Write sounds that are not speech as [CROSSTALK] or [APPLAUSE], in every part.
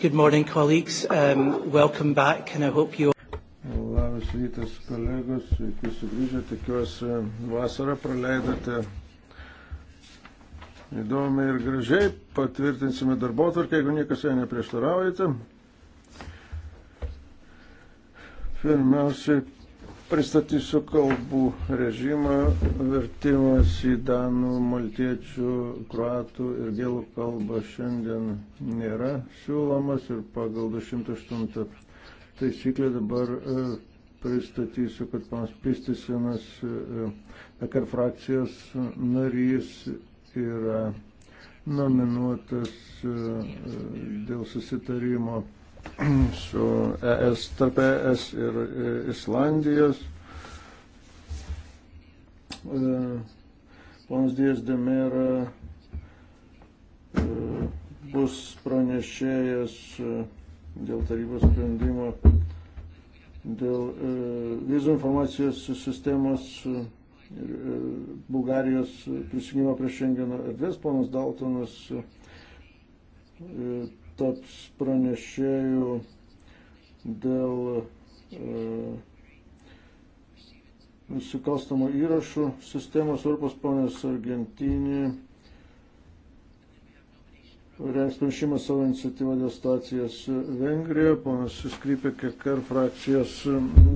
Good morning, colleagues. Um, welcome back, and I hope you. Labas rytas, kolegos. Sveiki sugrįžę. Tikiuosi, vasarą praleidote įdomiai ir gražiai. Patvirtinsime darbo tvarkę, jeigu niekas ją neprieštaraujate. Pirmiausiai Pristatysiu kalbų režimą, vertimas į danų, maltiečių, kruatų ir gėlų kalbą šiandien nėra siūlomas ir pagal 208 taisyklę dabar e, pristatysiu, kad panas Pistisinas, ekar frakcijos narys yra nominuotas e, dėl susitarimo su ES, tarp ES ir e, Islandijos. E, ponas Dijas Demera e, bus pranešėjas dėl tarybos sprendimo dėl vizų informacijos sistemos ir Bulgarijos prisijungimo prie Šengeno erdvės. Ponas Daltonas taps pranešėjų dėl e, nusikalstamų įrašų sistemos Europos ponės Argentinį rengs pranešimą savo iniciatyvą dėl stacijos Vengrijoje. Ponas Skrypė Kekar frakcijos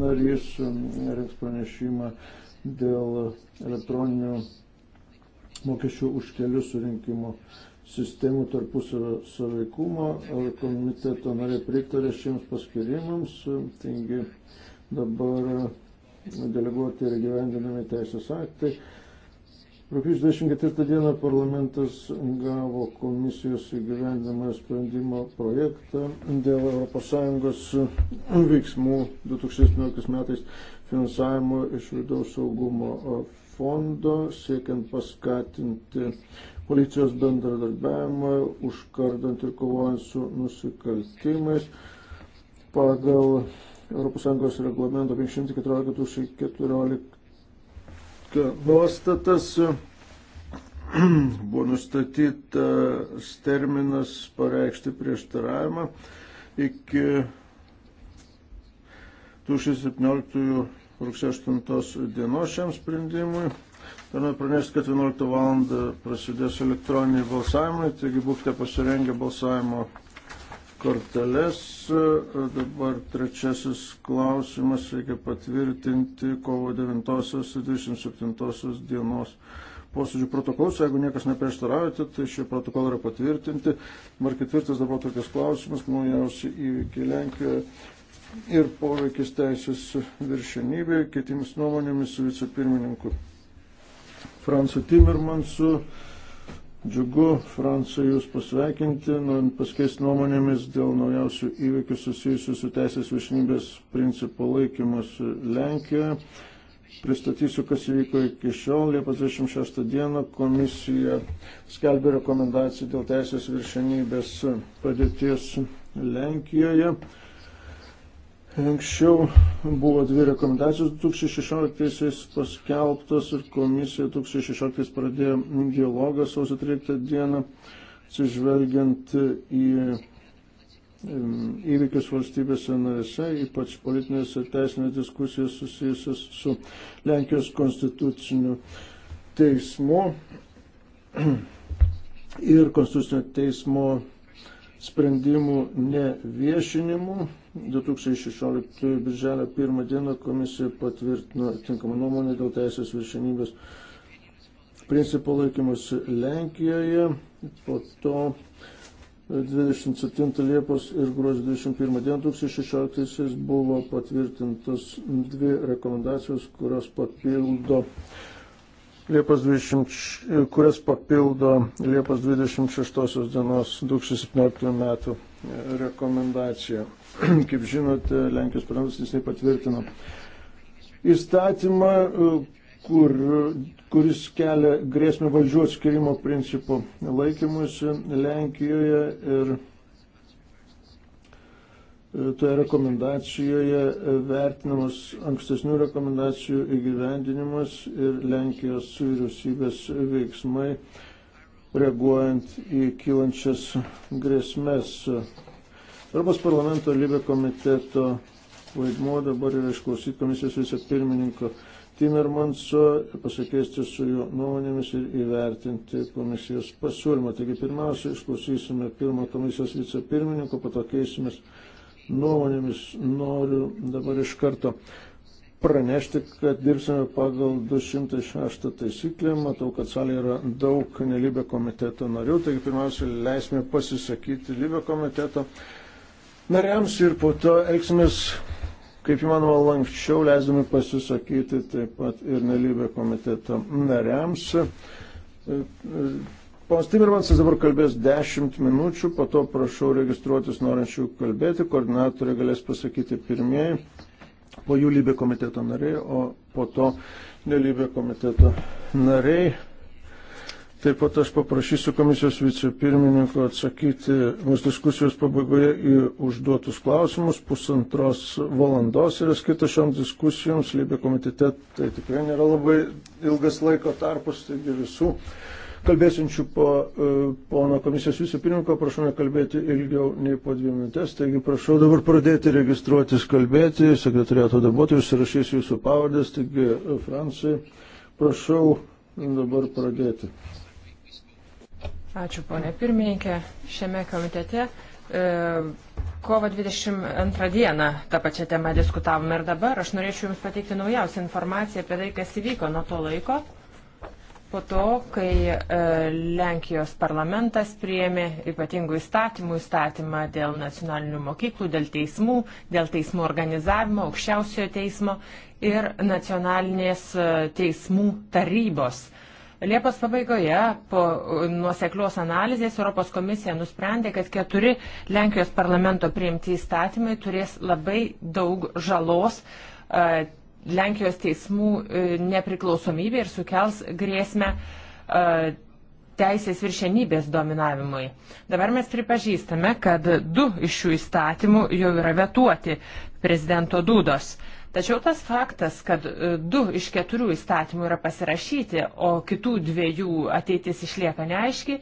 narys rengs pranešimą dėl elektroninių mokesčių už kelių surinkimo sistemų tarpusavio sąveikumo. Komiteto nariai pritarė šiems paskirimams, taigi dabar deleguoti ir gyvendinami teisės aktai. Rūpiučio 24 dieną parlamentas gavo komisijos įgyvendinamą sprendimo projektą dėl ES veiksmų 2019 metais finansavimo iš vidaus saugumo fondo siekiant paskatinti policijos bendradarbiavimą, užkardant ir kovojant su nusikaltimais pagal ES reglamento 514-2014 nuostatas [CLEARS THROAT] buvo nustatytas terminas pareikšti prieštaravimą iki 2017 rugsėjo 8 dienos šiam sprendimui. Turime pranešti, kad 11 val. prasidės elektroniniai balsavimai, taigi būkite pasirengę balsavimo korteles. Dabar trečiasis klausimas reikia patvirtinti kovo 9-27 dienos posėdžių protokolus, jeigu niekas neprieštaraujate, tai šie protokolai yra patvirtinti. Dabar ketvirtas dabar tokias klausimas, naujausi įvykiai Lenkijoje ir poveikis teisės viršenybė, kitims nuomonėmis su vicepirmininku. Francu Timmermansu. Džiugu, Francu, jūs pasveikinti, nu, paskeisti nuomonėmis dėl naujausių įvykių susijusių su teisės viršinybės principo laikymas Lenkijoje. Pristatysiu, kas įvyko iki šiol. Liepos 26 dieną komisija skelbė rekomendaciją dėl teisės viršenybės padėties Lenkijoje. Anksčiau buvo dvi rekomendacijos 2016 paskelbtos ir komisija 2016 pradėjo dialogą sausio 13 dieną, atsižvelgiant į įvykius valstybėse narėse, ypač politinės ir teisinės diskusijos susijusios su Lenkijos konstituciniu teismu ir konstitucinio teismo sprendimų neviešinimu 2016 birželio 1 dieną komisija patvirtino tinkamą nuomonę dėl teisės viršenybės principo laikymosi Lenkijoje. Po to 27 Liepos ir gruodžio 21 dieną 2016 buvo patvirtintos dvi rekomendacijos, kurios papildo Liepos 20, kurias papildo Liepos 26 dienos 2017 metų rekomendacija. [CLEARS THROAT] Kaip žinote, Lenkijos parlamentas jisai patvirtino įstatymą, e, kur, kuris kelia grėsmę valdžių atskirimo principų laikymusi Lenkijoje ir e, toje rekomendacijoje vertinamas ankstesnių rekomendacijų įgyvendinimas ir Lenkijos vyriausybės veiksmai reaguojant į kylančias grėsmės. Europos parlamento lybė komiteto vaidmuo dabar yra išklausyti komisijos vicepirmininko Timermanso, pasikeisti su jo nuomonėmis ir įvertinti komisijos pasiūlymą. Taigi pirmiausia, išklausysime pirmą komisijos vicepirmininko, po to keisimės nuomonėmis. Noriu dabar iš karto pranešti, kad dirbsime pagal 206 taisyklę. Matau, kad salėje yra daug nelibė komiteto narių, taigi pirmiausia, leisime pasisakyti libė komiteto nariams ir po to elgsimės, kaip įmanoma, lankščiau, leisdami pasisakyti taip pat ir nelibė komiteto nariams. Ponas Timirmansas dabar kalbės 10 minučių, po to prašau registruotis norinčių kalbėti, koordinatoriai galės pasakyti pirmieji po jų lybė komiteto nariai, o po to nelybė komiteto nariai. Taip pat aš paprašysiu komisijos vicepirmininko atsakyti mūsų diskusijos pabaigoje į užduotus klausimus. Pusantros valandos yra skirta šioms diskusijoms. Lybė komitete tai tikrai nėra labai ilgas laiko tarpus, taigi visų kalbėsinčių po e, pono komisijos vicepirmininko, prašau nekalbėti ilgiau nei po dvi minutės. Taigi prašau dabar pradėti registruotis kalbėti, sekretariato darbuotojus rašys jūsų pavardės. Taigi, e, Francijai, prašau dabar pradėti. Ačiū, ponė pirmininkė. Šiame komitete e, kovo 22 dieną tą pačią temą diskutavome ir dabar. Aš norėčiau Jums pateikti naujausią informaciją apie tai, kas įvyko nuo to laiko po to, kai e, Lenkijos parlamentas priėmė ypatingų įstatymų įstatymą dėl nacionalinių mokyklų, dėl teismų, dėl teismų organizavimo, aukščiausiojo teismo ir nacionalinės e, teismų tarybos. Liepos pabaigoje po nuoseklios analizės Europos komisija nusprendė, kad keturi Lenkijos parlamento priimti įstatymai turės labai daug žalos e, Lenkijos teismų e, nepriklausomybė ir sukels grėsmę e, teisės viršenybės dominavimui. Dabar mes pripažįstame, kad du iš šių įstatymų jau yra vetuoti prezidento dūdos. Tačiau tas faktas, kad e, du iš keturių įstatymų yra pasirašyti, o kitų dviejų ateitis išlieka neaiški,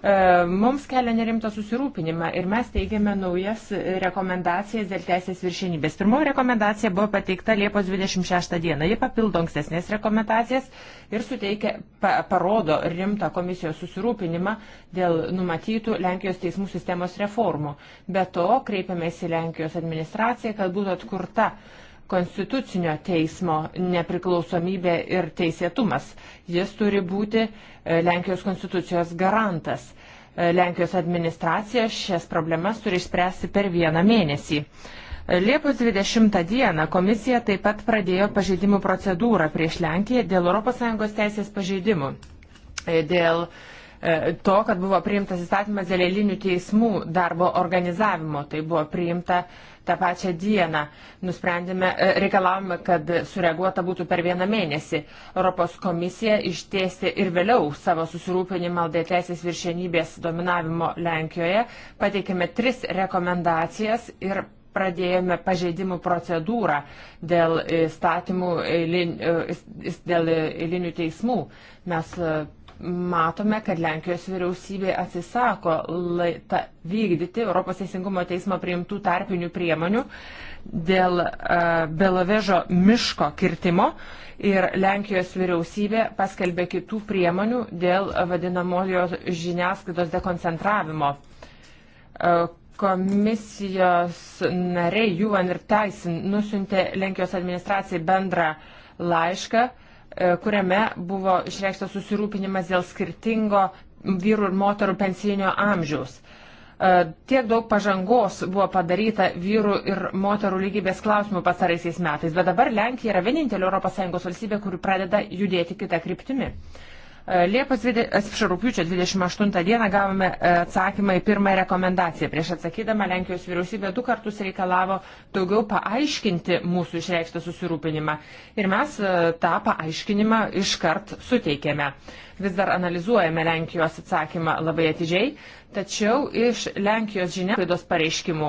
E, mums kelia nerimtą susirūpinimą ir mes teigiame naujas rekomendacijas dėl teisės viršinybės. Pirmoji rekomendacija buvo pateikta Liepos 26 dieną. Ji papildo ankstesnės rekomendacijas ir suteikia, pa, parodo rimtą komisijos susirūpinimą dėl numatytų Lenkijos teismų sistemos reformų. Be to, kreipiamės į Lenkijos administraciją, kad būtų atkurta uh, konstitucinio teismo nepriklausomybė ir teisėtumas. Jis turi būti e, Lenkijos konstitucijos garantas. E, Lenkijos administracija šias problemas turi išspręsti per vieną mėnesį. E, Liepos 20 dieną komisija taip pat pradėjo pažeidimų procedūrą prieš Lenkiją dėl ES teisės pažeidimų. Dėl to, kad buvo priimtas įstatymas dėl eilinių teismų darbo organizavimo, tai buvo priimta uh, tą pačią dieną. Nusprendėme, e, reikalavome, kad sureaguota būtų per vieną mėnesį. Europos komisija ištiesti ir vėliau savo susirūpinimą dėl teisės viršenybės dominavimo Lenkijoje. Pateikėme tris rekomendacijas ir pradėjome pažeidimų procedūrą dėl įstatymų, e, dėl eilinių teismų. Mes e, matome, kad Lenkijos vyriausybė atsisako laita, vykdyti Europos Teisingumo teismo priimtų tarpinių priemonių dėl uh, Belovežo miško kirtimo ir Lenkijos vyriausybė paskelbė kitų priemonių dėl vadinamojo žiniasklaidos dekoncentravimo. Uh, Komisijos nariai Juvan ir Taisin nusintė Lenkijos administracijai bendrą laišką, e, kuriame buvo išreikštas susirūpinimas dėl skirtingo vyrų ir moterų pensijinio amžiaus e, tiek daug pažangos buvo padaryta vyrų ir moterų lygybės klausimų pasaraisiais metais, bet dabar Lenkija yra vienintelė ES valstybė, kuri pradeda judėti kitą kryptimį. E, Liepos 20, rūpiučio 28 dieną gavome e, atsakymą į pirmąją rekomendaciją. Prieš atsakydama Lenkijos vyriausybė du kartus reikalavo daugiau paaiškinti mūsų išreikštą susirūpinimą. Ir mes e, tą paaiškinimą iškart suteikėme. Vis dar analizuojame Lenkijos atsakymą labai atidžiai, tačiau iš Lenkijos žiniasklaidos pareiškimų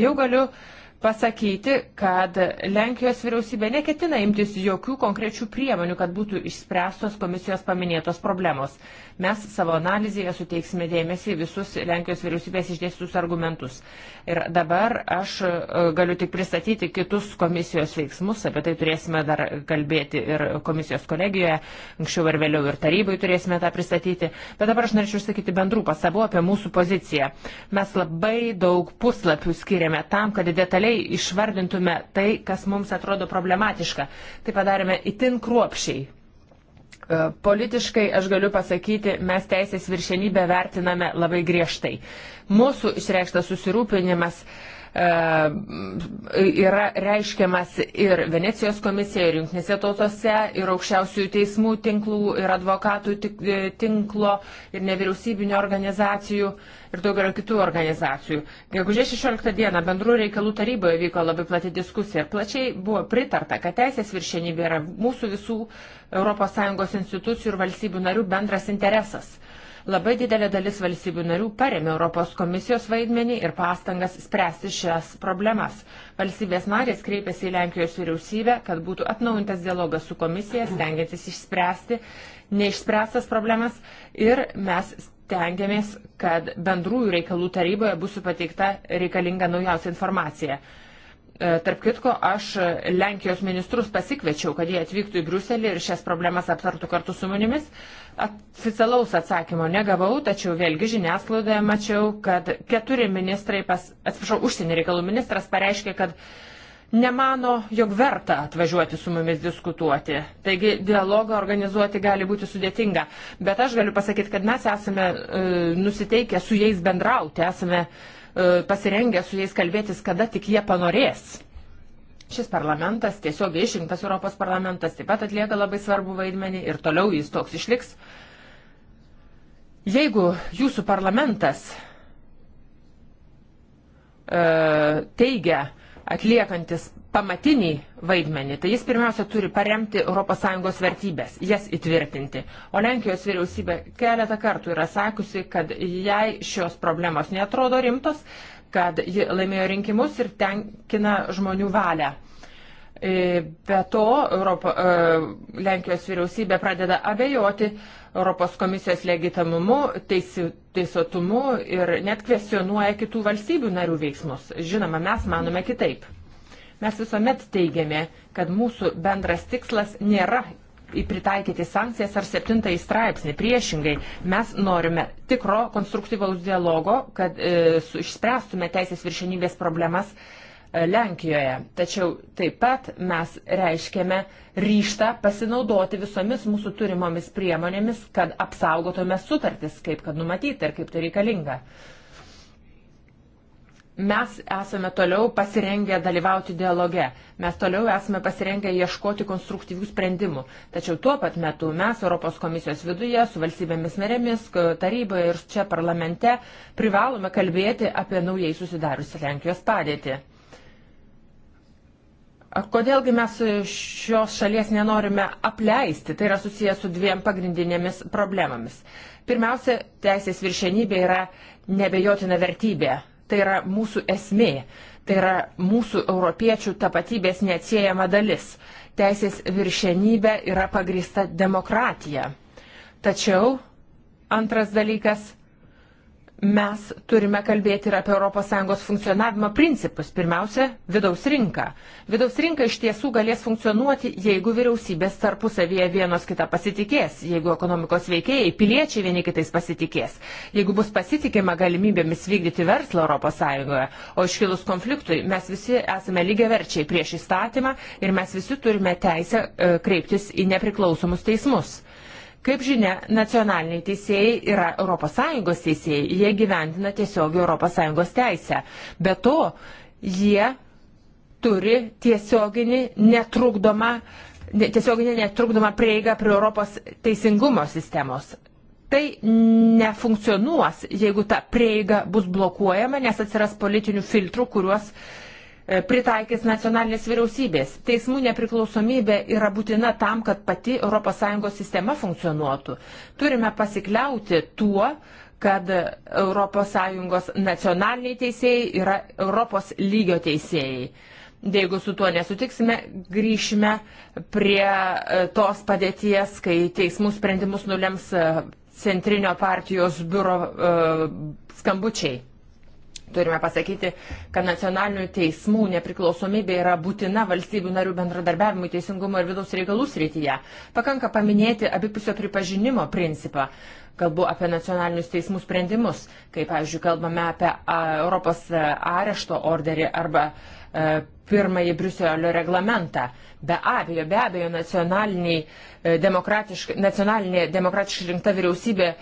jau galiu uh, pasakyti, kad Lenkijos vyriausybė neketina imtis jokių konkrečių priemonių, kad būtų išspręstos komisijos paminėtos problemos. Mes savo analizėje suteiksime dėmesį visus Lenkijos vyriausybės išdėstus argumentus. Ir dabar aš e, galiu tik pristatyti kitus komisijos veiksmus, apie tai turėsime dar kalbėti ir komisijos kolegijoje, anksčiau ar vėliau ir tarybai turėsime tą pristatyti. Bet dabar aš norėčiau išsakyti bendrų pasabų apie mūsų poziciją. Mes labai daug puslapių skiriame tam, kad detaliai išvardintume tai, kas mums atrodo problematiška. Tai padarėme itin kruopšiai. E, politiškai aš galiu pasakyti, mes teisės viršenybę vertiname labai griežtai. Mūsų išreikštas susirūpinimas uh, E, yra reiškiamas ir Venecijos komisijoje, ir Junktinėse tautose, ir aukščiausiųjų teismų tinklų, ir advokatų e, tinklo, ir nevyriausybinio organizacijų, ir daugelio kitų organizacijų. Gegužės 16 dieną bendrų reikalų taryboje vyko labai plati diskusija ir plačiai buvo pritarta, kad teisės viršenybė yra mūsų visų ES institucijų ir valstybių narių bendras interesas. Labai didelė dalis valstybių narių paremė Europos komisijos vaidmenį ir pastangas spręsti šias problemas. Valstybės narės kreipėsi į Lenkijos vyriausybę, kad būtų atnaujintas dialogas su komisija, stengiantis išspręsti neišspręstas problemas ir mes stengiamės, kad bendrųjų reikalų taryboje bus pateikta reikalinga naujausia informacija. E, tarp kitko, aš Lenkijos ministrus pasikviečiau, kad jie atvyktų į Bruselį ir šias problemas aptartų kartu su manimis. Oficialaus atsakymo negavau, tačiau vėlgi žiniasklaidoje mačiau, kad keturi ministrai, pas, atsiprašau, užsienio reikalų ministras pareiškė, kad nemano, jog verta atvažiuoti su mumis diskutuoti. Taigi dialogą organizuoti gali būti sudėtinga. Bet aš galiu pasakyti, kad mes esame e, nusiteikę su jais bendrauti, esame e, E, pasirengę su jais kalbėtis, kada tik jie panorės. Šis parlamentas, tiesiog išrinktas Europos parlamentas, taip pat atlieka labai svarbu vaidmenį ir toliau jis toks išliks. Jeigu jūsų parlamentas e, teigia, atliekantis pamatinį vaidmenį, tai jis pirmiausia turi paremti ES vertybės, jas įtvirtinti. O Lenkijos vyriausybė keletą kartų yra sakusi, kad jai šios problemos netrodo rimtos, kad ji laimėjo rinkimus ir tenkina žmonių valią. E, be to, Europo, e, Lenkijos vyriausybė pradeda abejoti Europos komisijos legitimumu, teisotumu ir net kvesionuoja kitų valstybių narių veiksmus. Žinoma, mes manome kitaip. Mes visuomet teigiame, kad mūsų bendras tikslas nėra pritaikyti sankcijas ar septintąjį straipsnį. Priešingai, mes norime tikro konstruktyvaus dialogo, kad e, su, išspręstume teisės viršenybės problemas e, Lenkijoje. Tačiau taip pat mes reiškėme ryštą pasinaudoti visomis mūsų turimomis priemonėmis, kad apsaugotume sutartis, kaip kad numatyta ir kaip tai reikalinga. E, Mes esame toliau pasirengę dalyvauti dialoge, mes toliau esame pasirengę ieškoti konstruktyvių sprendimų. Tačiau tuo pat metu mes Europos komisijos viduje su valstybėmis narėmis, taryboje ir čia parlamente privalome kalbėti apie naujai susidariusią Lenkijos padėtį. Kodėlgi mes šios šalies nenorime apleisti, tai yra susijęs su dviem pagrindinėmis problemomis. Pirmiausia, teisės viršenybė yra nebejotina vertybė tai yra mūsų esmė, tai yra mūsų europiečių tapatybės neatsiejama dalis. Teisės viršenybė yra pagrįsta demokratija. Tačiau antras dalykas mes turime kalbėti ir apie ES funkcionavimo principus. Pirmiausia, vidaus rinka. Vidaus rinka iš tiesų galės funkcionuoti, jeigu vyriausybės tarpusavėje vienos kitą pasitikės, jeigu ekonomikos veikėjai, piliečiai vieni kitais pasitikės, jeigu bus pasitikima galimybėmis vykdyti verslą ES, o iškilus konfliktui mes visi esame lygiaverčiai prieš įstatymą ir mes visi turime teisę e, kreiptis į nepriklausomus teismus. Kaip žinia, nacionaliniai teisėjai yra ES teisėjai, jie gyventina tiesiog ES teisę. Be to, jie turi tiesioginį netrukdomą, tiesioginį netrukdomą prieigą prie Europos teisingumo sistemos tai nefunkcionuos, jeigu ta prieiga bus blokuojama, nes atsiras politinių filtrų, kuriuos E, pritaikys nacionalinės vyriausybės. Teismų nepriklausomybė yra būtina tam, kad pati ES sistema funkcionuotų. Turime pasikliauti tuo, kad ES nacionaliniai teisėjai yra Europos lygio teisėjai. Jeigu su tuo nesutiksime, grįšime prie e, tos padėties, kai teismų sprendimus nulems e, centrinio partijos biuro uh, skambučiai turime pasakyti, kad nacionalinių teismų nepriklausomybė yra būtina valstybių narių bendradarbiavimui teisingumo ir vidaus reikalų srityje. Pakanka paminėti abipusio pripažinimo principą. Kalbu apie nacionalinius teismų sprendimus, kai, pavyzdžiui, kalbame apie Europos e, arešto orderį arba e, pirmąjį Briuselio reglamentą. Be abejo, be abejo, e, nacionalinė demokratiškai rinkta vyriausybė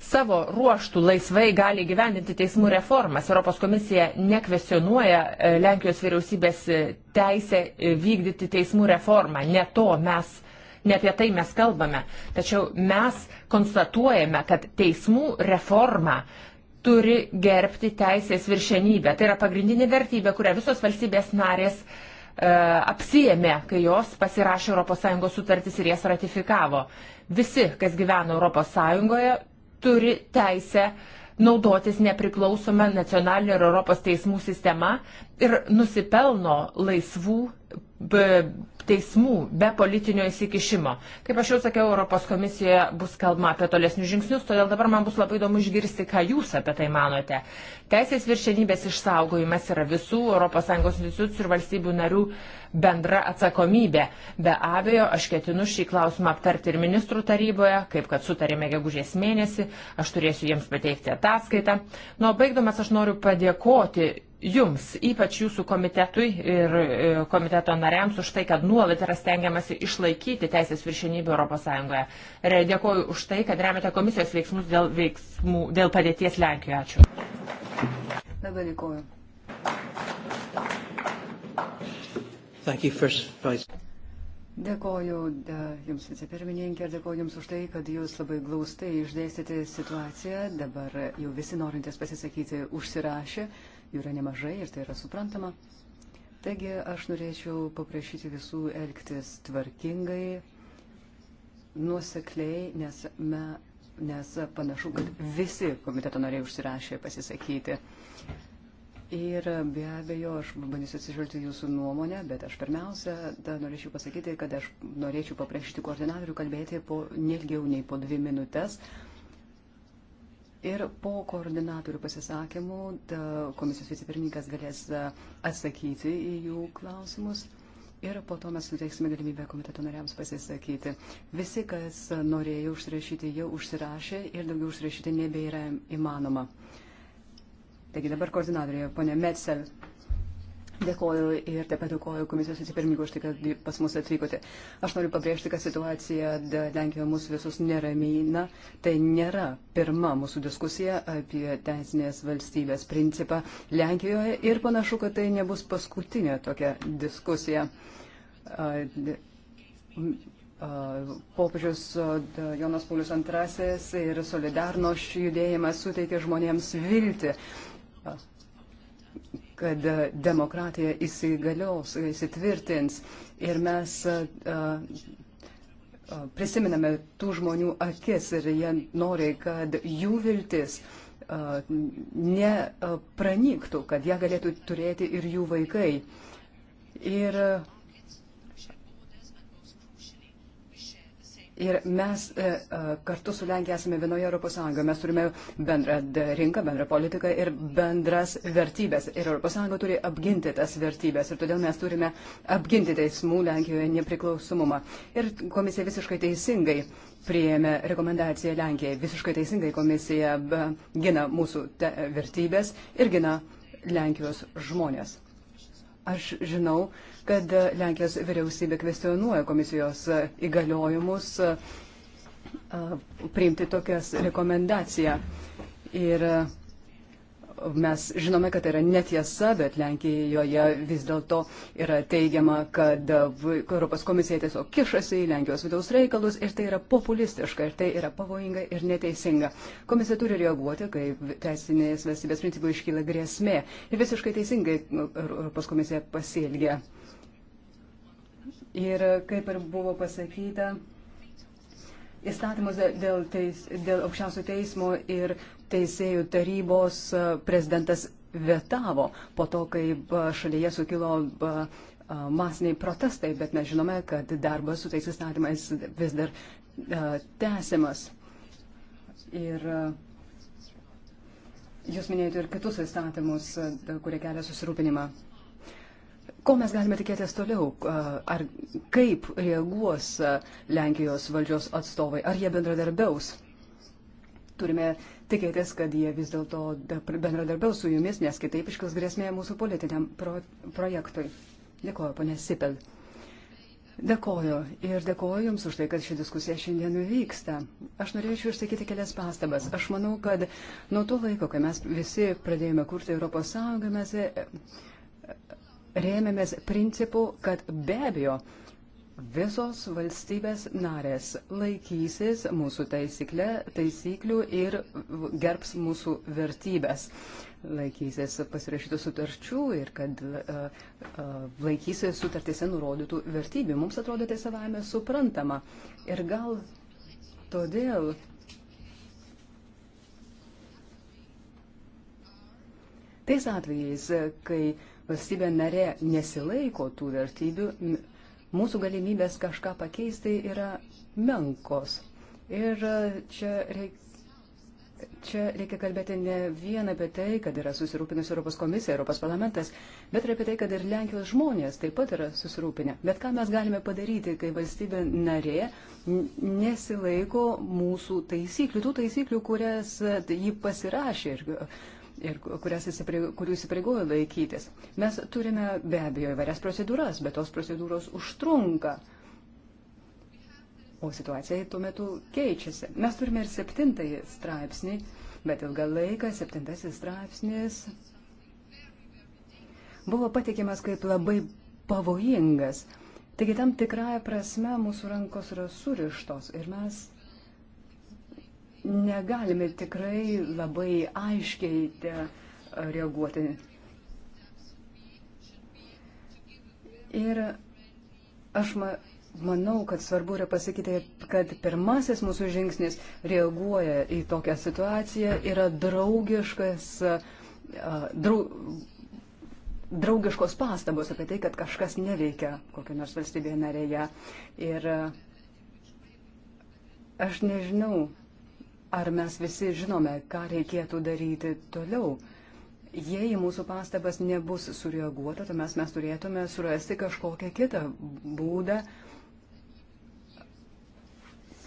savo ruoštų laisvai gali gyvendinti teismų reformas. Europos komisija nekvesionuoja e, Lenkijos vyriausybės e, teisę e, vykdyti teismų reformą. Ne to mes. Ne apie tai mes kalbame, tačiau mes konstatuojame, kad teismų reforma turi gerbti teisės viršenybę. Tai yra pagrindinė vertybė, kurią visos valstybės narės uh, apsijėmė, kai jos pasirašė ES sutartis ir jas ratifikavo. Visi, kas gyvena ES, turi teisę naudotis nepriklausoma nacionalinio ir Europos teismų sistema ir nusipelno laisvų teismų be politinio įsikišimo. Kaip aš jau sakiau, Europos komisijoje bus kalbama apie tolesnius žingsnius, todėl dabar man bus labai įdomu išgirsti, ką jūs apie tai manote. Teisės viršenybės išsaugojimas yra visų ES institucijų ir valstybių narių uh, bendra atsakomybė. Be abejo, aš ketinu šį klausimą aptarti ir ministrų taryboje, kaip kad sutarėme gegužės mėnesį, aš turėsiu jiems pateikti ataskaitą. Nuo baigdamas aš noriu padėkoti Jums, ypač jūsų komitetui ir e, komiteto nariams už tai, kad nuolat yra stengiamasi išlaikyti teisės viršinybę ES. Ir dėkoju už tai, kad remiate komisijos veiksmus dėl, veiksmų, dėl padėties Lenkijoje. Ačiū. Labai dėkoju. Dėkoju da, Jums, vicepirmininkė, ir dėkoju Jums už tai, kad Jūs labai glaustai išdėstėte situaciją. Dabar jau visi norintys pasisakyti užsirašė, jų yra nemažai ir tai yra suprantama. Taigi aš norėčiau paprašyti visų elgtis tvarkingai, nuosekliai, nes, me, nes panašu, kad visi komiteto nariai užsirašė pasisakyti. Ir be abejo, aš bandysiu atsižvelgti jūsų nuomonę, bet aš pirmiausia, da, norėčiau pasakyti, kad aš norėčiau paprašyti koordinatorių kalbėti po nelgiau nei po dvi minutės. Ir po koordinatorių pasisakymų da, komisijos vicepirmininkas galės atsakyti į jų klausimus. Ir po to mes suteiksime galimybę komiteto nariams pasisakyti. Visi, kas norėjo užsirašyti, jau užsirašė ir daugiau užsirašyti nebėra įmanoma. Uh, Taigi dabar koordinatorė, ponė Metsel. Dėkoju ir taip pat dėkoju komisijos atsipirmygų už tai, kad pas mus atvykote. Aš noriu pabrėžti, kad situacija Lenkijoje mūsų visus neramina. Tai nėra pirma mūsų diskusija apie teisinės valstybės principą Lenkijoje ir panašu, kad tai nebus paskutinė tokia diskusija. Popiežius Jonas Paulius II ir Solidarno judėjimas suteikė žmonėms viltį kad e, demokratija įsigalios, įsitvirtins ir mes e, e, prisiminame tų žmonių akis ir jie nori, kad jų viltis nepranyktų, kad ją galėtų turėti ir jų vaikai. Ir uh, Ir mes e, e, kartu su Lenkija esame vienoje Europos Sąjungoje. Mes turime bendrą rinką, bendrą politiką ir bendras vertybės. Ir Europos Sąjunga turi apginti tas vertybės. Ir todėl mes turime apginti teismų Lenkijoje nepriklausomumą. Ir komisija visiškai teisingai priėmė rekomendaciją Lenkijai. Visiškai teisingai komisija gina mūsų vertybės ir gina Lenkijos žmonės. Aš žinau, kad Lenkijos vyriausybė kvestionuoja komisijos įgaliojimus priimti tokias rekomendaciją. Ir mes žinome, kad tai yra netiesa, bet Lenkijoje vis dėlto yra teigiama, kad Europos komisija tiesiog kišasi į Lenkijos vidaus reikalus ir tai yra populistiška, ir tai yra pavojinga ir neteisinga. Komisija turi reaguoti, kai teisinės valstybės principų iškyla grėsmė. Ir visiškai teisingai Europos komisija pasielgia. Ir kaip ir buvo pasakyta, įstatymus dėl, teis, dėl aukščiausio teismo ir teisėjų tarybos prezidentas vetavo po to, kai šalyje sukilo masiniai protestai, bet mes žinome, kad darbas su tais įstatymais vis dar tęsiamas. Ir jūs minėjote ir kitus įstatymus, kurie kelia susirūpinimą. Ko mes galime tikėtis toliau? Ar kaip reaguos Lenkijos valdžios atstovai? Ar jie bendradarbiaus? Turime tikėtis, kad jie vis dėlto bendradarbiaus su jumis, nes kitaip iškils grėsmė mūsų politiniam pro projektui. Dėkuoju, ponė Sipel. Dėkoju ir dėkoju Jums už tai, kad ši diskusija šiandien vyksta. Aš norėčiau išsakyti kelias pastabas. Aš manau, kad nuo to laiko, kai mes visi pradėjome kurti Europos Sąjungą, mes e, e, rėmėmės principu, kad be abejo visos valstybės narės laikysis mūsų taisyklė, taisyklių ir gerbs mūsų vertybės, laikysis pasirašytų sutarčių ir kad uh, uh, laikysis sutartise nurodytų vertybių. Mums atrodo tai savame suprantama. Ir gal todėl. Tais atvejais, kai valstybė narė nesilaiko tų vertybių, mūsų galimybės kažką pakeisti yra menkos. Ir e, čia reikia. Čia reikia kalbėti ne vien apie tai, kad yra susirūpinusi Europos komisija, Europos parlamentas, bet ir apie tai, kad ir Lenkijos žmonės taip pat yra susirūpinę. Bet ką mes galime padaryti, kai valstybė narė nesilaiko mūsų taisyklių, tų taisyklių, kurias e, jį pasirašė ir ir kurių įsipareigojo laikytis. Mes turime be abejo įvairias procedūras, bet tos procedūros užtrunka. O situacija tuo metu keičiasi. Mes turime ir septintąjį straipsnį, bet ilgą laiką septintasis straipsnis buvo patikimas kaip labai pavojingas. Taigi tam tikrąją prasme mūsų rankos yra surištos ir mes negalime tikrai labai aiškiai reaguoti. Ir aš manau, kad svarbu yra pasakyti, kad pirmasis mūsų žingsnis reaguoja į tokią situaciją, yra draugiškas, drau, draugiškos pastabos apie tai, kad kažkas neveikia kokio nors valstybėje narėje. Ir aš nežinau, Ar mes visi žinome, ką reikėtų daryti toliau? Jei į mūsų pastabas nebus sureaguota, tai mes, mes turėtume surasti kažkokią kitą būdą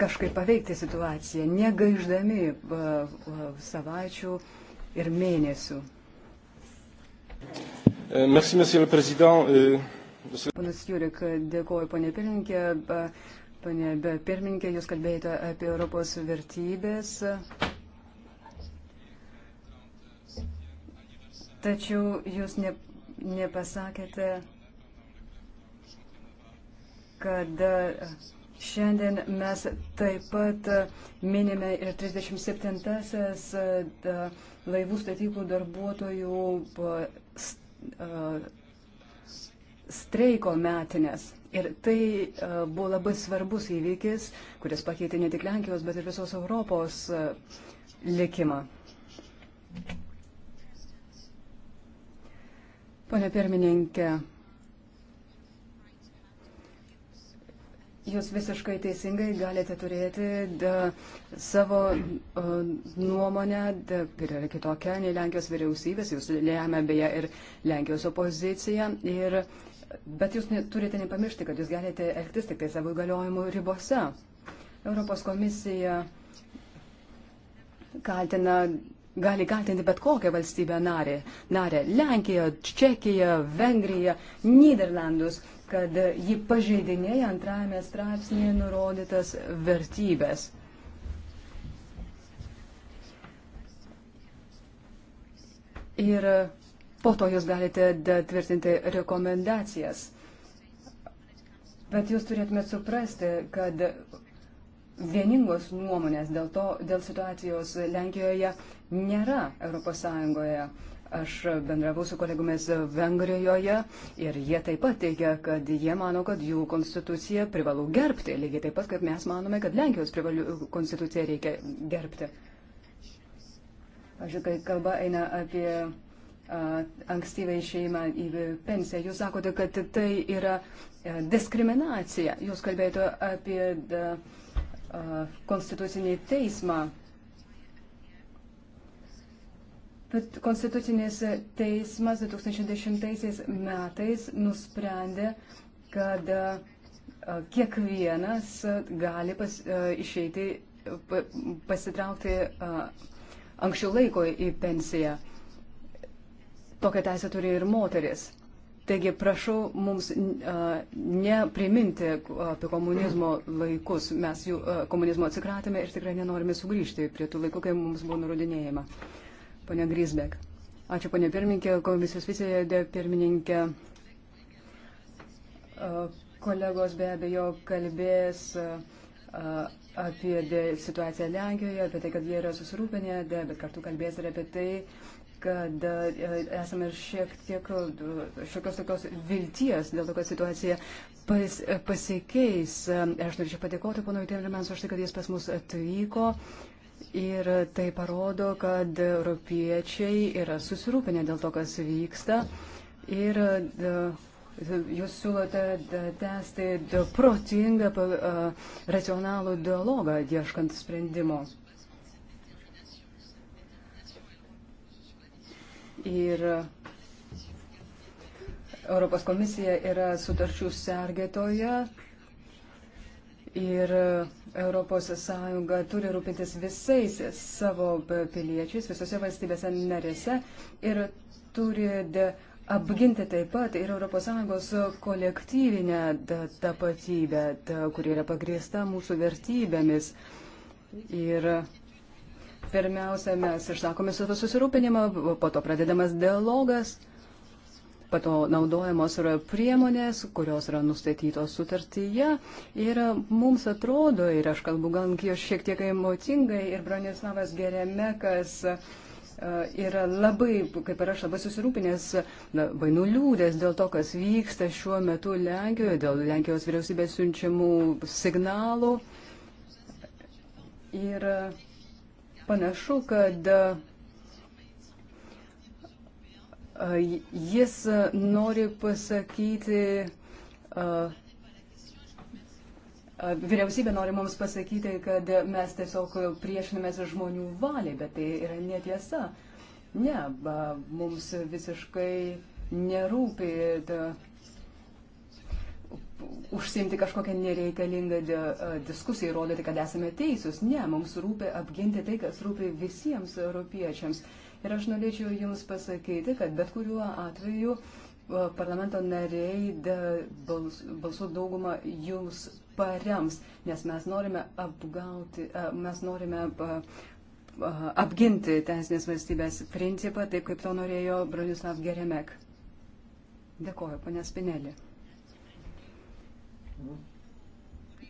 kažkaip paveikti situaciją, negaiždami savaičių ir mėnesių. E, merci, monsieur le président. E, Panas Jurek, dėkoju, ponė Pirinkė. Pane pirmininkė, jūs kalbėjote apie Europos vertybės. Tačiau jūs ne, nepasakėte, kad šiandien mes taip pat minime ir 37-asias e, laivų statybų darbuotojų e, streiko metinės. Ir tai e, buvo labai svarbus įvykis, kuris pakeitė ne tik Lenkijos, bet ir visos Europos e, likimą. Pone pirmininkė, jūs visiškai teisingai galite turėti da, e, savo uh, nuomonę, da, kuri yra kitokia nei Lenkijos vyriausybės, jūs lemia beje ir Lenkijos opozicija. Ir uh, Bet jūs turite nepamiršti, kad jūs galite elgtis tik tai savo įgaliojimų ribose. Europos komisija kaltina, gali kaltinti bet kokią valstybę narį. Narė Lenkiją, Čekiją, Vengriją, Niderlandus, kad ji pažeidinėja antrajame straipsnėje nurodytas vertybės. Ir Po to jūs galite tvirtinti rekomendacijas. Bet jūs turėtumėte suprasti, kad vieningos nuomonės dėl, to, dėl situacijos Lenkijoje nėra ES. Aš bendravau su kolegomis Vengrijoje ir jie taip pat teigia, kad jie mano, kad jų konstituciją privalau gerbti, lygiai taip pat, kaip mes manome, kad Lenkijos privalių, konstituciją reikia gerbti. Pavyzdžiui, kai kalba eina apie ankstyvai išeimą į pensiją. Jūs sakote, kad tai yra e, diskriminacija. Jūs kalbėjote apie konstitucinį teismą. Bet konstitucinis teismas 2010 metais nusprendė, kad kiekvienas gali pas, išeiti, pasitraukti anksčiau laiko į pensiją. Tokią teisę turi ir moteris. Taigi prašau mums nepriminti apie komunizmo laikus. Mes jų komunizmo atsikratėme ir tikrai nenorime sugrįžti prie tų laikų, kai mums buvo nurodinėjama. Pone Grisbek. Ačiū, ponė pirmininkė, komisijos vicija pirmininkė. Kolegos be abejo kalbės apie situaciją Lenkijoje, apie tai, kad jie yra susirūpinę, bet kartu kalbės ir apie tai, kad e, esame ir šiek tiek e, šiokios tokios vilties dėl to, kad situacija pas, e, pasikeis. Aš norėčiau padėkoti ponui Timmermans už tai, kad jis pas mus atvyko. Ir tai parodo, kad europiečiai yra susirūpinę dėl to, kas vyksta. Ir Jūs siūlote tęsti protingą, racionalų dialogą, ieškant sprendimo. ir Europos komisija yra sutarčių sergėtoja ir ES turi rūpintis visais savo piliečiais, visose valstybėse narėse ir turi apginti taip pat ir ES kolektyvinę tapatybę, kuri yra pagrįsta mūsų vertybėmis. Ir Pirmiausia, mes išsakome savo susirūpinimą, po to pradedamas dialogas, po to naudojamos yra priemonės, kurios yra nustatytos sutartyje. Ir mums atrodo, ir aš kalbu gal šiek tiek emocingai, ir Bronislavas Geremekas e, yra labai, kaip ir aš, labai susirūpinęs, labai nuliūdęs dėl to, kas vyksta šiuo metu Lenkijoje, dėl Lenkijos vyriausybės siunčiamų signalų. Ir uh, panašu, kad jis nori pasakyti, vyriausybė nori mums pasakyti, kad mes tiesiog priešinamės žmonių valiai, bet tai yra netiesa. Ne, ba, mums visiškai nerūpi. Ta, užsimti kažkokią nereikalingą diskusiją, įrodyti, kad esame teisūs. Ne, mums rūpi apginti tai, kas rūpi visiems europiečiams. Ir aš norėčiau Jums pasakyti, kad bet kuriuo atveju parlamento nariai bals, balsų daugumą Jūs parems, nes mes norime apgauti, mes norime apginti teisinės valstybės principą, taip kaip to norėjo Bronislav Geremek. Dėkoju, ponė Spinelė.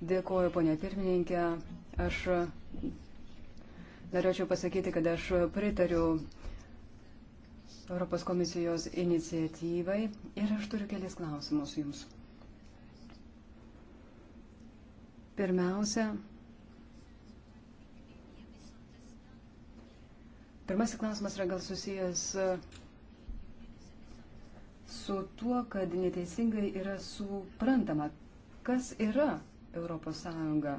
Dėkuoju, ponė pirmininkė. Aš norėčiau pasakyti, kad aš pritariu Europos komisijos iniciatyvai ir aš turiu kelis klausimus jums. Pirmiausia, pirmasis klausimas yra gal susijęs su tuo, kad neteisingai yra suprantama, kas yra Europos Sąjunga.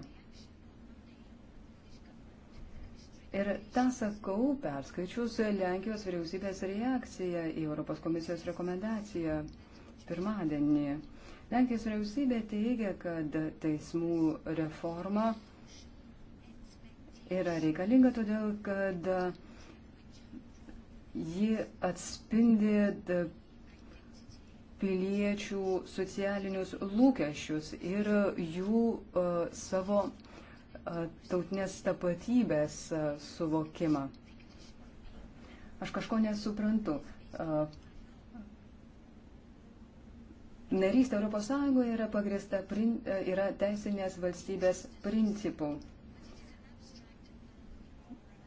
Ir tą sakau, perskaičius Lenkijos vyriausybės reakciją į Europos komisijos rekomendaciją pirmadienį. Lenkijos vyriausybė teigia, kad teismų reforma yra reikalinga todėl, kad ji atspindi piliečių socialinius lūkesčius ir jų e, savo e, tautinės tapatybės e, suvokimą. Aš kažko nesuprantu. Narystė Europos Sąjungoje yra pagrįsta yra teisinės valstybės principų.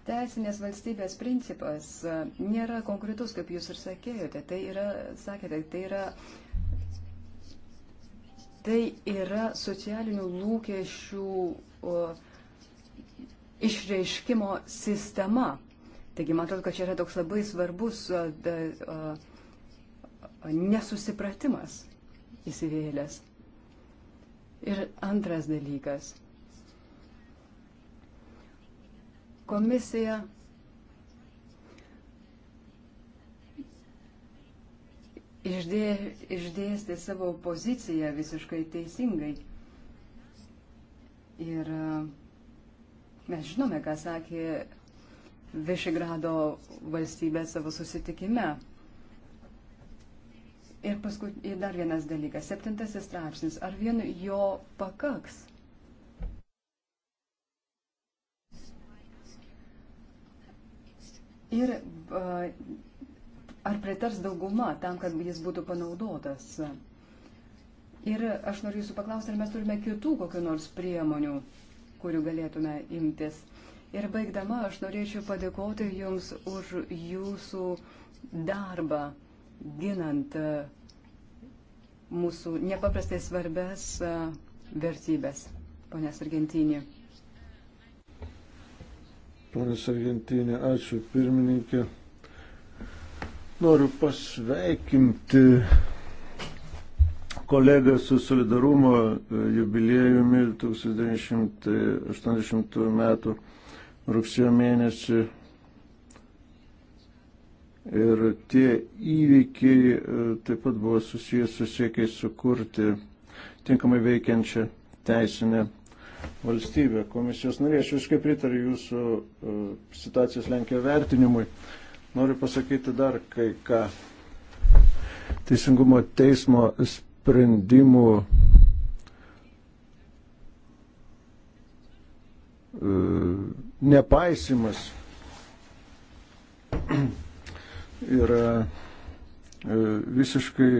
Teisinės valstybės principas e, nėra konkretus, kaip jūs ir sakėjote. Tai yra, sakėte, tai yra, tai yra socialinių lūkesčių o, išreiškimo sistema. Taigi, man atrodo, kad čia yra toks labai svarbus e, o, da, o, nesusipratimas įsivėlęs. Ir antras dalykas – Komisija išdė, išdėstė savo poziciją visiškai teisingai. Ir e, mes žinome, ką sakė Višigrado valstybė savo susitikime. Ir paskui ir dar vienas dalykas, septintasis straipsnis, ar vien jo pakaks? ir ar pritars dauguma tam, kad jis būtų panaudotas. Ir aš noriu jūsų paklausti, ar mes turime kitų kokiu nors priemonių, kurių galėtume imtis. Ir baigdama, aš norėčiau padėkoti Jums už Jūsų darbą ginant mūsų nepaprastai svarbės vertybės, ponės Argentinė. Ponas Argentinė, ačiū pirmininkė. Noriu pasveikinti kolegą su solidarumo e, jubiliejumi 1980 metų rugsėjo mėnesį. Ir tie įvykiai e, taip pat buvo susijęs su siekiais sukurti tinkamai veikiančią teisinę valstybė. Komisijos narė, aš visiškai pritariu jūsų e, situacijos Lenkijoje vertinimui. Noriu pasakyti dar kai ką. Teisingumo teismo sprendimų e, nepaisimas [CLEARS THROAT] yra e, visiškai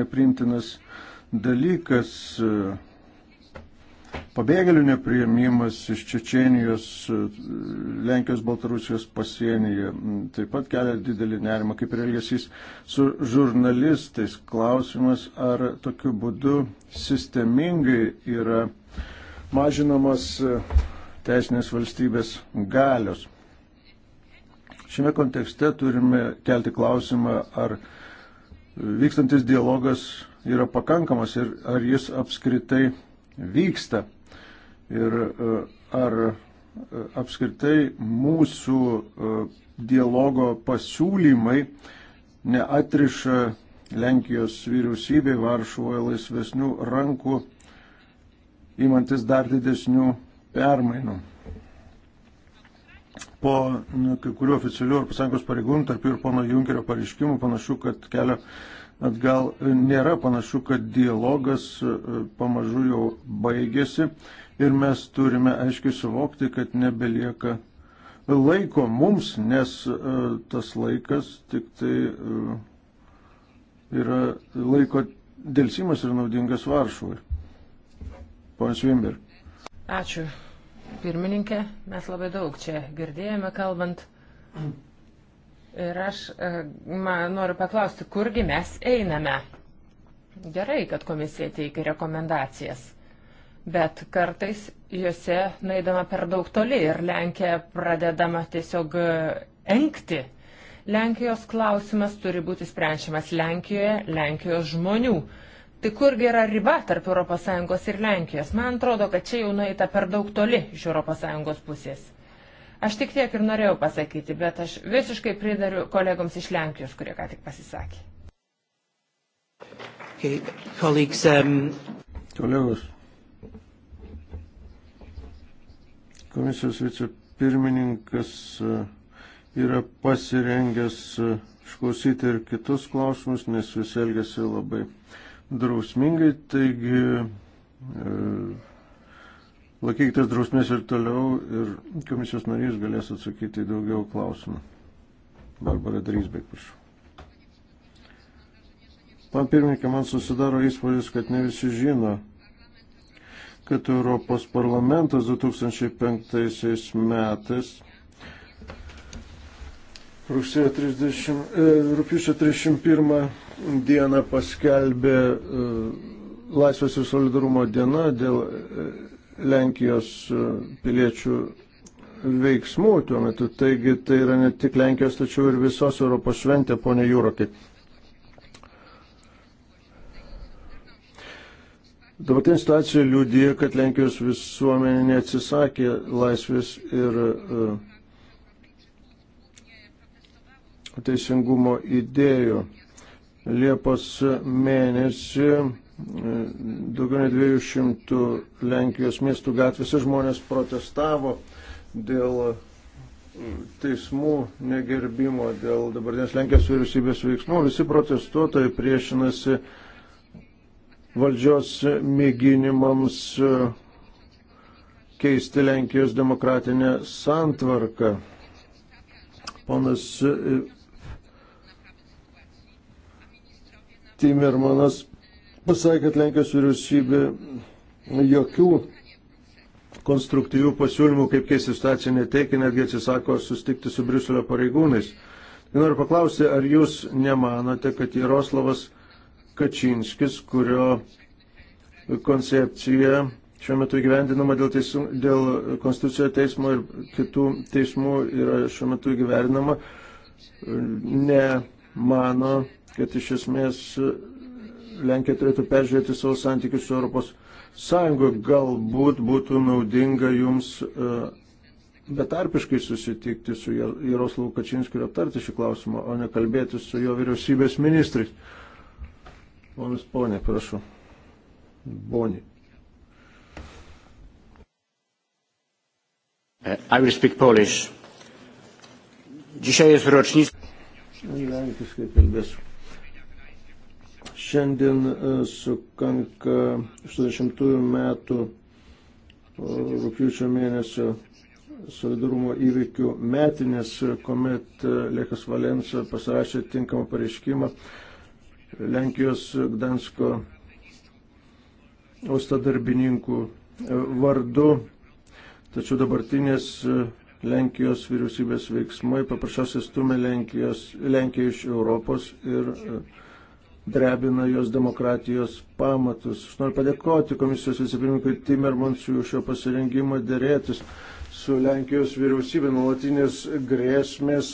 neprimtinas dalykas pabėgėlių nepriėmimas iš Čečienijos, e, Lenkijos, Baltarusijos pasienyje taip pat kelia didelį nerimą, kaip ir elgesys su žurnalistais. Klausimas, ar tokiu būdu sistemingai yra mažinamas e, teisinės valstybės galios. Šiame kontekste turime kelti klausimą, ar vykstantis dialogas yra pakankamas ir ar jis apskritai vyksta ir e, ar e, apskritai mūsų e, dialogo pasiūlymai neatriša Lenkijos vyriausybė Varšuvoje laisvesnių rankų įmantis dar didesnių permainų. Po nu, kai kurių oficialių Europos Sąjungos pareigūnų, tarp jų ir pono Junkerio pareiškimų, panašu, kad kelio atgal nėra. Panašu, kad dialogas e, pamažu jau baigėsi ir mes turime aiškiai suvokti, kad nebelieka laiko mums, nes e, tas laikas tik tai e, yra laiko dėlsimas ir naudingas Varšuvai. Ponas Vimber. Ačiū. Pirmininkė, mes labai daug čia girdėjome kalbant. Ir aš e, man, noriu paklausti, kurgi mes einame. Gerai, kad komisija teikia rekomendacijas, bet kartais juose naidama per daug toli ir Lenkija pradedama tiesiog e, engti. Lenkijos klausimas turi būti sprendžiamas Lenkijoje, Lenkijos žmonių. Tai kurgi yra riba tarp ES ir Lenkijos? Man atrodo, kad čia jau nueita per daug toli iš ES pusės. Aš tik tiek ir norėjau pasakyti, bet aš visiškai pridariu kolegoms iš Lenkijos, kurie ką tik pasisakė. Okay, colleagues, um... Kolegos. Komisijos vicepirmininkas uh, yra pasirengęs uh, išklausyti ir kitus klausimus, nes visi elgesi labai drausmingai. Taigi, e, Laikykitės drausmės ir toliau ir komisijos narys galės atsakyti daugiau klausimų. Barbara Drysbek, prašau. Pan pirmininkė, man susidaro įspūdis, kad ne visi žino, kad Europos parlamentas 2005 metais e, Rūpiučio 31 dieną paskelbė e, Laisvės ir solidarumo diena dėl e, Lenkijos e, piliečių veiksmų tuo metu. Taigi tai yra ne tik Lenkijos, tačiau ir visos Europos šventė, ponė Jūrokai. Dabartinė situacija liūdija, kad Lenkijos visuomenė neatsisakė laisvės ir e, teisingumo idėjų. Liepos mėnesį daugiau nei 200 Lenkijos miestų gatvėse žmonės protestavo dėl e, teismų negerbimo, dėl dabartinės Lenkijos vyriausybės veiksmų. Visi protestuotojai priešinasi valdžios mėginimams e, keisti Lenkijos demokratinę santvarką. Ponas e, Timirmanas pasakė, kad Lenkijos vyriausybė jokių konstruktyvių pasiūlymų, kaip keisti situaciją, neteikia, netgi atsisako sustikti su Briuselio pareigūnais. Noriu paklausti, ar jūs nemanote, kad Jaroslavas Kačinskis, kurio koncepcija šiuo metu įgyvendinama dėl, teisų, dėl Konstitucijoje teismo ir kitų teismų yra šiuo metu įgyvendinama, nemano, kad iš esmės Lenkija turėtų peržiūrėti savo santykius su Europos Sąjunga. Galbūt būtų naudinga jums e, betarpiškai susitikti su Jaroslavu Kačinskiu ir aptarti šį klausimą, o ne kalbėti su jo vyriausybės ministrais. Ponas Ponė, prašau. Boni. E, I will speak Polish. Dzisiaj jest rocznica. Lenkiškai kalbėsiu. Šiandien e, sukanka 80 metų e, rūpiučio mėnesio solidarumo įvykių metinės, kuomet e, Lechas Valensa pasirašė tinkamą pareiškimą Lenkijos Gdansko austadarbininkų vardu, tačiau dabartinės Lenkijos vyriausybės veiksmai paprasčiausiai stumia Lenkijos, Lenkiją iš Europos ir uh, drebina jos demokratijos pamatus. Aš noriu padėkoti komisijos vicepirmininkui Timermansui už jo pasirengimą dėrėtis su Lenkijos vyriausybė nuolatinės grėsmės,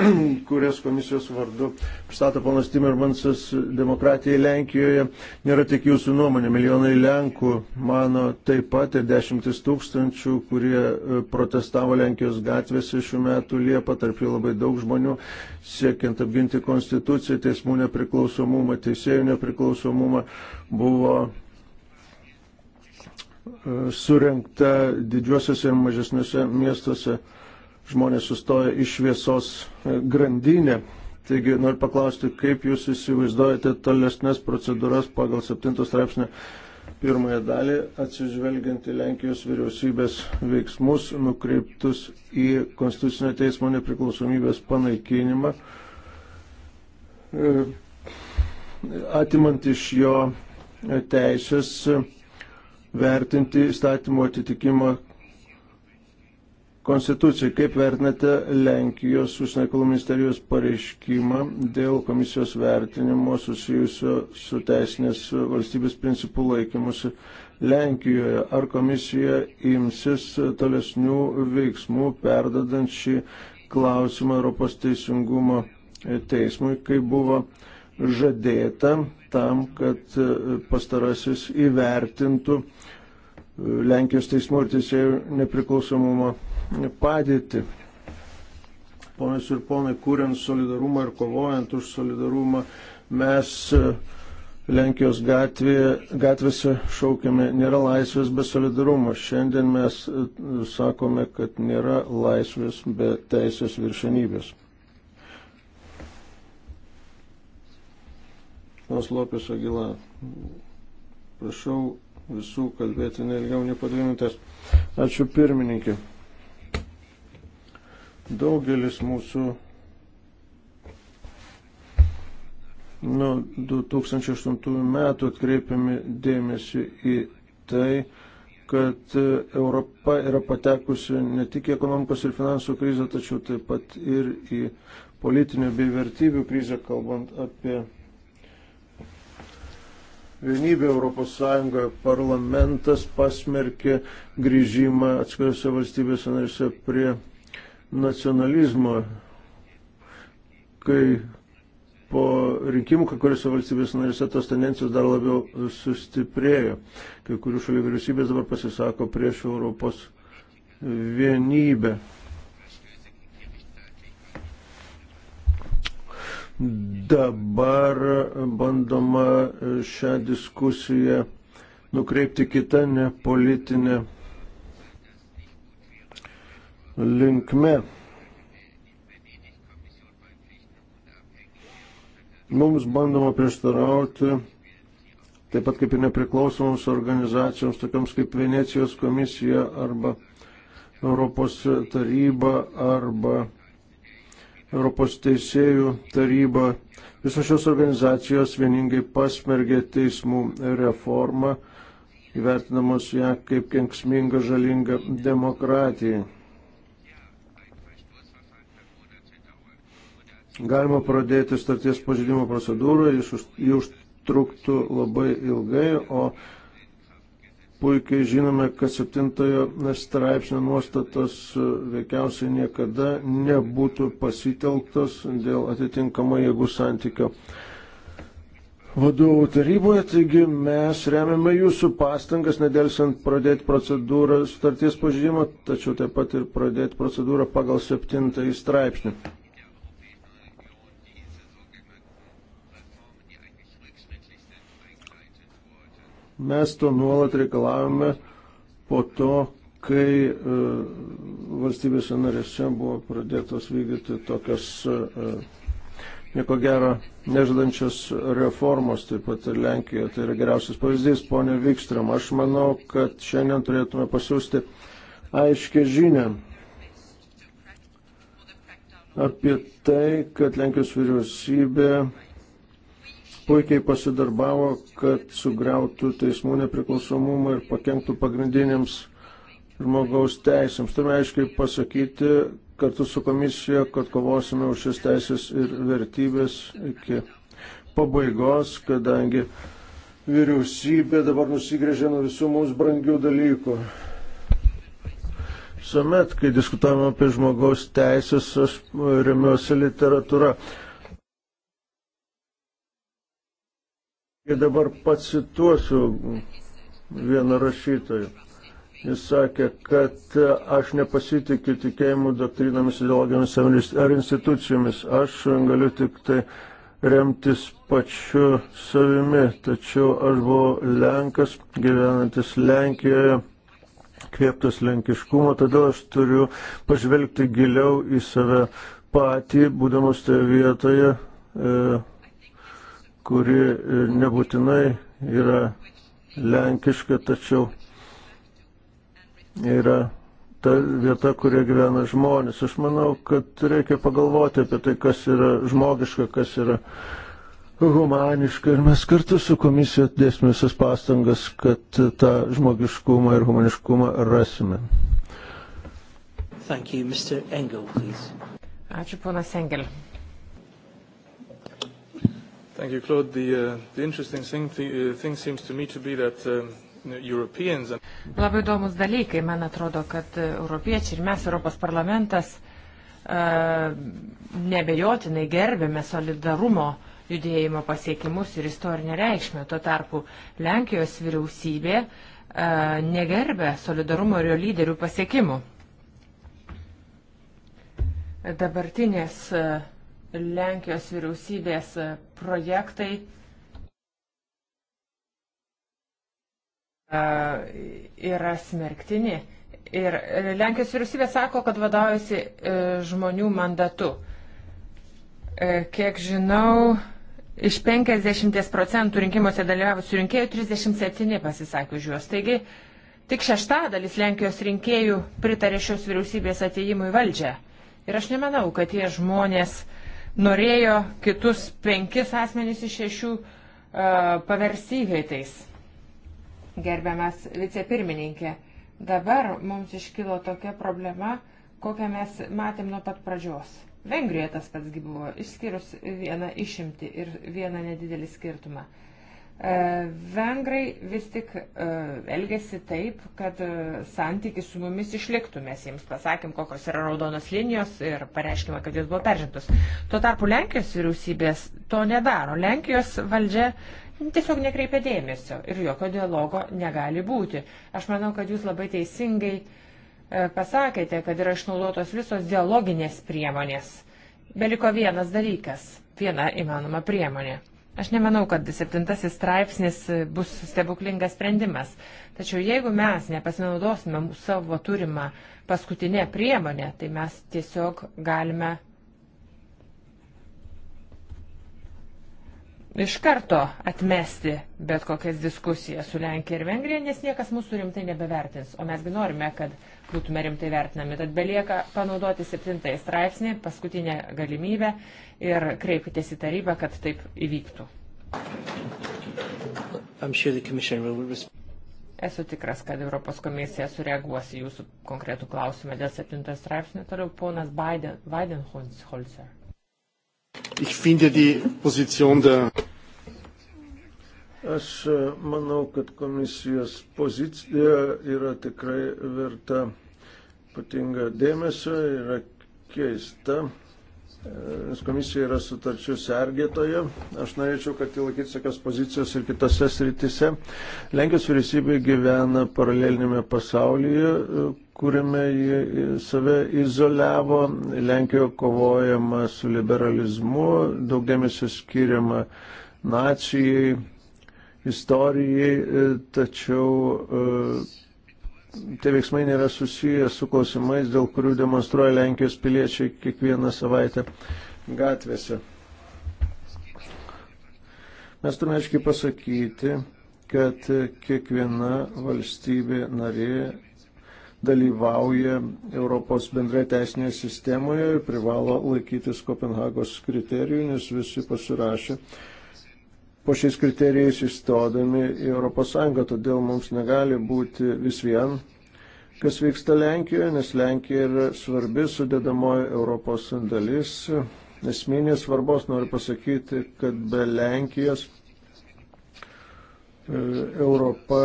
[CLEARS THROAT] kurias komisijos vardu pristato ponas Timermansas demokratijai Lenkijoje, nėra tik jūsų nuomonė. Milijonai Lenkų mano taip pat ir dešimtis tūkstančių, kurie e, protestavo Lenkijos gatvėse šių metų Liepą, tarp jų labai daug žmonių, siekiant apginti konstituciją, teismų nepriklausomumą, teisėjų nepriklausomumą, buvo surinkta didžiuosiuose ir mažesniuose miestuose. Žmonės sustoja iš šviesos grandinę. Taigi noriu paklausti, kaip jūs įsivaizduojate tolesnės procedūras pagal 7 straipsnio pirmąją dalį, atsižvelgiant į Lenkijos vyriausybės veiksmus nukreiptus į Konstitucinio teismo nepriklausomybės panaikinimą, e, atimant iš jo teisės vertinti įstatymo atitikimą Konstitucijai. Kaip vertinate Lenkijos užsienio reikalų ministerijos pareiškimą dėl komisijos vertinimo susijusio su teisinės valstybės principų laikymusi Lenkijoje? Ar komisija imsis tolesnių veiksmų perdodant šį klausimą Europos teisingumo teismui, kaip buvo žadėta tam, kad pastarasis įvertintų Lenkijos teismų ir teisėjų nepriklausomumo padėtį. Ponas ir ponai, kuriant solidarumą ir kovojant už solidarumą, mes e, Lenkijos gatvė, gatvėse šaukiame, nėra laisvės be solidarumo. Šiandien mes e, sakome, kad nėra laisvės be teisės viršenybės. Ponas Lopės Agila, prašau visų kalbėti neilgiau nei po dvi minutės. Ačiū pirmininkė. Daugelis mūsų nuo 2008 metų atkreipiami dėmesį į tai, kad Europa yra patekusi ne tik į ekonomikos ir finansų krizę, tačiau taip pat ir į politinę bei vertybių krizę, kalbant apie vienybė Europos Sąjungoje, parlamentas pasmerkė grįžimą atskirose valstybėse narėse prie nacionalizmo, kai po rinkimų kai kuriuose valstybės narėse tos tendencijos dar labiau sustiprėjo. Kai kurių šalių vyriausybės dabar pasisako prieš Europos vienybę. Dabar bandoma šią diskusiją nukreipti kitą nepolitinę linkme. Mums bandoma prieštarauti, taip pat kaip ir nepriklausomoms organizacijoms, tokiams kaip Venecijos komisija arba Europos taryba arba Europos teisėjų taryba, visos šios organizacijos vieningai pasmergė teismų reformą, įvertinamos ją kaip kenksminga žalinga demokratijai. Galima pradėti starties pažydimo procedūrą, jis už, jį užtruktų labai ilgai, o puikiai žinome, kad septintojo straipsnio nuostatos veikiausiai niekada nebūtų pasitelktos dėl atitinkamo jėgų santykio. Vadovų taryboje, taigi mes remiame jūsų pastangas, nedėlsant pradėti procedūrą starties pažymą, tačiau taip pat ir pradėti procedūrą pagal septintąjį straipsnį. Mes to nuolat reikalavome po to, kai e, valstybėse narėse buvo pradėtos vykdyti tokias e, nieko gero nežadančios reformos, taip pat ir Lenkijoje. Tai yra geriausias pavyzdys, ponė Vikstram. Aš manau, kad šiandien turėtume pasiūsti aiškę žinę apie tai, kad Lenkijos vyriausybė puikiai pasidarbavo, kad sugriautų teismų nepriklausomumą ir pakenktų pagrindinėms žmogaus teisėms. Turime aiškiai pasakyti kartu su komisija, kad kovosime už šias teisės ir vertybės iki pabaigos, kadangi vyriausybė dabar nusigrėžė nuo visų mums brangių dalykų. Visuomet, kai diskutavome apie žmogaus teisės, aš remiuosi literatūra. Ir dabar pacituosiu vieną rašytoją. Jis sakė, kad e, aš nepasitikiu tikėjimų doktrinomis, ideologijomis ar institucijomis. Aš galiu tik tai remtis pačiu savimi. Tačiau aš buvau Lenkas, gyvenantis Lenkijoje, kvieptas lenkiškumo, todėl aš turiu pažvelgti giliau į save patį, būdamas toje vietoje, e, kuri e, nebūtinai yra lenkiška, tačiau yra ta vieta, kurie gyvena žmonės. Aš manau, kad reikia pagalvoti apie tai, kas yra žmogiška, kas yra humaniška. Ir mes kartu su komisija dėsime visas pastangas, kad tą žmogiškumą ir humaniškumą rasime. Thank you, Mr. Engel, please. Ačiū, ponas Engel. Thank you, Claude. The, uh, the interesting thing, th uh, thing seems to me to be that um, Europeans. Labai įdomus dalykai, man atrodo, kad uh, europiečiai ir mes, Europos parlamentas, uh, nebejotinai gerbėme solidarumo judėjimo pasiekimus ir istorinę reikšmę. Tuo tarpu Lenkijos vyriausybė uh, negerbė solidarumo ir jo lyderių pasiekimų. Dabartinės uh, Lenkijos vyriausybės projektai yra smerktini. Ir Lenkijos vyriausybė sako, kad vadovaujasi e, žmonių mandatu. E, kiek žinau, iš 50 procentų rinkimuose dalyvavusių rinkėjų 37 pasisakė už juos. Taigi tik šeštadalis Lenkijos rinkėjų pritarė šios vyriausybės ateimui valdžią. Ir aš nemanau, kad tie žmonės uh, norėjo kitus penkis asmenys iš šešių uh, paversti įkaitais. Gerbiamas vicepirmininkė, dabar mums iškilo tokia problema, kokią mes matėm nuo pat pradžios. Vengrijoje tas pats buvo, išskyrus vieną išimtį ir vieną nedidelį skirtumą. Uh, E, vengrai vis tik e, elgesi taip, kad e, santykis su mumis išliktų. Mes jiems pasakėm, kokios yra raudonos linijos ir pareiškime, kad jos buvo peržintos. Tuo tarpu Lenkijos vyriausybės to nedaro. Lenkijos valdžia tiesiog nekreipia dėmesio ir jokio dialogo negali būti. Aš manau, kad jūs labai teisingai pasakėte, kad yra išnaudotos visos dialoginės priemonės. Beliko vienas dalykas, viena įmanoma priemonė Aš nemanau, kad septintasis straipsnis bus stebuklingas sprendimas. Tačiau jeigu mes nepasinaudosime savo turimą paskutinę priemonę, tai mes tiesiog galime iš karto atmesti bet kokias diskusijas su Lenkija ir Vengrija, nes niekas mūsų rimtai nebevertins. O mesgi norime, kad būtume rimtai vertinami. Tad belieka panaudoti septintąjį straipsnį, paskutinę galimybę ir kreipkite į tarybą, kad taip įvyktų. Esu tikras, kad Europos komisija sureaguos į jūsų konkretų klausimą dėl septintojo straipsnio. Toliau ponas Biden, Weidenholzer. Ich finde die Position der Aš e, manau, kad komisijos pozicija yra tikrai verta ypatinga dėmesio, yra keista, e, nes komisija yra sutarčių sergėtoja. Aš norėčiau, kad įlaikytų tokios pozicijos ir kitose sritise. Lenkijos vyriausybė gyvena paralelinėme pasaulyje, e, kuriame jie save izoliavo. Lenkijoje kovojama su liberalizmu, daug dėmesio skiriama nacijai istorijai, e, tačiau e, tie veiksmai nėra susiję su klausimais, dėl kurių demonstruoja Lenkijos piliečiai kiekvieną savaitę gatvėse. Mes turime aiškiai pasakyti, kad kiekviena valstybė narė dalyvauja Europos bendrai teisinėje sistemoje ir privalo laikytis Kopenhagos kriterijų, nes visi pasirašė po šiais kriterijais įstodami į ES, todėl mums negali būti vis vien, kas vyksta Lenkijoje, nes Lenkija yra svarbi sudėdamoji Europos dalis. Esminės svarbos noriu pasakyti, kad be Lenkijos e, Europa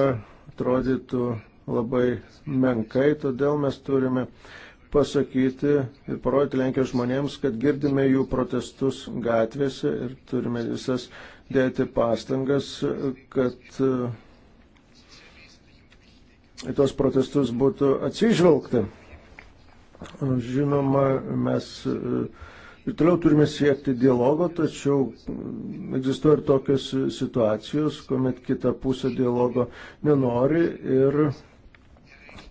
atrodytų labai menkai, todėl mes turime pasakyti ir parodyti Lenkijos žmonėms, kad girdime jų protestus gatvėse ir turime visas dėti pastangas, kad e, į tos protestus būtų atsižvelgta. Žinoma, mes e, ir toliau turime siekti dialogo, tačiau mm, egzistuoja ir tokios situacijos, kuomet kita pusė dialogo nenori ir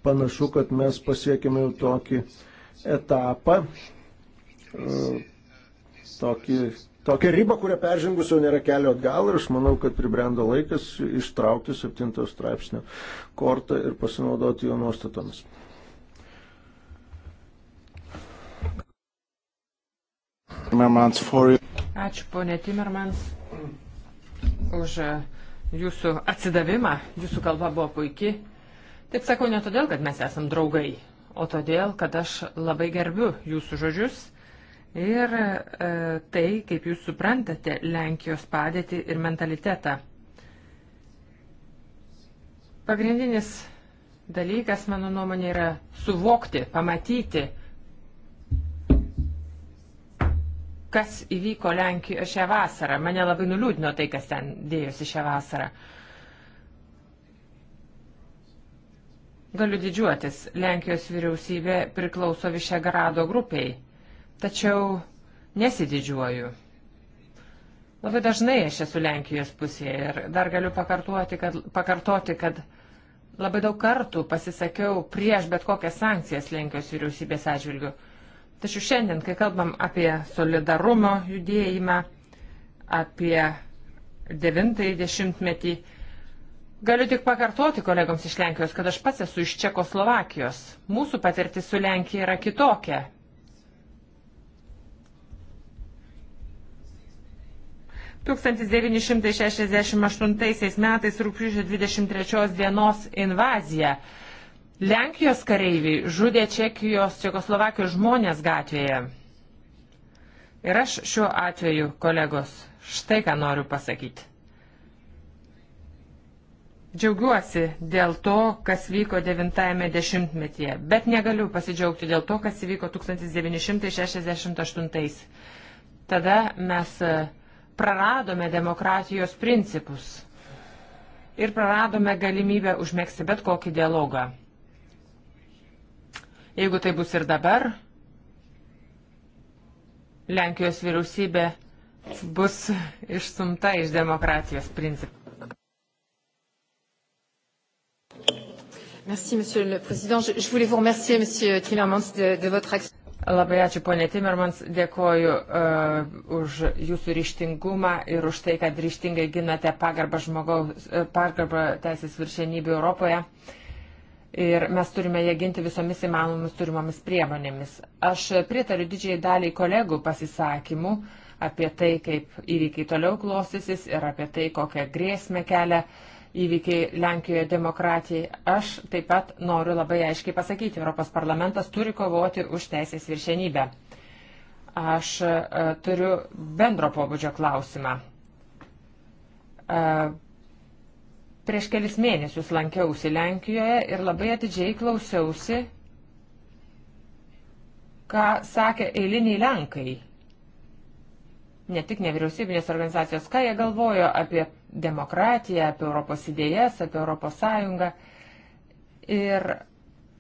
panašu, kad mes pasiekėme jau tokį etapą, e, tokį tokią ribą, kurią peržengus jau nėra kelio atgal ir aš manau, kad pribrendo laikas ištraukti septintojo straipsnio kortą ir pasinaudoti jo nuostatomis. Ačiū ponė Timermans už e, jūsų atsidavimą, jūsų kalba buvo puikiai. Taip sakau ne todėl, kad mes esam draugai, o todėl, kad aš labai gerbiu jūsų žodžius ir e, tai, kaip jūs suprantate Lenkijos padėtį ir mentalitetą. Pagrindinis dalykas, mano nuomonė, yra suvokti, pamatyti, kas įvyko Lenkijoje šią vasarą. Mane labai nuliūdino tai, kas ten dėjosi šią vasarą. Galiu didžiuotis, Lenkijos vyriausybė priklauso Višegrado grupiai tačiau nesididžiuoju. Labai dažnai aš esu Lenkijos pusėje ir dar galiu pakartoti, kad, pakartoti, kad labai daug kartų pasisakiau prieš bet kokias sankcijas Lenkijos vyriausybės atžvilgių. Tačiau šiandien, kai kalbam apie solidarumo judėjimą, apie devintąjį dešimtmetį, Galiu tik pakartoti kolegoms iš Lenkijos, kad aš pats esu iš Čekoslovakijos. Mūsų patirtis su Lenkija yra kitokia. 1968 metais rūpiužio 23 dienos invazija. Lenkijos kareiviai žudė Čekijos, Čekoslovakijos žmonės gatvėje. Ir aš šiuo atveju, kolegos, štai ką noriu pasakyti. Džiaugiuosi dėl to, kas vyko 90-ame dešimtmetyje, bet negaliu pasidžiaugti dėl to, kas įvyko 1968. Tada mes uh, praradome demokratijos principus ir praradome galimybę užmėgsti bet kokį dialogą. Jeigu tai bus ir dabar, Lenkijos vyriausybė bus išsumta iš demokratijos principų. Merci, Monsieur le Président. Je, je voulais vous remercier, Monsieur Timmermans, de, de votre action. Labai ačiū, ponė Timermans, dėkoju uh, už jūsų ryštingumą ir už tai, kad ryštingai ginate pagarbą, žmogaus, uh, pagarbą teisės viršenybė Europoje. Ir mes turime ją ginti visomis įmanomis turimomis priemonėmis. Aš pritariu didžiai daliai kolegų pasisakymų apie tai, kaip įvykiai toliau klostysis ir apie tai, kokią grėsmę kelia uh, įvykiai Lenkijoje demokratijai. Aš taip pat noriu labai aiškiai pasakyti, Europos parlamentas turi kovoti už teisės viršenybę. Aš e, turiu bendro pobūdžio klausimą. E, prieš kelis mėnesius lankiausi Lenkijoje ir labai atidžiai klausiausi, ką sakė eiliniai Lenkai ne tik nevyriausybinės organizacijos, ką jie galvojo apie demokratiją, apie Europos idėjas, apie Europos Sąjungą. Ir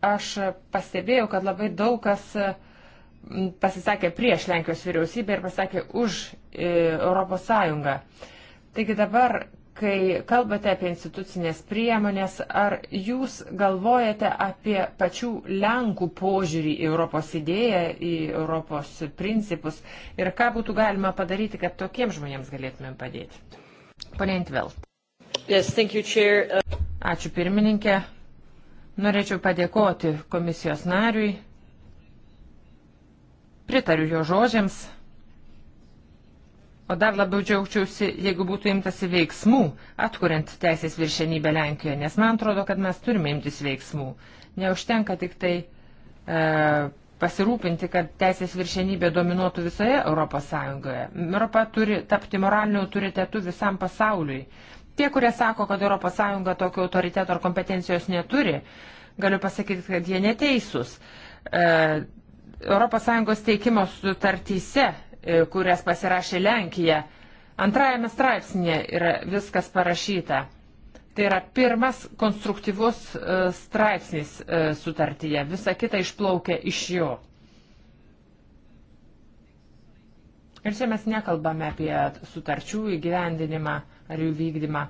aš pastebėjau, kad labai daug kas pasisakė prieš Lenkijos vyriausybę ir pasakė už e, Europos Sąjungą. Taigi dabar kai kalbate apie institucinės priemonės, ar jūs galvojate apie pačių Lenkų požiūrį į Europos idėją, į Europos principus ir ką būtų galima padaryti, kad tokiems žmonėms galėtumėm padėti? Pane Intvel. Yes, you, Chair. Ačiū pirmininkė. Norėčiau padėkoti komisijos nariui. Pritariu jo žodžiams. O dar labiau džiaugčiausi, jeigu būtų imtasi veiksmų, atkuriant teisės viršenybę Lenkijoje, nes man atrodo, kad mes turime imtis veiksmų. Neužtenka tik tai e, pasirūpinti, kad teisės viršenybė dominuotų visoje ES. Europa turi tapti moraliniu autoritetu visam pasauliui. Tie, kurie sako, kad ES tokio autoriteto ar kompetencijos neturi, galiu pasakyti, kad jie neteisūs. E, ES teikimo sutartyse E, kurias pasirašė Lenkija. Antrajame straipsnėje yra viskas parašyta. Tai yra pirmas konstruktyvus e, straipsnis e, sutartyje. Visa kita išplaukia iš jo. Ir čia mes nekalbame apie sutarčių įgyvendinimą ar jų vykdymą.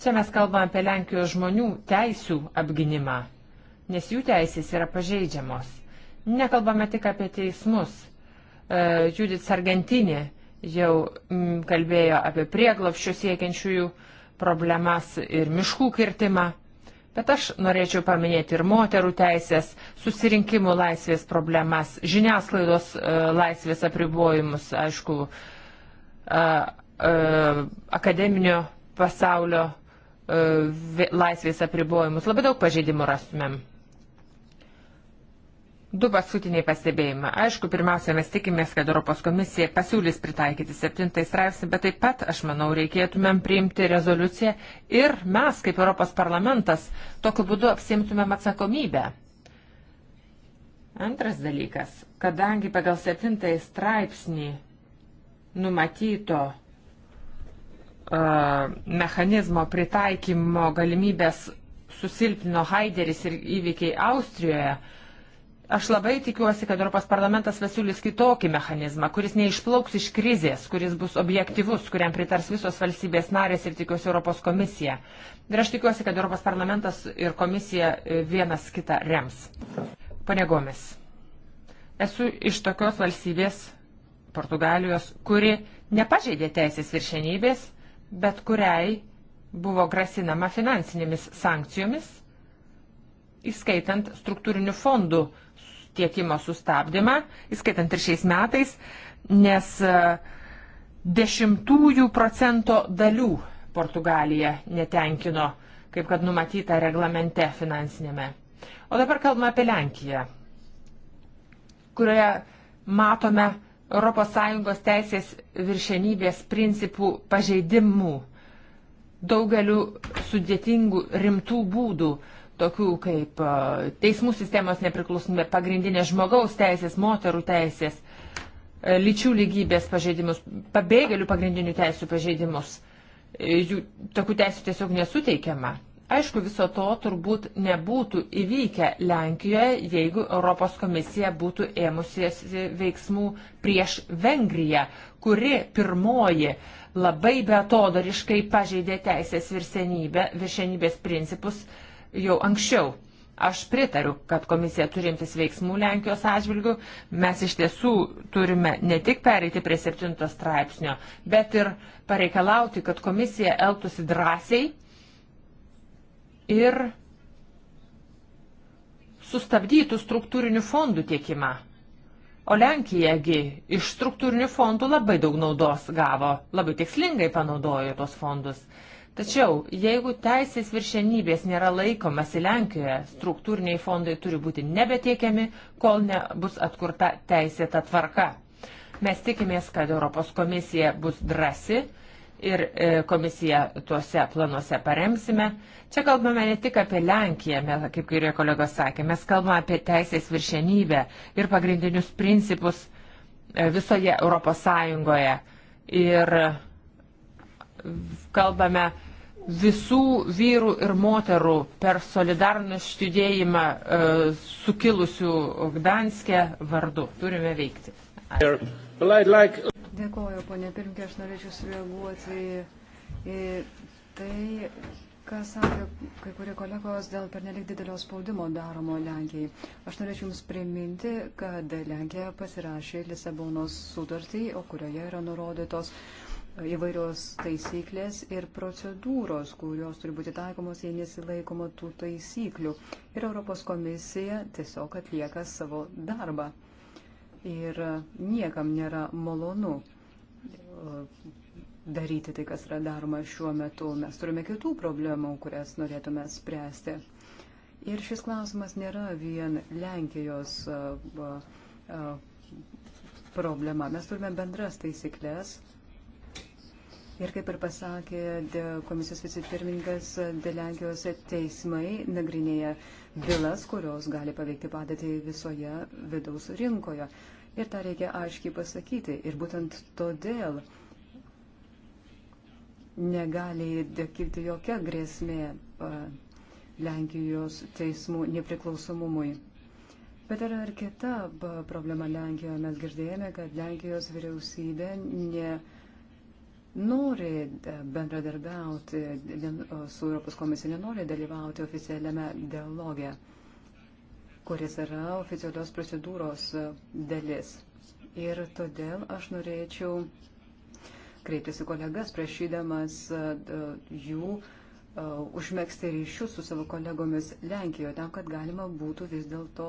Čia mes kalbame apie Lenkijos žmonių teisių apginimą, nes jų teisės yra pažeidžiamos. Nekalbame tik apie teismus. E, Judith Sargentinė jau kalbėjo apie prieglopščių siekiančiųjų problemas ir miškų kirtimą. Bet aš norėčiau paminėti ir moterų teisės, susirinkimų laisvės problemas, žiniasklaidos e, laisvės apribojimus, aišku, e, akademinio pasaulio laisvės apribojimus. Labai daug pažeidimų rastumėm. Du paskutiniai pastebėjimai. Aišku, pirmiausia, mes tikimės, kad Europos komisija pasiūlys pritaikyti septintąjį straipsnį, bet taip pat, aš manau, reikėtumėm priimti rezoliuciją ir mes, kaip Europos parlamentas, tokiu būdu apsimtumėm atsakomybę. Antras dalykas, kadangi pagal septintąjį straipsnį numatyto uh, mechanizmo pritaikymo galimybės susilpino Haideris ir įvykiai Austrijoje, uh, Aš labai tikiuosi, kad Europos parlamentas pasiūlys kitokį mechanizmą, kuris neišplauks iš krizės, kuris bus objektivus, kuriam pritars visos valstybės narės ir tikiuosi Europos komisija. Ir aš tikiuosi, kad Europos parlamentas ir komisija e, vienas kitą rems. Pane Gomis, esu iš tokios valstybės, Portugalijos, kuri nepažeidė teisės viršenybės, bet kuriai buvo grasinama finansinėmis sankcijomis, įskaitant struktūrinių fondų tiekimo sustabdymą, įskaitant ir šiais metais, nes e, dešimtųjų procento dalių Portugalija netenkino, kaip kad numatyta reglamente finansinėme. O dabar kalbame apie Lenkiją, kurioje matome ES teisės viršenybės principų pažeidimų daugeliu sudėtingų rimtų būdų, tokių kaip teismų sistemos nepriklausomybė, pagrindinės žmogaus teisės, moterų teisės, lyčių lygybės pažeidimus, pabėgėlių pagrindinių teisų pažeidimus. E, jų tokių teisų tiesiog nesuteikiama. Aišku, viso to turbūt nebūtų įvykę Lenkijoje, jeigu Europos komisija būtų ėmusies veiksmų prieš Vengriją, kuri pirmoji labai betodariškai pažeidė teisės virsenybę, viršenybės principus uh, jau anksčiau. Aš pritariu, kad komisija turintis veiksmų Lenkijos atžvilgių, mes iš tiesų turime ne tik pereiti prie septinto straipsnio, bet ir pareikalauti, kad komisija elgtųsi drąsiai ir sustabdytų struktūrinių fondų tiekimą. O Lenkijagi iš struktūrinių fondų labai daug naudos gavo, labai tikslingai panaudojo tos fondus. Tačiau, jeigu teisės viršenybės nėra laikomasi Lenkijoje, struktūriniai fondai turi būti nebetiekiami, kol nebus atkurta teisėta tvarka. Mes tikimės, kad Europos komisija bus drasi ir e, komisiją tuose planuose paremsime. Čia kalbame ne tik apie Lenkiją, kaip kurie kolegos sakė, mes kalbame apie teisės viršenybę ir pagrindinius principus e, visoje Europos Sąjungoje. Ir kalbame visų vyrų ir moterų per solidarnų štydėjimą e, sukilusių Gdanskė vardu. Turime veikti. Dėkuoju, ponė pirmkė, aš norėčiau sureaguoti į tai, ką sakė kai kurie kolegos dėl pernelik didelio spaudimo daromo Lenkijai. Aš norėčiau Jums priminti, kad Lenkija pasirašė Lisabonos sutartį, o kurioje yra nurodytos įvairios taisyklės ir procedūros, kurios turi būti taikomos, jei nesilaikoma tų taisyklių. Ir Europos komisija tiesiog atlieka savo darbą. Ir niekam nėra malonu uh, daryti tai, kas yra daroma šiuo metu. Mes turime kitų problemų, kurias norėtume spręsti. Ir šis klausimas nėra vien Lenkijos uh, uh, problema. Mes turime bendras taisyklės, Ir kaip ir pasakė komisijos vicepirmininkas, Lenkijos teismai nagrinėja bylas, kurios gali paveikti padėtį visoje vidaus rinkoje. Ir tą reikia aiškiai pasakyti. Ir būtent todėl negali kilti jokia grėsmė Lenkijos teismų nepriklausomumui. Bet yra ir kita problema Lenkijoje. Mes girdėjome, kad Lenkijos vyriausybė ne nori e, bendradarbiauti e, su Europos komisija, nenori dalyvauti oficialiame dialoge, kuris yra oficialios procedūros e, dalis. Ir todėl aš norėčiau kreiptis į kolegas, prašydamas jų užmėgsti ryšius su savo kolegomis Lenkijoje, tam, kad galima būtų vis dėlto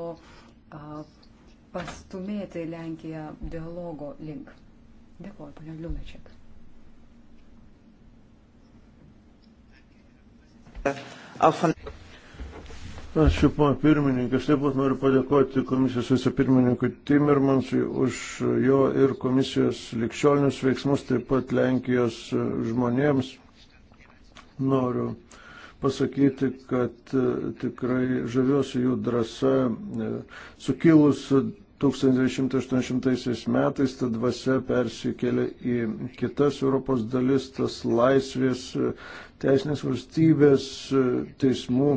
pastumėti Lenkiją dialogo link. Dėkuoju, ponia Liumečiak. Ačiū, pana pirmininkas. Taip pat noriu padėkoti komisijos vicepirmininkui Timirmansui už jo ir komisijos likščiolinius veiksmus, taip pat Lenkijos žmonėms. Noriu pasakyti, kad e, tikrai žaviuosi jų drąsa e, sukilus 1980 metais, ta dvasia persikėlė į kitas Europos dalis, tas laisvės teisinės valstybės, e, teismų,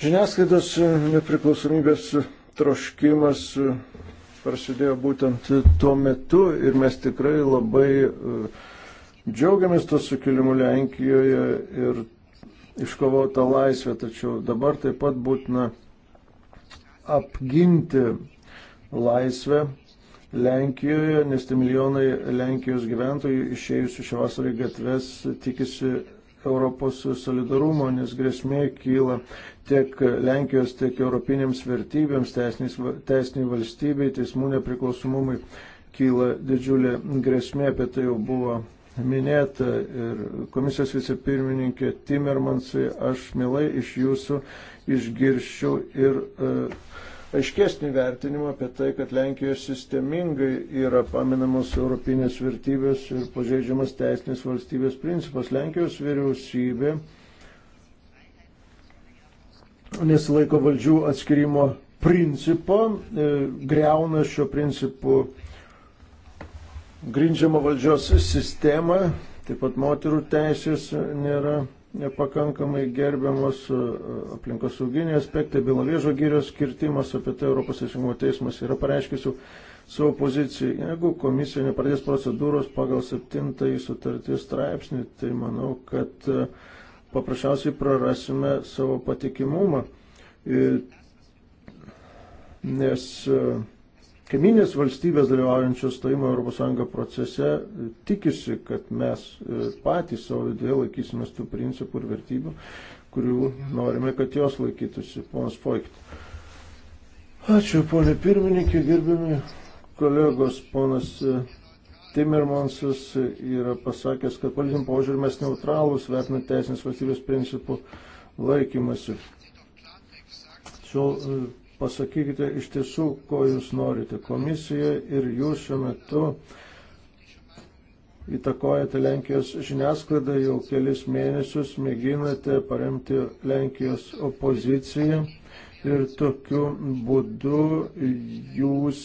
žiniasklaidos e, nepriklausomybės troškimas e, prasidėjo būtent tuo metu ir mes tikrai labai džiaugiamės to sukilimu Lenkijoje ir iškovotą laisvę, tačiau dabar taip pat būtina apginti laisvę Lenkijoje, nes tie milijonai Lenkijos gyventojų išėjusių šią vasarą į gatves tikisi Europos solidarumo, nes grėsmė kyla tiek Lenkijos, tiek europinėms vertybėms, teisiniai valstybei, teismų nepriklausomumui kyla didžiulė grėsmė, apie tai jau buvo minėta ir komisijos vicepirmininkė Timermansai, aš mielai iš jūsų išgirščiau ir uh, aiškesnį vertinimą apie tai, kad Lenkijoje sistemingai yra paminamos europinės vertybės ir pažeidžiamas teisinės valstybės principas. Lenkijos vyriausybė nesilaiko valdžių atskirimo principo, e, greuna šio principu grindžiamą valdžios sistemą, taip pat moterų teisės nėra nepakankamai gerbiamos e, aplinkosauginiai aspektai, Bilavėžo gyrios skirtimas, apie tai Europos teisingumo teismas yra pareiškęs jau savo poziciją. Jeigu komisija nepradės procedūros pagal septintąjį sutarties straipsnį, tai manau, kad e, paprasčiausiai prarasime savo patikimumą. Nes uh, kaiminės valstybės dalyvaujančios stojimo ES procese e, tikisi, kad mes e, patys savo viduje laikysimės tų principų ir vertybių, kurių norime, kad jos laikytųsi. Ponas Foikt. Ačiū, ponė pirmininkė, gerbiami kolegos, ponas e, Timmermansas yra pasakęs, kad politiniam požiūrį mes neutralūs, vertinant teisinės valstybės principų laikymasi. Tačiau pasakykite iš tiesų, ko jūs norite. Komisija ir jūs šiuo metu įtakojate Lenkijos žiniasklaidą jau kelis mėnesius, mėginate paremti Lenkijos opoziciją ir tokiu būdu jūs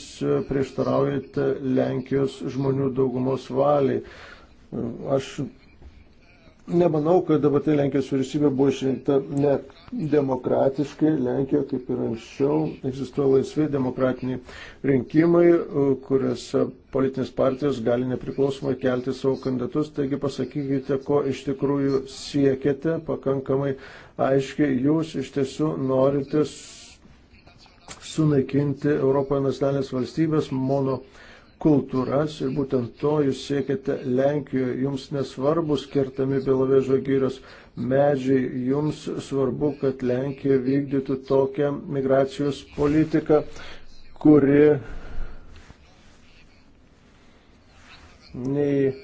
prieštaraujate Lenkijos žmonių daugumos valiai. Aš nemanau, kad dabartinė Lenkijos vyriausybė buvo išrinkta ne demokratiškai, Lenkijoje kaip ir anksčiau egzistuoja laisvi demokratiniai rinkimai, e, kuriuose politinės partijos gali nepriklausomai kelti savo kandidatus. Taigi pasakykite, ko iš tikrųjų siekiate pakankamai aiškiai. Jūs iš tiesų norite sunaikinti Europoje nacionalinės valstybės mono kultūras ir būtent to jūs siekiate Lenkijoje. Jums nesvarbus kertami Belovežo gyrios medžiai. Jums svarbu, kad Lenkija vykdytų tokią migracijos politiką, kuri nei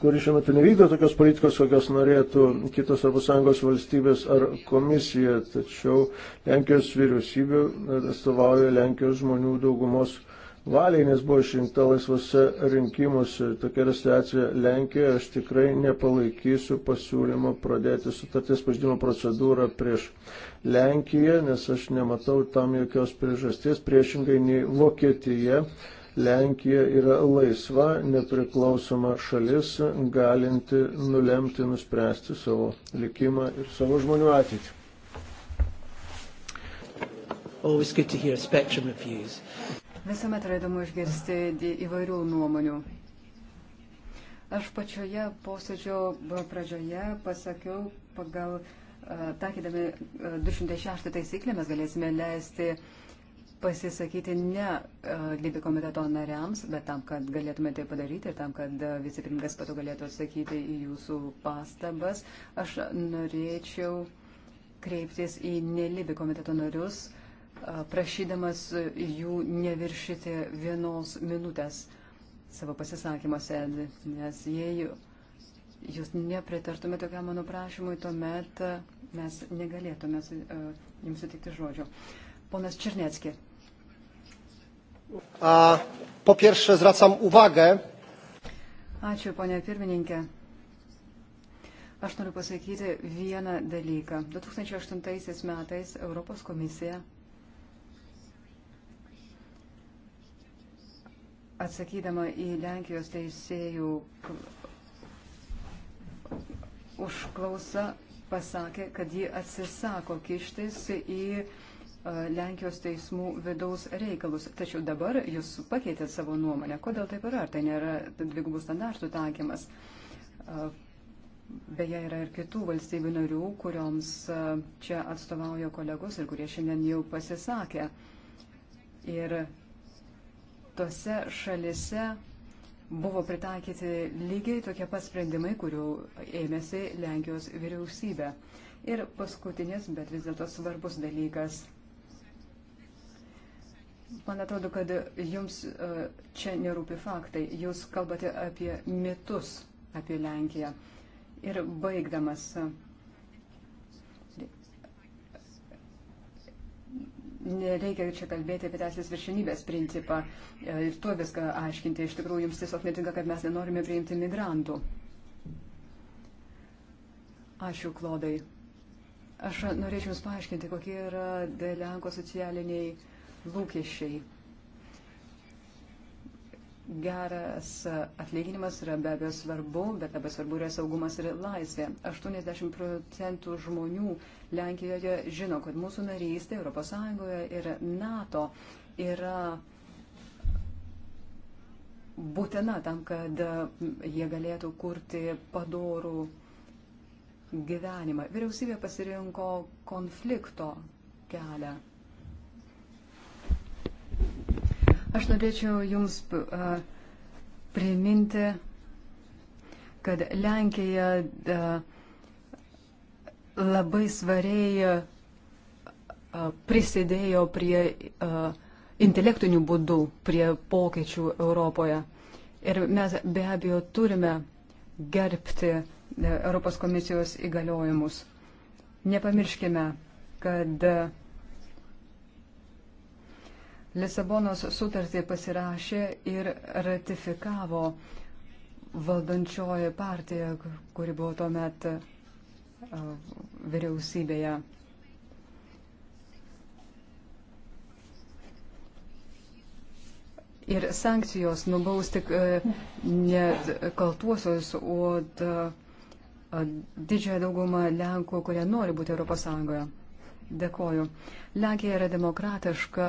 kuri šiuo metu nevykdo tokios politikos, kokios norėtų kitos ES valstybės ar komisija, tačiau Lenkijos vyriausybė atstovauja Lenkijos žmonių daugumos valiai, nes buvo išrinkta laisvose rinkimuose. Tokia yra situacija Lenkijoje. Aš tikrai nepalaikysiu pasiūlymo pradėti sutarties pažydimo procedūrą prieš Lenkiją, nes aš nematau tam jokios priežasties. Priešingai nei Vokietija. Lenkija yra laisva, nepriklausoma šalis, galinti nulemti, nuspręsti savo likimą ir savo žmonių ateitį. Always good to hear a spectrum of views. Visuomet yra įdomu išgirsti įvairių nuomonių. Aš pačioje posėdžio pradžioje pasakiau, pagal takydami 206 taisyklę mes galėsime leisti pasisakyti ne Libi komiteto nariams, bet tam, kad galėtume tai padaryti ir tam, kad vicepirmininkas pato galėtų atsakyti į jūsų pastabas, aš norėčiau kreiptis į nelibi komiteto narius, uh, prašydamas jų neviršyti vienos minutės savo pasisakymuose, nes jei jūs nepritartume tokiam mano prašymui, tuomet mes negalėtume jums sutikti žodžio. Ponas Čirnecki. A, po pierwsze zwracam uwagę. Ačiū, ponė pirmininkė. Aš noriu pasakyti vieną dalyką. 2008 metais Europos komisija atsakydama į Lenkijos teisėjų užklausą pasakė, kad ji atsisako kištis į e, Lenkijos teismų vidaus reikalus. Tačiau dabar jūs pakeitėt savo nuomonę. Kodėl taip yra? Ar tai nėra dvigubų standartų taikymas? E, beje, yra ir kitų valstybių narių, kurioms e, čia atstovauja kolegos ir kurie šiandien jau pasisakė. Ir tose šalise buvo pritaikyti lygiai tokie pat sprendimai, kurių ėmėsi Lenkijos vyriausybė. Ir paskutinis, bet vis dėlto svarbus dalykas. Man atrodo, kad jums e, čia nerūpi faktai. Jūs kalbate apie mitus apie Lenkiją. Ir baigdamas nereikia čia kalbėti apie teisės viršinybės principą e, ir tuo viską aiškinti. Iš tikrųjų, jums tiesiog netinka, kad mes nenorime priimti migrantų. Ačiū, Klodai. Aš norėčiau Jums paaiškinti, kokie yra Lenkų socialiniai lūkesčiai. Geras atlyginimas yra be abejo svarbu, bet labai svarbu yra saugumas ir laisvė. 80 procentų žmonių Lenkijoje žino, kad mūsų narystė ES ir NATO yra būtina tam, kad jie galėtų kurti padorų gyvenimą. Vyriausybė pasirinko konflikto kelią. Aš norėčiau Jums priminti, kad Lenkija labai svariai prisidėjo prie intelektinių būdų, prie pokyčių Europoje. Ir mes be abejo turime gerbti e, Europos komisijos įgaliojimus. Nepamirškime, kad Lisabonos sutartį pasirašė ir ratifikavo valdančioji partija, kuri buvo tuo metu e, vyriausybėje. Ir sankcijos nubaus tik e, ne kaltuosius, o didžiąją daugumą Lenkų, kurie nori būti ES. Dėkoju. Lenkija yra demokratiška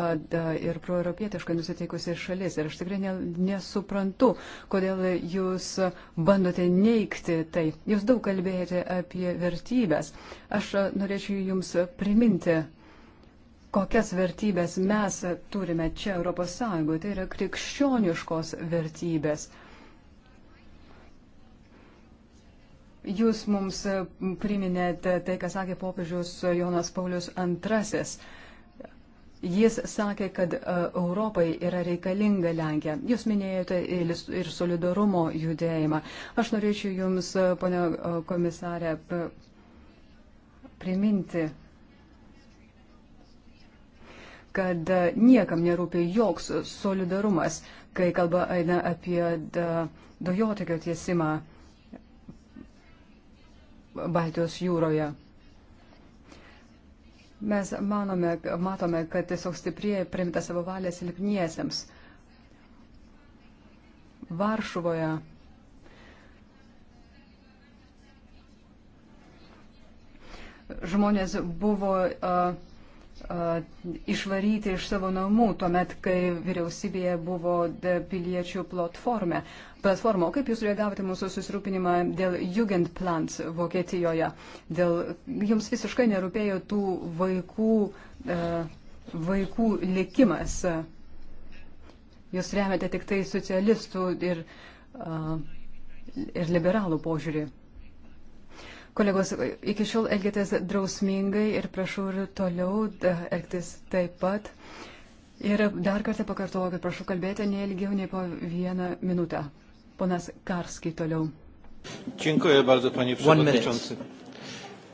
ir proeuropietiškai nusiteikusi šalis ir aš tikrai ne, nesuprantu, kodėl jūs bandote neikti tai. Jūs daug kalbėjote apie vertybės. Aš norėčiau jums priminti, kokias vertybės mes turime čia Europos Sąjungoje. Tai yra krikščioniškos vertybės. Jūs mums e, priminėte tai, ką sakė popiežius Jonas Paulius II. Jis sakė, kad e, Europai yra reikalinga Lenkija. Jūs minėjote ir solidarumo judėjimą. Aš norėčiau Jums, e, ponio komisarė, priminti, kad niekam nerūpia joks solidarumas, kai kalba eina apie dujotekio tiesimą Baltijos jūroje. Mes manome, matome, kad tiesiog stiprieji primta savo valią silpniesiems. Varšuvoje žmonės buvo uh, uh, išvaryti iš savo namų, tuomet, kai vyriausybėje buvo piliečių platformė. Uh, platformą. O kaip jūs reagavote mūsų susirūpinimą dėl Jugendplans Vokietijoje? Dėl, jums visiškai nerūpėjo tų vaikų, e, vaikų likimas. Jūs remiate tik tai socialistų ir, e, ir liberalų požiūrį. Kolegos, iki šiol elgėtės drausmingai ir prašau ir toliau e, elgtis taip pat. Ir dar kartą pakartoju, kad prašau kalbėti neilgiau nei po vieną minutę. Ponas Karski toliau. Dziękuję bardzo, panie przewodniczący.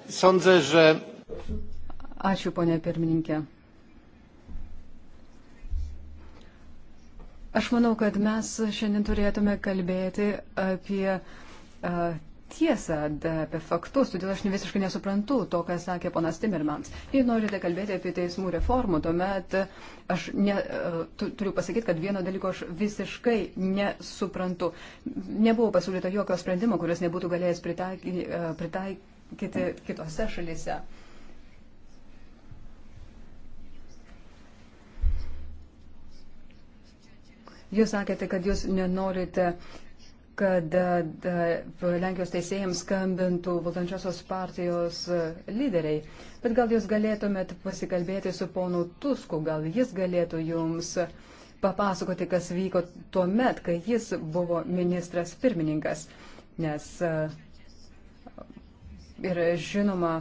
Sądzę, że. Ačiū, ponė pirmininkė. Aš manau, kad mes šiandien turėtume kalbėti apie tiesą apie faktus, todėl aš visiškai nesuprantu to, ką sakė ponas Timmermans. Jei norite kalbėti apie teismų reformų, tuomet aš ne, tu, turiu pasakyti, kad vieno dalyko aš visiškai nesuprantu. Nebuvo pasiūlyta jokio sprendimo, kuris nebūtų galėjęs pritaikyti, e, pritaikyti kitose šalyse. Jūs sakėte, kad jūs nenorite uh, kad e, e, Lenkijos teisėjams skambintų valdančiosios partijos e, lyderiai. Bet gal jūs galėtumėt pasikalbėti su ponu Tusku, gal jis galėtų jums papasakoti, kas vyko tuo met, kai jis buvo ministras pirmininkas. Nes ir žinoma,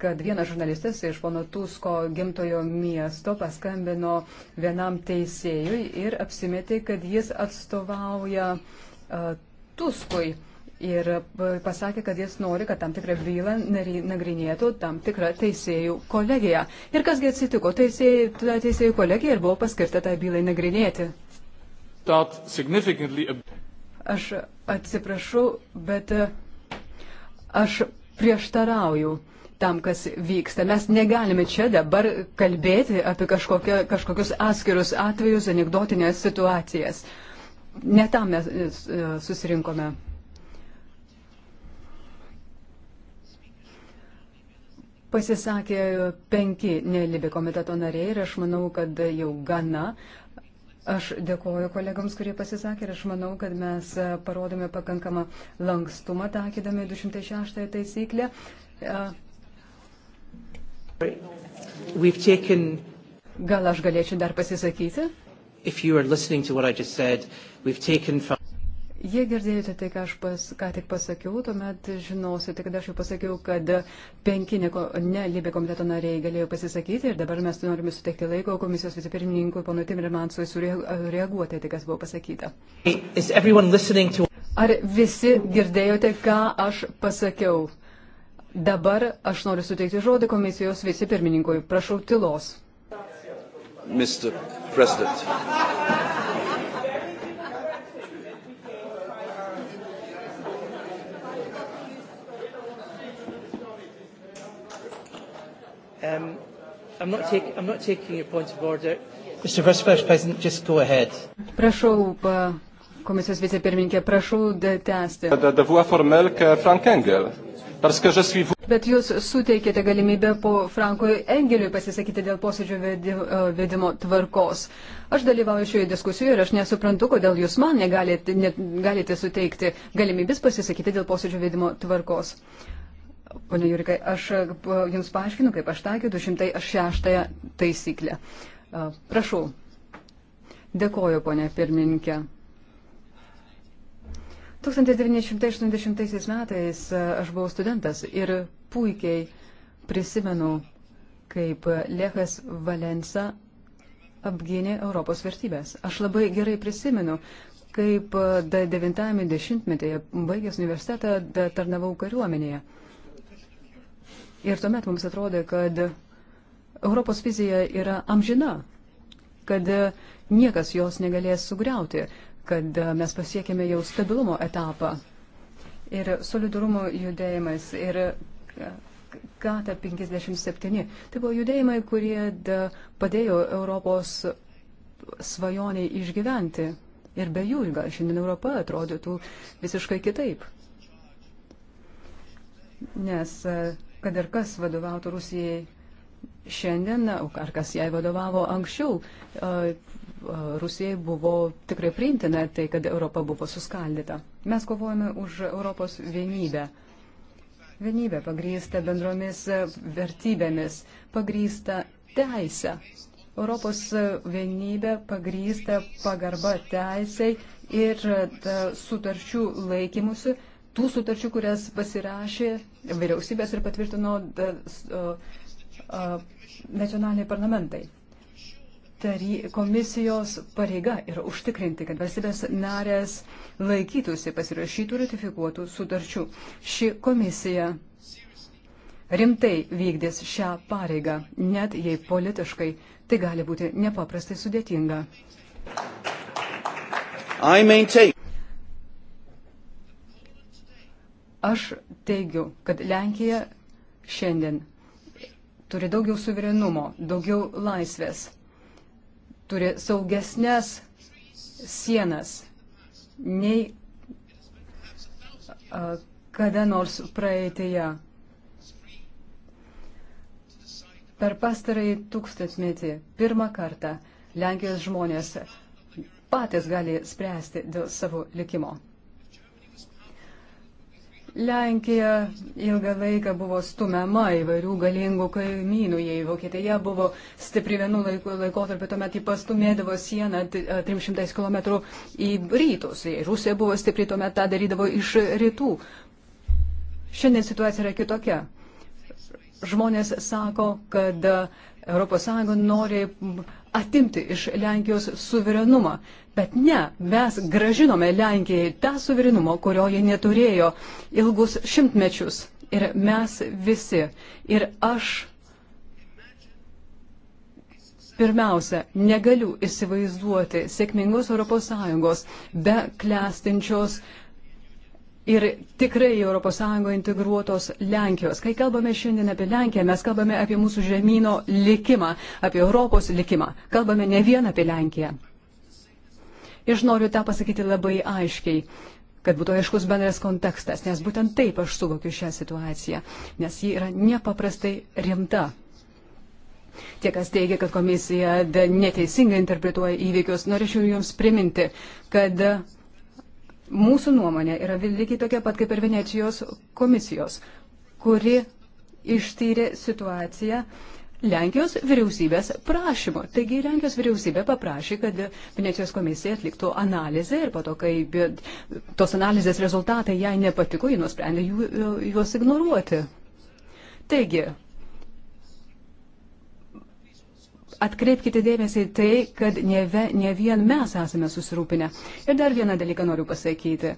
kad vienas žurnalistas iš pono Tusko gimtojo miesto paskambino vienam teisėjui ir apsimetė, kad jis atstovauja uh, Tuskui ir e, pasakė, kad jis nori, kad tam tikrą bylą nagrinėtų tam tikrą teisėjų kolegiją. Ir kasgi atsitiko? Teisėjų, teisėjų kolegija ir buvo paskirta tai bylai nagrinėti. Aš atsiprašau, bet e, aš prieštarauju tam, kas vyksta. Mes negalime čia dabar kalbėti apie kažkokia, kažkokius atskirus atvejus, anegdotinės situacijas. Uh, ne tam mes e, e, susirinkome. Pasisakė penki nelibi komiteto nariai ir aš manau, kad jau gana. Aš dėkoju kolegams, kurie pasisakė ir aš manau, kad mes parodome pakankamą lankstumą, takydami 206 taisyklę. Gal aš galėčiau dar pasisakyti? if you are listening to what I just said, we've taken from Jei girdėjote tai, ką aš pas, ką tik pasakiau, tuomet žinosite, kad aš jau pasakiau, kad penki nelibė komiteto nariai galėjo pasisakyti ir dabar mes norime suteikti laiko komisijos vicepirmininkui ponui Timirmansui sureaguoti tai, kas buvo pasakyta. To... Ar visi girdėjote, ką aš pasakiau? Dabar aš noriu suteikti žodį komisijos vicepirmininkui. Prašau tylos. Mister. President. Um, I'm, not take, I'm not taking your point of order. Mr. Vice President, just go ahead. Prašau, komisijos vicepirmininkė, prašau tęsti. Da, da, da, formel, Frank Engel. Bet jūs suteikėte galimybę po Frankui Engeliui pasisakyti dėl posėdžio e, vedimo tvarkos. Aš dalyvauju šioje diskusijoje ir aš nesuprantu, kodėl jūs man negalite, net, galite suteikti galimybės pasisakyti dėl posėdžio vedimo tvarkos. Pone Jurikai, aš e, jums paaiškinu, kaip aš taikiau 206 taisyklę. E, prašau. Dėkoju, ponė pirmininkė. 1980 metais e, aš buvau studentas ir puikiai prisimenu, kaip Lechas Valensa apgynė Europos vertybės. Aš labai gerai prisimenu, kaip 90-ame e, dešimtmetyje baigęs universitetą tarnavau kariuomenėje. Ir tuomet mums atrodė, kad Europos vizija yra amžina, kad e, niekas jos negalės sugriauti, kad e, mes pasiekėme jau stabilumo etapą ir solidarumo judėjimas ir Kata e, 57. Tai buvo judėjimai, kurie padėjo Europos svajoniai išgyventi. Ir be jų gal šiandien Europa atrodytų visiškai kitaip. Nes e, kad ir kas vadovautų Rusijai šiandien, ar kas jai vadovavo anksčiau, Rusijai buvo tikrai priimtina tai, kad Europa buvo suskaldyta. Mes kovojame už Europos vienybę. Vienybė pagrįsta bendromis vertybėmis, pagrįsta teisę. Europos vienybė pagrįsta pagarba teisai ir sutarčių laikymusi, tų sutarčių, kurias pasirašė vyriausybės ir patvirtino nacionaliniai parlamentai tary, komisijos pareiga yra užtikrinti, kad valstybės narės laikytųsi pasirašytų ratifikuotų sutarčių. Ši komisija rimtai vykdės šią pareigą, net jei politiškai tai gali būti nepaprastai sudėtinga. Aš teigiu, kad Lenkija šiandien turi daugiau suverenumo, daugiau laisvės turi saugesnės sienas nei kada nors praeitėje. Per pastarąjį tūkstantmetį pirmą kartą Lenkijos žmonės patys gali spręsti dėl savo likimo. Lenkija ilgą laiką buvo stumiama įvairių galingų kaimynų, jei Vokietija buvo stipri vienu laikotarpiu, tuomet jį pastumėdavo sieną 300 km į rytus, jei Rusija buvo stipri, tuomet tą darydavo iš rytų. Šiandien situacija yra kitokia. Žmonės sako, kad ES nori atimti iš Lenkijos suverenumą. Bet ne, mes gražinome Lenkijai tą suverenumą, kurio jie neturėjo ilgus šimtmečius. Ir mes visi. Ir aš pirmiausia, negaliu įsivaizduoti sėkmingos ES be klestinčios uh, ir tikrai ES integruotos Lenkijos. Kai kalbame šiandien apie Lenkiją, mes kalbame apie mūsų žemynų likimą, apie Europos likimą. Kalbame ne vien apie Lenkiją. Ir noriu tą pasakyti labai aiškiai kad būtų aiškus bendras kontekstas, nes būtent taip aš suvokiu šią situaciją, nes ji yra nepaprastai rimta. Tie, kas teigia, kad komisija neteisingai interpretuoja įvykius, norėčiau Jums priminti, kad mūsų nuomonė yra lygiai tokia pat kaip ir Venecijos komisijos, kuri ištyrė situaciją Lenkijos vyriausybės prašymo. Taigi Lenkijos vyriausybė paprašė, kad Venecijos komisija atliktų analizę ir po to, kai tos analizės rezultatai jai nepatiko, ji nusprendė juos ignoruoti. Taigi, atkreipkite dėmesį į tai, kad ne, ve, ne vien mes esame susirūpinę. Ir dar vieną dalyką noriu pasakyti,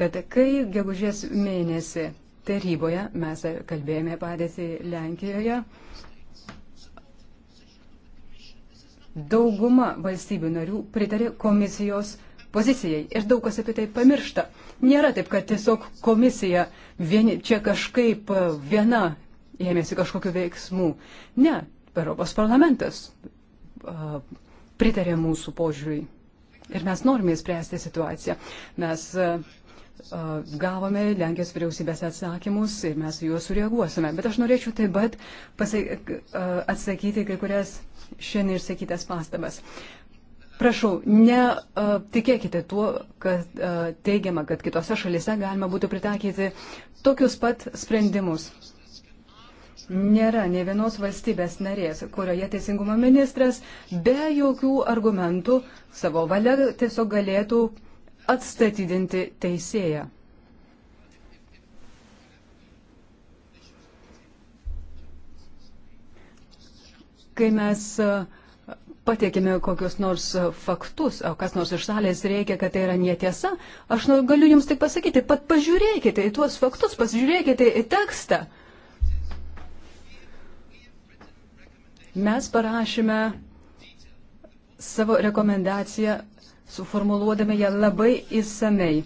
kad kai gegužės mėnesį taryboje mes kalbėjome padėtį Lenkijoje, dauguma valstybių narių pritarė komisijos pozicijai ir daug kas apie tai pamiršta. Nėra taip, kad tiesiog komisija vieni, čia kažkaip viena ėmėsi kažkokiu veiksmu. Ne, Europos parlamentas pritarė mūsų požiūriui. Ir mes norime įspręsti situaciją. Mes gavome Lenkijos vyriausybės atsakymus ir mes juos sureaguosime. Bet aš norėčiau taip pat atsakyti kai kurias šiandien išsakytas pastabas. Prašau, netikėkite tuo, kad a, teigiama, kad kitose šalise galima būtų pritaikyti tokius pat sprendimus. Nėra ne vienos valstybės narės, kurioje teisingumo ministras be jokių argumentų savo valia tiesiog galėtų atstatydinti teisėją. Kai mes e, pateikėme kokius nors faktus, o kas nors iš salės reikia, kad tai yra netiesa, aš nu galiu jums tik pasakyti, pat pažiūrėkite į tuos faktus, pasižiūrėkite į tekstą. Mes parašėme savo rekomendaciją, suformuluodami ją labai įsamei.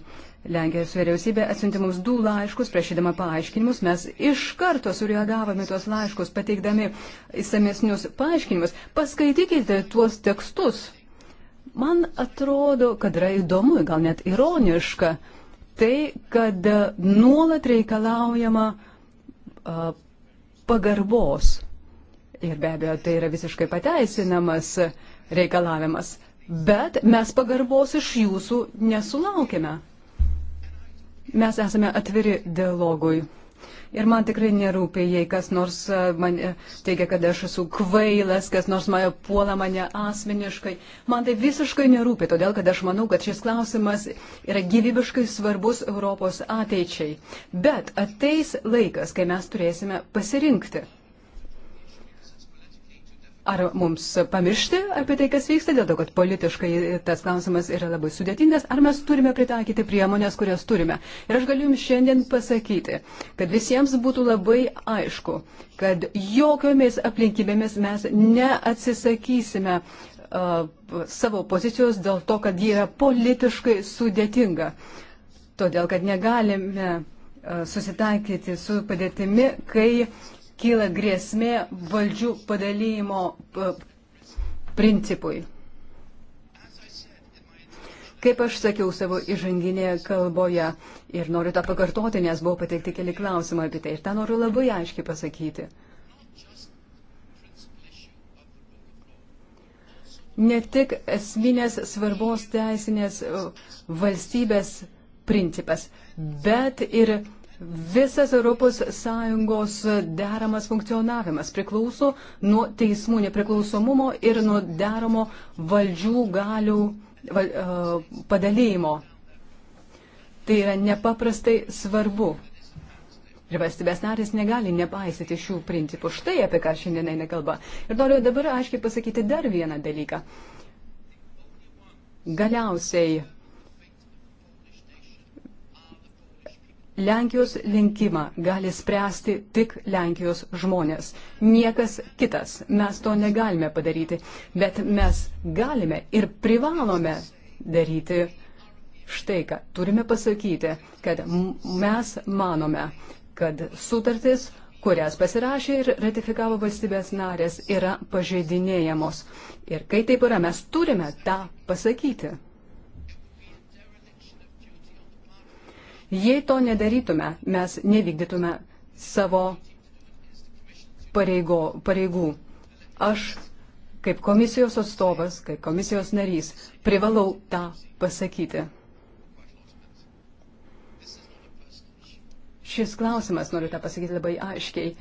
Lenkijos vyriausybė atsiuntė mums du laiškus, prašydama paaiškinimus. Mes iš karto sureagavome tuos laiškus, pateikdami įsamesnius paaiškinimus. Paskaitykite tuos tekstus. Man atrodo, kad yra įdomu, gal net ironiška, tai, kad nuolat reikalaujama a, pagarbos Ir be abejo, tai yra visiškai pateisinamas reikalavimas. Bet mes pagarbos iš jūsų nesulaukime. Mes esame atviri dialogui. Ir man tikrai nerūpia, jei kas nors e, man e, teigia, kad aš esu kvailas, kas nors mane puola mane asmeniškai. Man tai visiškai nerūpia, todėl kad aš manau, kad šis klausimas yra gyvybiškai svarbus Europos ateičiai. Bet ateis laikas, kai mes turėsime pasirinkti. Ar mums pamiršti apie tai, kas vyksta, dėl to, kad politiškai tas klausimas yra labai sudėtingas, ar mes turime pritaikyti priemonės, kurias turime. Ir aš galiu jums šiandien pasakyti, kad visiems būtų labai aišku, kad jokiomis aplinkybėmis mes neatsisakysime uh, savo pozicijos dėl to, kad ji yra politiškai sudėtinga. Todėl, kad negalime uh, susitaikyti su padėtimi, kai uh, kyla grėsmė valdžių padalymo principui. Kaip aš sakiau savo įžanginėje kalboje ir noriu tą pakartoti, nes buvo pateikti keli klausimai apie tai ir tą noriu labai aiškiai pasakyti. Ne tik esminės svarbos teisinės valstybės principas, bet ir Visas ES deramas funkcionavimas priklauso nuo teismų nepriklausomumo ir nuo deramo valdžių galių val, uh, e, padalymo. Tai yra nepaprastai svarbu. Ir valstybės narės negali nepaisyti šių principų. Štai apie ką šiandien eina kalba. Ir noriu dabar aiškiai pasakyti dar vieną dalyką. Galiausiai Lenkijos linkimą gali spręsti tik Lenkijos žmonės. Niekas kitas. Mes to negalime padaryti. Bet mes galime ir privalome daryti štai ką. Turime pasakyti, kad mes manome, kad sutartis, kurias pasirašė ir ratifikavo valstybės narės, yra pažeidinėjamos. Ir kai taip yra, mes turime tą pasakyti. Jei to nedarytume, mes nevykdytume savo pareigo, pareigų. Aš kaip komisijos atstovas, kaip komisijos narys privalau tą pasakyti. Šis klausimas, noriu tą pasakyti labai aiškiai,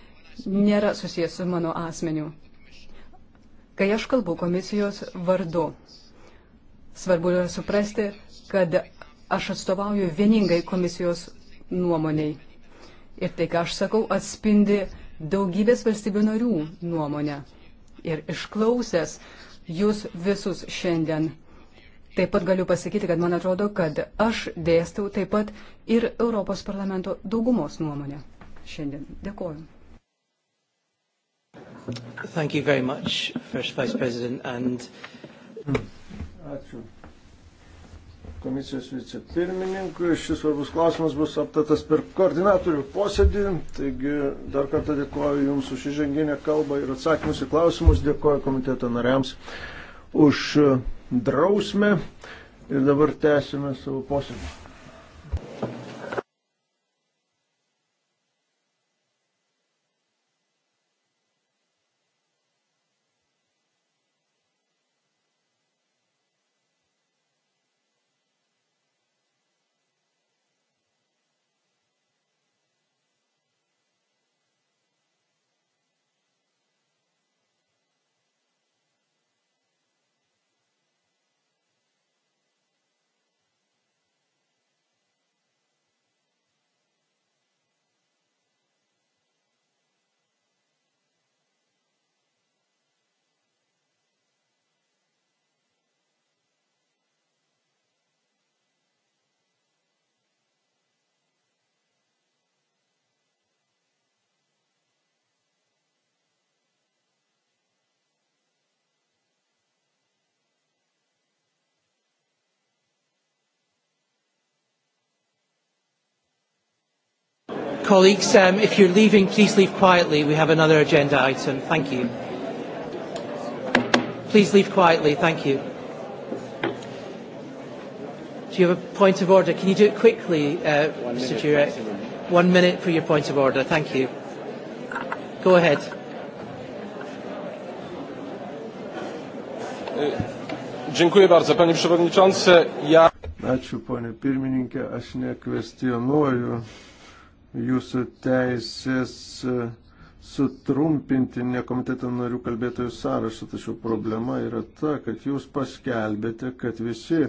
nėra susijęs su mano asmeniu. Kai aš kalbu komisijos vardu, svarbu yra suprasti, kad aš atstovauju vieningai komisijos nuomoniai. Ir tai, ką aš sakau, atspindi daugybės valstybių narių nuomonę. Ir išklausęs jūs visus šiandien, taip pat galiu pasakyti, kad man atrodo, kad aš dėstau taip pat ir Europos parlamento daugumos nuomonę. Šiandien dėkoju. Thank you very much, First Vice President. And... Ačiū komisijos vicepirmininkui. Šis svarbus klausimas bus aptatas per koordinatorių posėdį. Taigi dar kartą dėkoju Jums už įženginę kalbą ir atsakymus į klausimus. Dėkoju komiteto nariams už drausmę. Ir dabar tęsime savo posėdį. colleagues, um, if you're leaving, please leave quietly. We have another agenda item. Thank you. Please leave quietly. Thank you. Do you have a point of order? Can you do it quickly, uh, One Mr. Jurek? Maximum. One minute for your point of order. Thank you. Go ahead. E, dziękuję bardzo, panie przewodniczący. Ja... Ačiū, ponė pirmininkė, aš nekvestionuoju jūsų teisės e, sutrumpinti ne komiteto narių kalbėtojų sąrašą, tačiau problema yra ta, kad jūs paskelbėte, kad visi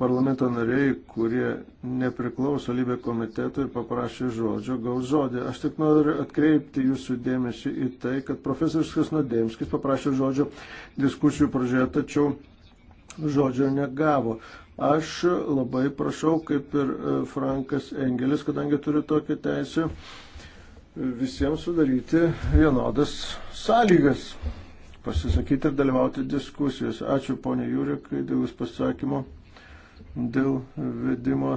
parlamento nariai, kurie nepriklauso lybė komitetui, paprašė žodžio, gaus žodį. Aš tik noriu atkreipti jūsų dėmesį į tai, kad profesorius Kasnodėmskis paprašė žodžio diskusijų pradžioje, tačiau žodžio negavo. Aš labai prašau, kaip ir e, Frankas Engelis, kadangi turiu tokią teisę, visiems sudaryti vienodas sąlygas, pasisakyti ir dalyvauti diskusijos. Ačiū ponė Jūrikai dėl jūsų pasakymo, dėl vedimo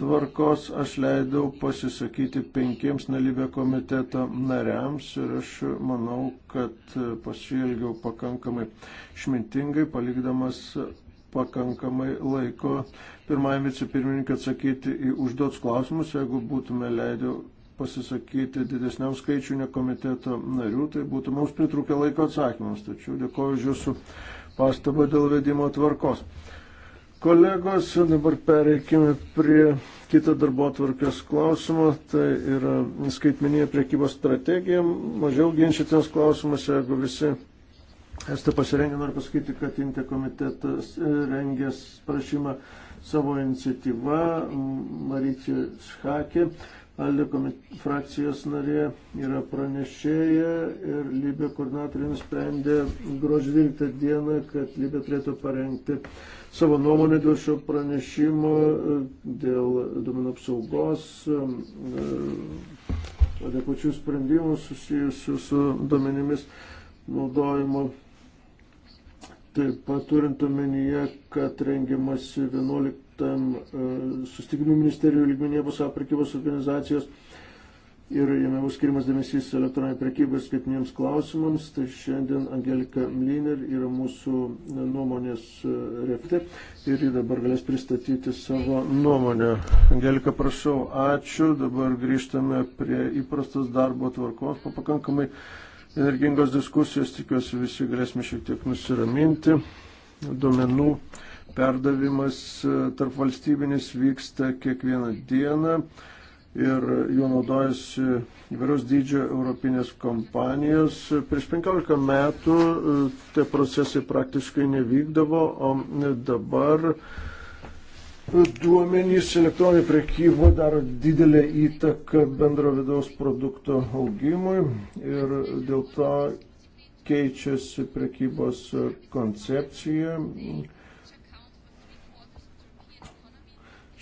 tvarkos aš leidau pasisakyti penkiems nelybė komiteto nariams ir aš manau, kad pasielgiau pakankamai šmintingai, palikdamas pakankamai laiko pirmajam vicepirmininkui atsakyti į užduotus klausimus. Jeigu būtume leidę pasisakyti didesniam skaičiu ne komiteto narių, tai būtų mums pritrūkę laiko atsakymams. Tačiau dėkoju už jūsų pastabą dėl vedimo tvarkos. Kolegos, dabar pereikime prie kito darbo tvarkės klausimo, tai yra skaitmeninė priekybos strategija. Mažiau ginčytės klausimas, jeigu visi Esate pasirengę, noriu pasakyti, kad Inte komitetas e, rengės prašymą savo iniciatyvą Marytė Šakė. Alde frakcijos narė yra pranešėja ir Libė koordinatoriai nusprendė gruodžio 12 dieną, kad Libė turėtų parengti savo nuomonę dėl šio pranešimo, e, dėl duomenų apsaugos, e, adekvačių sprendimų susijusių su duomenimis naudojimo Taip pat turint omenyje, kad rengiamasi 11 e, sustikimų ministerijų lygmenyje pasaulio prekybos organizacijos ir jame bus skirimas dėmesys elektroniniai prekybai skaitiniams klausimams, tai šiandien Angelika Mliner yra mūsų nuomonės e, refte ir ji dabar galės pristatyti savo nuomonę. Angelika, prašau, ačiū. Dabar grįžtame prie įprastos darbo tvarkos po pakankamai energingos diskusijos, tikiuosi visi galėsime šiek tiek nusiraminti. Duomenų perdavimas e, tarp valstybinis vyksta kiekvieną dieną ir juo naudojasi įvairios dydžio europinės kompanijos. Prieš 15 metų e, tie procesai praktiškai nevykdavo, o dabar duomenys elektroninė prekyba daro didelę įtaką bendro vidaus produkto augimui ir dėl to keičiasi prekybos koncepcija.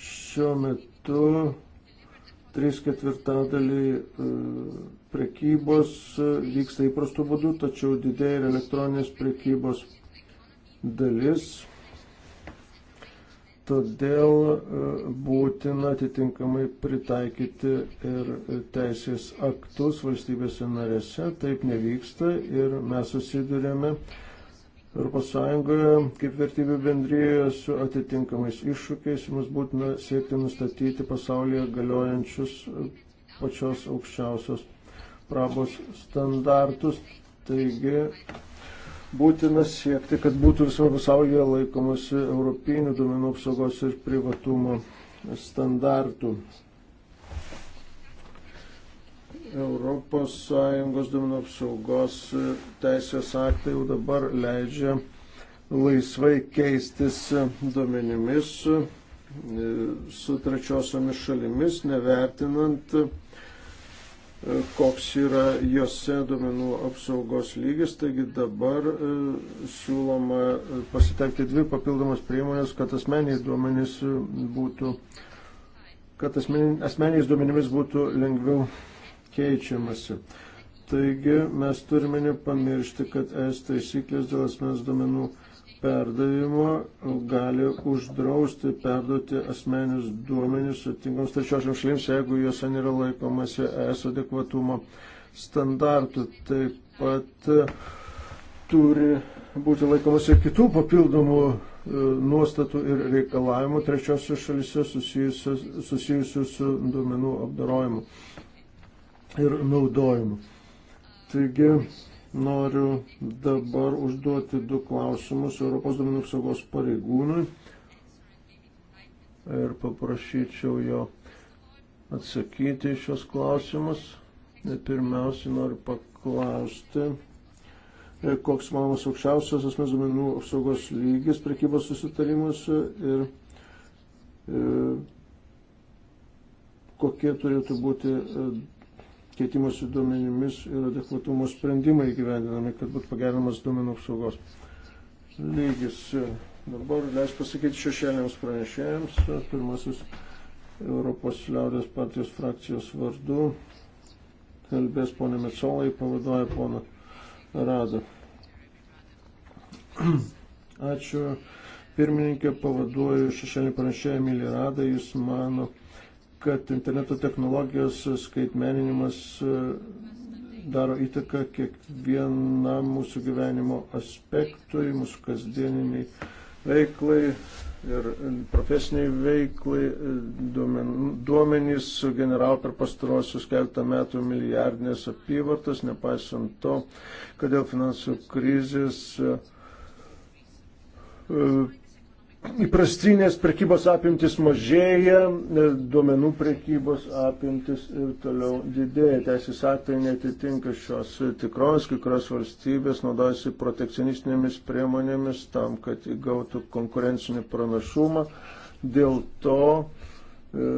Šiuo metu 3 ketvirtadaliai e, prekybos e, vyksta įprastu būdu, tačiau didėja ir elektroninės prekybos dalis. Todėl e, būtina atitinkamai pritaikyti ir teisės aktus valstybėse narėse. Taip nevyksta ir mes susidurėme ES kaip vertybių bendryje su atitinkamais iššūkiais. Mums būtina siekti nustatyti pasaulyje galiojančius pačios aukščiausios prabos standartus. Taigi būtina siekti, kad būtų visame pasaulyje laikomasi europinių duomenų apsaugos ir privatumo standartų. ES duomenų apsaugos teisės aktai jau dabar leidžia laisvai keistis duomenimis e, su trečiosiomis šalimis, nevertinant koks yra jose duomenų apsaugos lygis, taigi dabar e, siūloma e, pasitelkti dvi papildomas priemonės, kad asmeniais duomenys e, būtų, kad asmeniais duomenimis būtų lengviau keičiamasi. Taigi mes turime nepamiršti, kad es taisyklės dėl asmens duomenų perdavimo gali uždrausti perduoti asmenius duomenis sutinkoms trečiosioms šalims, jeigu juose nėra laikomasi ES adekvatumo standartų. Taip pat e, turi būti laikomasi kitų papildomų e, nuostatų ir reikalavimų trečiosios šalise susijusių su duomenų apdarojimu ir naudojimu. Taigi, Noriu dabar užduoti du klausimus Europos duomenų apsaugos pareigūnui ir paprašyčiau jo atsakyti šios klausimus. Pirmiausia, noriu paklausti, koks manomas aukščiausias asmens duomenų apsaugos lygis prekybos susitarimuose ir, ir e, kokie turėtų būti e, keitimosi duomenimis ir adekvatumo sprendimai gyvendinami, kad būtų pagerinamas duomenų apsaugos lygis. E, dabar leis pasakyti šešėliams pranešėjams. E, pirmasis Europos liaudės partijos frakcijos vardu kalbės ponė Mecolai, pavaduoja poną Radą. [CLEARS THROAT] Ačiū. Pirmininkė pavaduoju šešėlį pranešėją Emilį Radą. Jis mano, kad interneto technologijos skaitmeninimas e, daro įtaką kiekvienam mūsų gyvenimo aspektui, mūsų kasdieniniai veiklai ir profesiniai veiklai. E, duomenys generavo per pastarosius keletą metų milijardinės apyvartas, nepaisant to, kad dėl finansų krizės e, įprastinės prekybos apimtis mažėja, e, duomenų prekybos apimtis ir toliau didėja. Teisės aktai netitinka šios tikros, kai kurios valstybės naudojasi protekcionistinėmis priemonėmis tam, kad įgautų konkurencinį pranašumą. Dėl to e,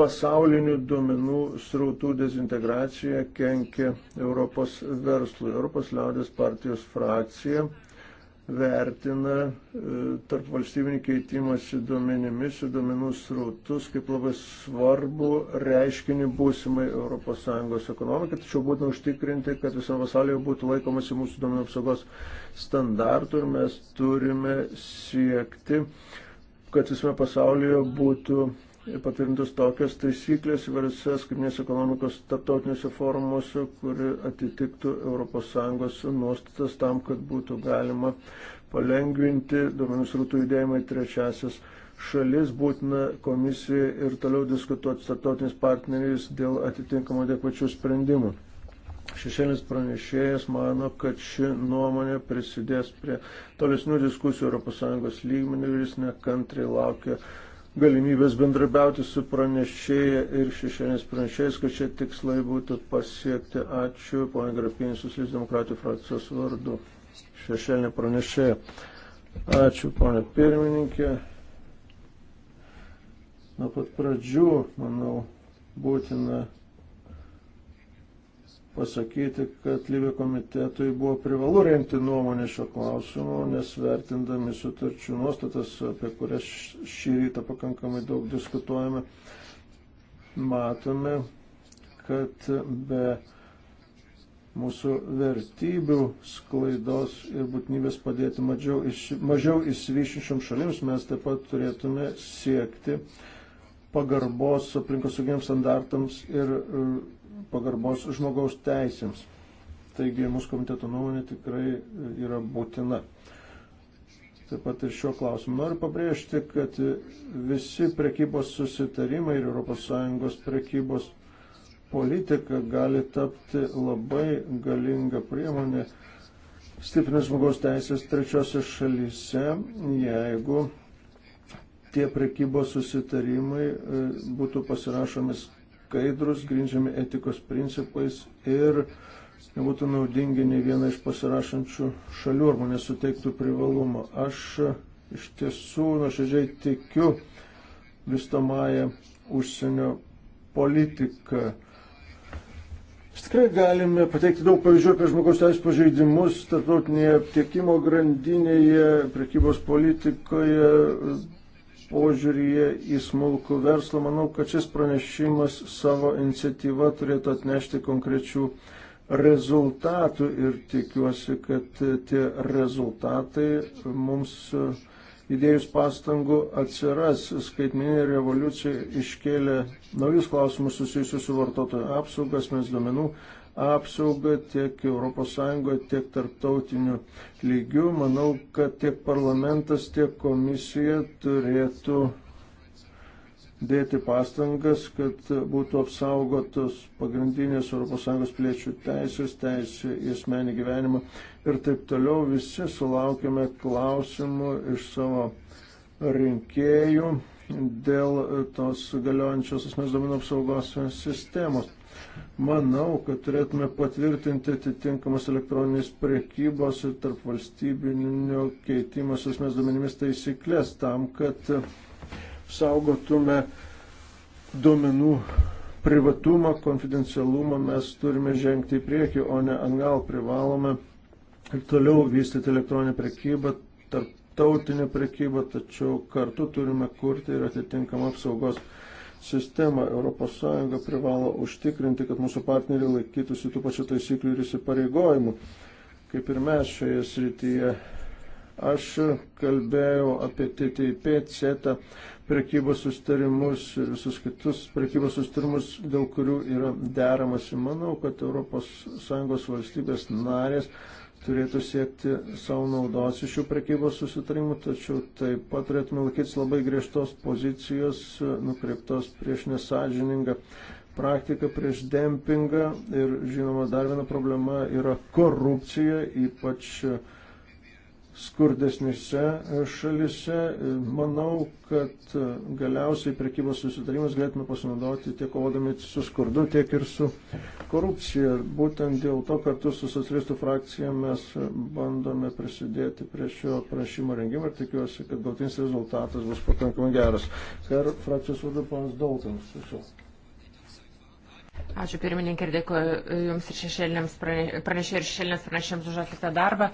pasaulinių duomenų srautų dezintegracija kenkia Europos verslui. Europos liaudės partijos frakcija vertina e, tarp valstybinį keitimąsi duomenimis ir duomenų srautus kaip labai svarbu reiškinį būsimai ES ekonomikai, tačiau būtina užtikrinti, kad visame pasaulyje būtų laikomasi mūsų duomenų apsaugos standartų ir mes turime siekti, kad visame pasaulyje būtų patvirtintos tokios taisyklės įvairiose skaitminės ekonomikos tarptautiniuose forumuose, kuri atitiktų ES nuostatas tam, kad būtų galima palengvinti duomenų srautų judėjimą į trečiasis šalis, būtina komisija ir toliau diskutuoti su tarptautiniais partneriais dėl atitinkamų adekvačių sprendimų. Šešėlis pranešėjas mano, kad ši nuomonė prisidės prie tolesnių diskusijų ES lygmenių ir jis nekantriai laukia galimybės bendrabiauti su pranešėja ir šešėnės pranešėjais, kad šie tikslai būtų pasiekti. Ačiū, ponė Grapinė, Suslys demokratų frakcijos vardu. Šešėnė pranešėja. Ačiū, ponė pirmininkė. Nuo pat pradžių, manau, būtina pasakyti, kad lygio komitetui buvo privalu rengti nuomonę šio klausimu, nes vertindami sutarčių nuostatas, apie kurias šį rytą pakankamai daug diskutuojame, matome, kad be mūsų vertybių sklaidos ir būtinybės padėti mažiau, mažiau įsivyšinčiam šalims mes taip pat turėtume siekti pagarbos aplinkosauginiams standartams ir pagarbos žmogaus teisėms. Taigi mūsų komiteto nuomonė tikrai yra būtina. Taip pat ir šiuo klausimu. Noriu pabrėžti, kad visi prekybos susitarimai ir ES prekybos politika gali tapti labai galinga priemonė stiprinant žmogaus teisės trečiose šalyse, jeigu tie prekybos susitarimai e, būtų pasirašomis skaidrus, grindžiami etikos principais ir nebūtų naudingi nei viena iš pasirašančių šalių arba nesuteiktų privalumo. Aš e, iš tiesų nuoširdžiai tikiu vystamąją užsienio politiką. Mes tikrai galime pateikti daug pavyzdžių apie žmogaus teisų pažeidimus tarptautinėje tiekimo grandinėje, prekybos politikoje, požiūryje į smulkų verslą. Manau, kad šis pranešimas savo iniciatyvą turėtų atnešti konkrečių rezultatų ir tikiuosi, kad tie rezultatai mums įdėjus pastangų atsiras. Skaitminė revoliucija iškėlė naujus klausimus susijusius su vartotojų apsaugas, mes duomenų apsaugą tiek ES, tiek tarptautiniu lygiu. Manau, kad tiek parlamentas, tiek komisija turėtų dėti pastangas, kad būtų apsaugotos pagrindinės ES piliečių teisės, teisė į asmenį gyvenimą ir taip toliau. Visi sulaukime klausimų iš savo rinkėjų dėl tos galiojančios asmens duomenų apsaugos sistemos. Manau, kad turėtume patvirtinti atitinkamas elektroninės priekybos ir tarp valstybinio keitimas asmens duomenimis taisyklės tam, kad saugotume duomenų privatumą, konfidencialumą mes turime žengti į priekį, o ne atgal privalome ir toliau vystyti elektroninę prekybą, tarptautinę prekybą, tačiau kartu turime kurti ir atitinkamą apsaugos sistemą. ES privalo užtikrinti, kad mūsų partneriai laikytųsi tų pačių taisyklių ir įsipareigojimų, kaip ir mes šioje srityje. Aš kalbėjau apie TTIP, CETA, prekybos sustarimus ir visus kitus prekybos sustarimus, dėl kurių yra deramasi. Manau, kad ES valstybės narės turėtų siekti savo naudos iš šių prekybos susitarimų, tačiau taip pat turėtume laikytis labai griežtos pozicijos, nukreiptos prieš nesažiningą praktiką, prieš dempingą. Ir žinoma, dar viena problema yra korupcija, ypač uh, skurdesnėse šalise. Manau, kad galiausiai prekybos susitarimas galėtume pasinaudoti tiek kovodami su skurdu, tiek ir su korupcija. Būtent dėl to kartu su socialistų frakcija mes bandome prisidėti prie šio prašymo rengimo ir tikiuosi, kad galtinis rezultatas bus pakankamai geras. Ir frakcijos vadovas Daltonas. Ačiū pirmininkė ir dėkuoju e, Jums ir šešėlinėms pranešė ir šešėlinėms pranešėms už atliktą darbą.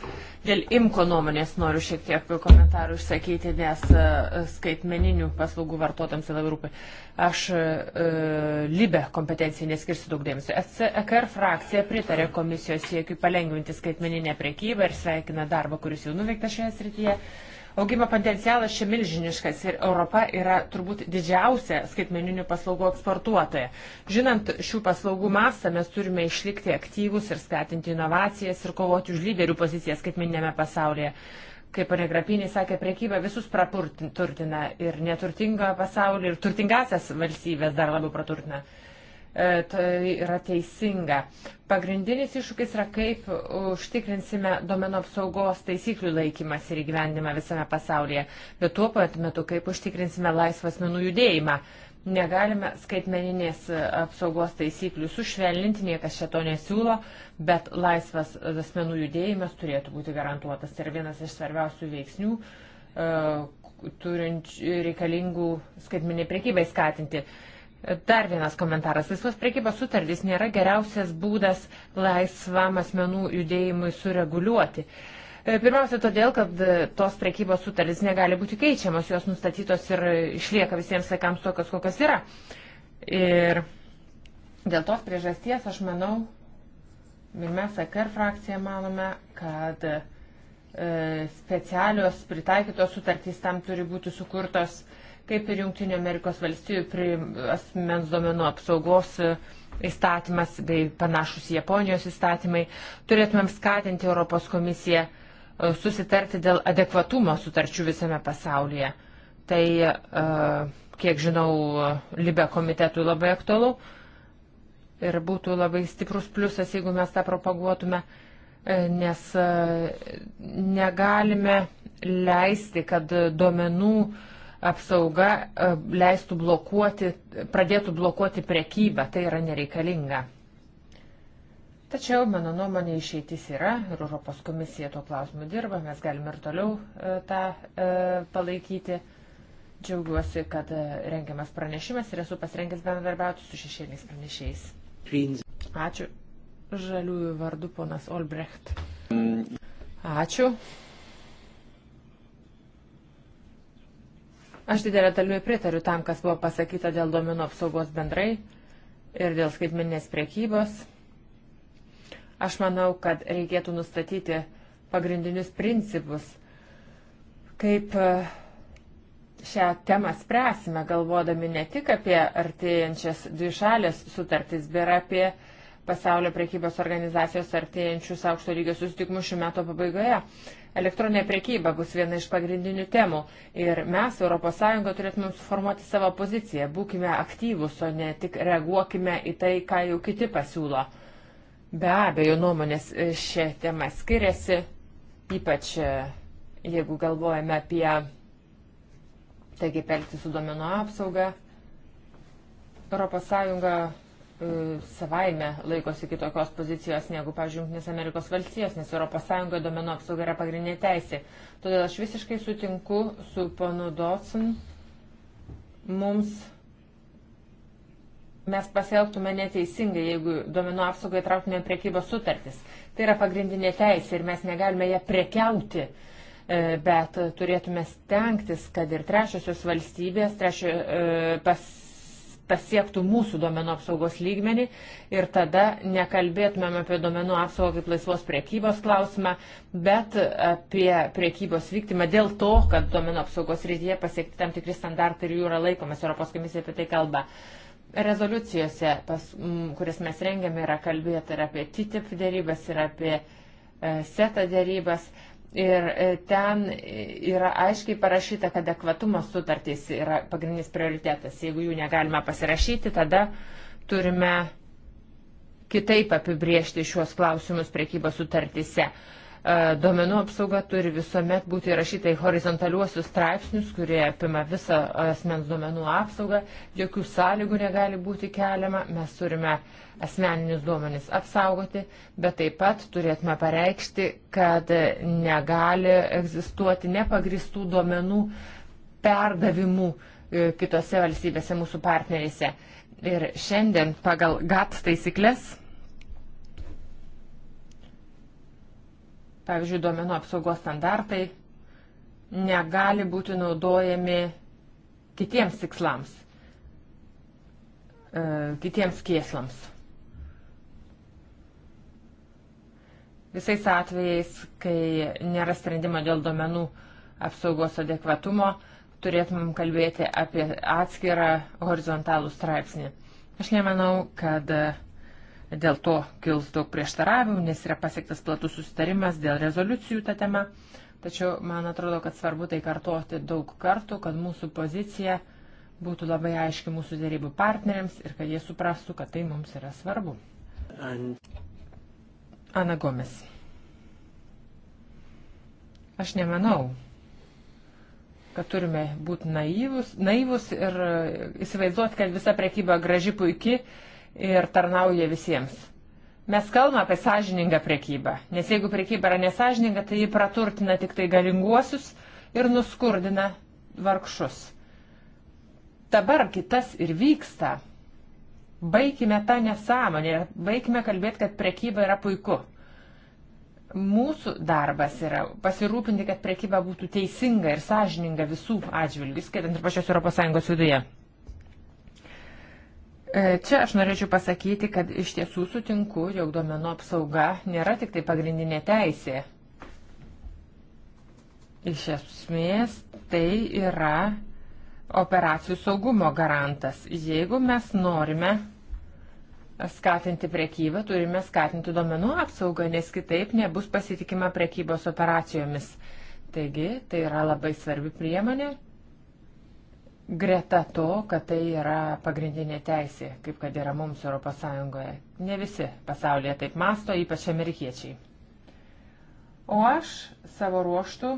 Dėl imko nuomonės noriu šiek tiek komentarų išsakyti, nes e, skaitmeninių paslaugų vartotams labai rūpi. Aš e, libe kompetencijai neskirsiu daug dėmesio. ECR frakcija pritarė komisijos siekiui palengvinti skaitmeninę priekybą ir sveikina darbą, kuris jau nuveikta šioje srityje. Augimo potencialas čia milžiniškas ir Europa yra turbūt didžiausia skaitmeninių paslaugų eksportuotoja. Žinant šių paslaugų masą, mes turime išlikti aktyvus ir skatinti inovacijas ir kovoti už lyderių poziciją skaitmeninėme pasaulyje. Kaip pane Grapinė sakė, priekyba visus praturtina ir neturtingą pasaulį, ir turtingasias valstybės dar labiau praturtina. E, tai yra teisinga. Pagrindinis iššūkis yra, kaip užtikrinsime domenų apsaugos taisyklių laikymas ir įgyvendimą visame pasaulyje, bet tuo pat metu, kaip užtikrinsime laisvas menų judėjimą. Negalime skaitmeninės apsaugos taisyklių sušvelninti, niekas šito nesiūlo, bet laisvas asmenų judėjimas turėtų būti garantuotas. Tai yra vienas iš svarbiausių veiksnių, e, turint reikalingų skaitmeniai prekybai skatinti. Dar vienas komentaras. Laisvos priekybos sutartys nėra geriausias būdas laisvam asmenų judėjimui sureguliuoti. E, pirmiausia, todėl, kad tos priekybos sutartys negali būti keičiamos, jos nustatytos ir išlieka visiems laikams tokios, kokios yra. Ir dėl tos priežasties aš manau, ir mes AKR frakcija manome, kad e, specialios pritaikytos sutartys tam turi būti sukurtos uh, kaip ir Junktinio Amerikos valstybių asmens duomenų apsaugos e, įstatymas bei panašus Japonijos įstatymai, turėtumėm skatinti Europos komisiją e, susitarti dėl adekvatumo sutarčių visame pasaulyje. Tai, e, kiek žinau, Libe komitetui labai aktualu ir būtų labai stiprus pliusas, jeigu mes tą propaguotume, nes negalime leisti, kad duomenų uh, apsauga e, leistų blokuoti, pradėtų blokuoti prekybą, tai yra nereikalinga. Tačiau, mano nuomonė, išeitis yra ir Europos komisija tuo klausimu dirba, mes galime ir toliau e, tą e, palaikyti. Džiaugiuosi, kad rengiamas pranešimas ir esu pasirengęs bendradarbiauti su šešėliniais pranešėjais. Ačiū. Žaliųjų vardu ponas Olbrecht. Mm. Ačiū. Aš didelę dalimi pritariu tam, kas buvo pasakyta dėl domino apsaugos bendrai ir dėl skaitmeninės priekybos. Aš manau, kad reikėtų nustatyti pagrindinius principus, kaip e, šią temą spręsime, galvodami ne tik apie artėjančias dvišalės sutartis, bet ir apie pasaulio priekybos organizacijos artėjančius aukšto lygio susitikimus šių metų pabaigoje. Elektroninė priekyba bus viena iš pagrindinių temų ir mes, ES, turėtume suformuoti savo poziciją. Būkime aktyvus, o ne tik reaguokime į tai, ką jau kiti pasiūlo. Be abejo, nuomonės e, šią temą skiriasi, ypač e, jeigu galvojame apie tai, kaip elgti su domeno apsauga. ES E, savaime laikosi kitokios pozicijos negu, pavyzdžiui, Junktinės Amerikos valstijos, nes ES domenų apsauga yra pagrindinė teisė. Todėl aš visiškai sutinku su ponu Dodson. Mums mes pasielgtume neteisingai, jeigu domenų apsaugai trauktume priekybos sutartis. Tai yra pagrindinė teisė ir mes negalime ją prekiauti e, bet turėtume stengtis, kad ir trečiosios valstybės, trečio, e, pas, pasiektų mūsų duomenų apsaugos lygmenį ir tada nekalbėtumėm apie duomenų apsaugą kaip laisvos priekybos klausimą, bet apie priekybos vyktimą dėl to, kad duomenų apsaugos rytyje pasiekti tam tikri standartai ir jų yra laikomas. Europos komisija apie tai kalba. Rezoliucijose, pas, m, kurias mes rengiame, yra kalbėta ir apie TTIP dėrybas, ir apie e, setą dėrybas. Ir e, ten e, yra aiškiai parašyta, kad adekvatumo sutartys yra pagrindinis prioritetas. Jeigu jų negalime pasirašyti, tada turime kitaip apibriežti šiuos klausimus priekybos sutartyse. E, Domenų apsauga turi visuomet būti įrašyta į horizontaliuosius straipsnius, kurie apima visą asmens duomenų apsaugą. Jokių sąlygų negali būti keliama. Mes turime asmeninius duomenis apsaugoti, bet taip pat turėtume pareikšti, kad negali egzistuoti nepagristų duomenų perdavimų e, kitose valstybėse mūsų partnerėse. Ir šiandien pagal GATS taisyklės pavyzdžiui, duomenų apsaugos standartai negali būti naudojami kitiems tikslams, e, kitiems kieslams. Visais atvejais, kai nėra sprendimo dėl duomenų apsaugos adekvatumo, turėtumėm kalbėti apie atskirą horizontalų straipsnį. Aš nemanau, kad uh, Dėl to kils daug prieštaravimų, nes yra pasiektas platus susitarimas dėl rezoliucijų tą temą. Tačiau man atrodo, kad svarbu tai kartoti daug kartų, kad mūsų pozicija būtų labai aiški mūsų dėrybų partneriams ir kad jie suprastų, kad tai mums yra svarbu. Ana Gomes. Aš nemanau, kad turime būti naivus, naivus ir e, įsivaizduoti, kad visa prekyba graži puikiai ir tarnauja visiems. Mes kalbame apie sąžiningą prekybą, nes jeigu prekyba yra nesažininga, tai ji praturtina tik tai galinguosius ir nuskurdina vargšus. Dabar kitas ir vyksta. Baikime tą nesąmonę ir baikime kalbėti, kad prekyba yra puiku. Mūsų darbas yra pasirūpinti, kad prekyba būtų teisinga ir sąžininga visų atžvilgių, skaitant ir pačios ES viduje. E, čia aš norėčiau pasakyti, kad iš tiesų sutinku, jog duomenų apsauga nėra tik tai pagrindinė teisė. Iš esmės tai yra operacijų saugumo garantas. Jeigu mes norime skatinti prekybą, turime skatinti duomenų apsaugą, nes kitaip nebus pasitikima prekybos operacijomis. Taigi, tai yra labai svarbi priemonė greta to, kad tai yra pagrindinė teisė, kaip kad yra mums ES. Ne visi pasaulyje taip masto, ypač amerikiečiai. O aš savo ruoštų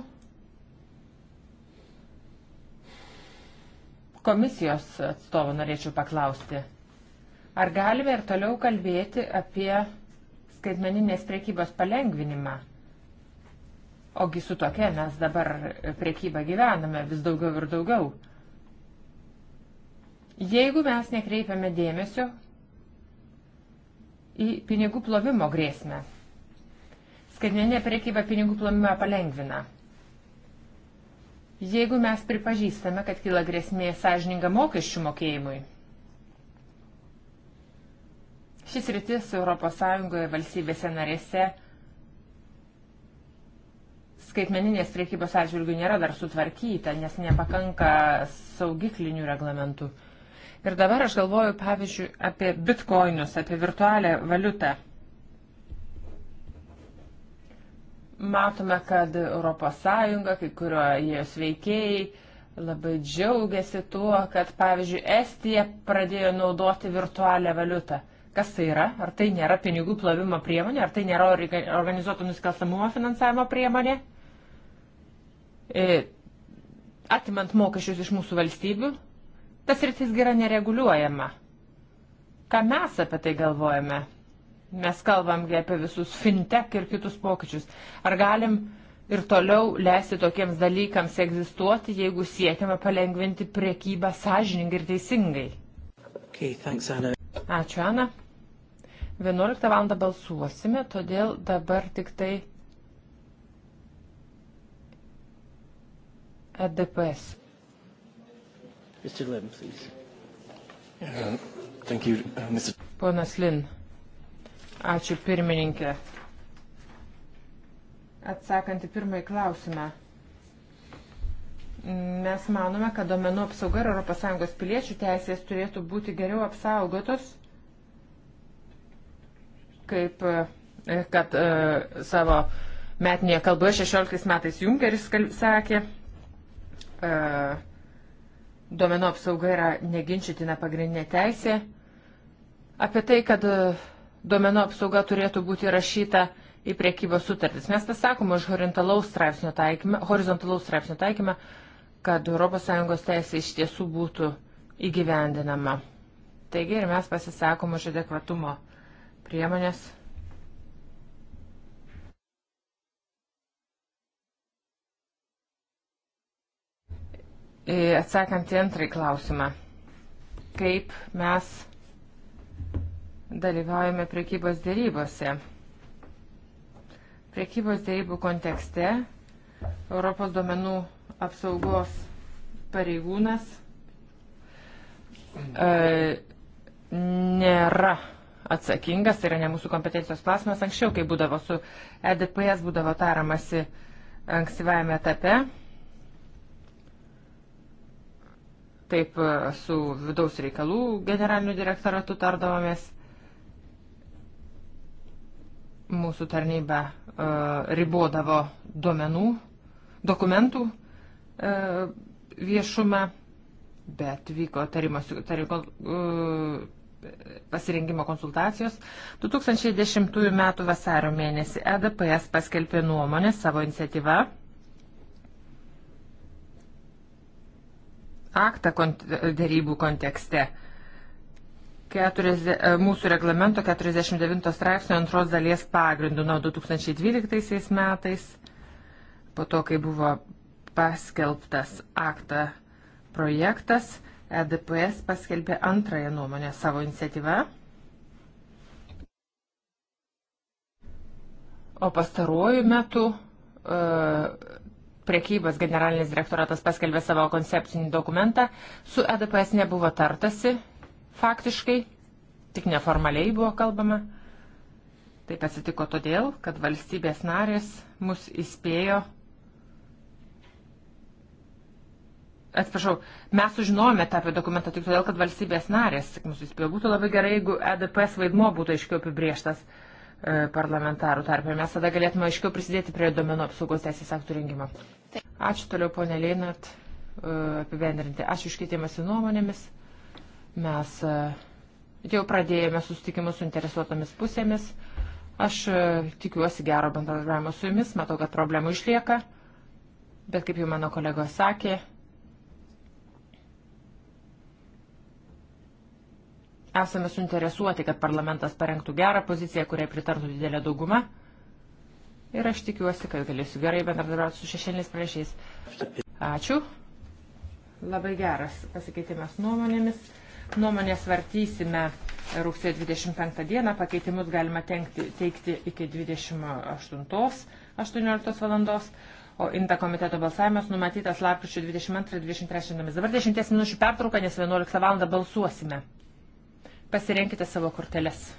komisijos atstovų norėčiau paklausti. Ar galime ir toliau kalbėti apie skaitmeninės priekybos palengvinimą? Ogi su tokia mes dabar priekybą gyvename vis daugiau ir daugiau. Jeigu mes nekreipiame dėmesio į pinigų plovimo grėsmę, skaitmeninė prekyba pinigų plovimą palengvina. Jeigu mes pripažįstame, kad kyla grėsmė sąžininga mokesčių mokėjimui, šis rytis ES valstybėse narėse skaitmeninės priekybos atžvilgių nėra dar sutvarkyta, nes nepakanka saugiklinių reglamentų. Ir dabar aš galvoju, pavyzdžiui, apie bitkoinus, apie virtualią valiutą. Matome, kad ES, kai kurio jos veikėjai, labai džiaugiasi tuo, kad, pavyzdžiui, Estija pradėjo naudoti virtualią valiutą. Kas tai yra? Ar tai nėra pinigų plovimo priemonė? Ar tai nėra organizuoto nusikalstamumo finansavimo priemonė? E, atimant mokesčius iš mūsų valstybių, Tas rytis yra nereguliuojama. Ką mes apie tai galvojame? Mes kalbamgi apie visus fintech ir kitus pokyčius. Ar galim ir toliau leisti tokiems dalykams egzistuoti, jeigu siekiame palengventi priekybą sąžiningai ir teisingai? Okay, thanks, Anna. Ačiū, Ana. 11 val. balsuosime, todėl dabar tik tai EDPS Mr. Lim, please. Yeah, uh, thank you, uh, Mr. Ponas Lin. Ačiū pirmininkė. Atsakant į pirmąjį klausimą. Mes manome, kad domenų apsauga ir ES piliečių teisės turėtų būti geriau apsaugotos, kaip uh, kad e, savo metinėje kalboje 16 metais Junkeris sakė. E, Duomenų apsauga yra neginčitina pagrindinė teisė. Apie tai, kad e, duomenų apsauga turėtų būti rašyta į priekybos sutartis. Mes pasakome už horizontalaus straipsnio taikymą, horizontalaus straipsnio taikymą kad ES teisė iš tiesų būtų įgyvendinama. Taigi ir mes pasisakom už adekvatumo priemonės Atsakant į antrąjį klausimą, kaip mes dalyvaujame prekybos dėrybose. Prekybos dėrybų kontekste Europos duomenų apsaugos pareigūnas e, nėra atsakingas, tai yra ne mūsų kompetencijos klausimas. Anksčiau, kai būdavo su EDPS, būdavo taramasi ankstyvajame etape. Taip e, su vidaus reikalų generaliniu direktoratu tardavomės. Mūsų tarnyba e, ribodavo duomenų, dokumentų e, viešumą, bet vyko tarimas, tariko, e, pasirinkimo konsultacijos. 2010 m. vasario mėnesį EDPS paskelbė nuomonę savo iniciatyvą aktą kont dėrybų kontekste. 40, e, mūsų reglamento 49 straipsnio antros dalies pagrindų nuo 2012 metais, po to, kai buvo paskelbtas aktą projektas, EDPS paskelbė antrąją nuomonę savo iniciatyvą. O pastaruoju metu e, priekybos generalinis direktoratas paskelbė savo koncepcinį dokumentą, su EDPS nebuvo tartasi faktiškai, tik neformaliai buvo kalbama. Taip atsitiko todėl, kad valstybės narės mus įspėjo. Atsiprašau, mes sužinojome apie dokumentą tik todėl, kad valstybės narės mus įspėjo. Būtų labai gerai, jeigu EDPS vaidmo būtų aiškiau apibrieštas. Uh, E, parlamentarų tarpę. Mes tada galėtume aiškiau prisidėti prie domenų apsaugos teisės aktų rengimo. Ačiū toliau, ponė Leinart, e, apibendrinti. Ačiū iškeitimąsi nuomonėmis. Mes e, jau pradėjome susitikimus su interesuotomis pusėmis. Aš tikiuosi gero bendradarbiavimo su jumis, matau, kad problemų išlieka. Bet kaip jau mano kolegos sakė, esame suinteresuoti, kad parlamentas parengtų gerą poziciją, kuriai pritartų didelė dauguma. Ir aš tikiuosi, kad galėsiu gerai bendradarbiauti su šešėliniais pranešiais. Ačiū. Labai geras pasikeitimas nuomonėmis. Nuomonės vartysime rugsėjo 25 dieną. Pakeitimus galima tenkti, teikti iki 28.18 valandos. O inta komiteto balsavimas numatytas lapkričio 22-23 dienomis. Dabar 10 minučių pertrauka, nes 11 val. balsuosime pasirenkite savo korteles.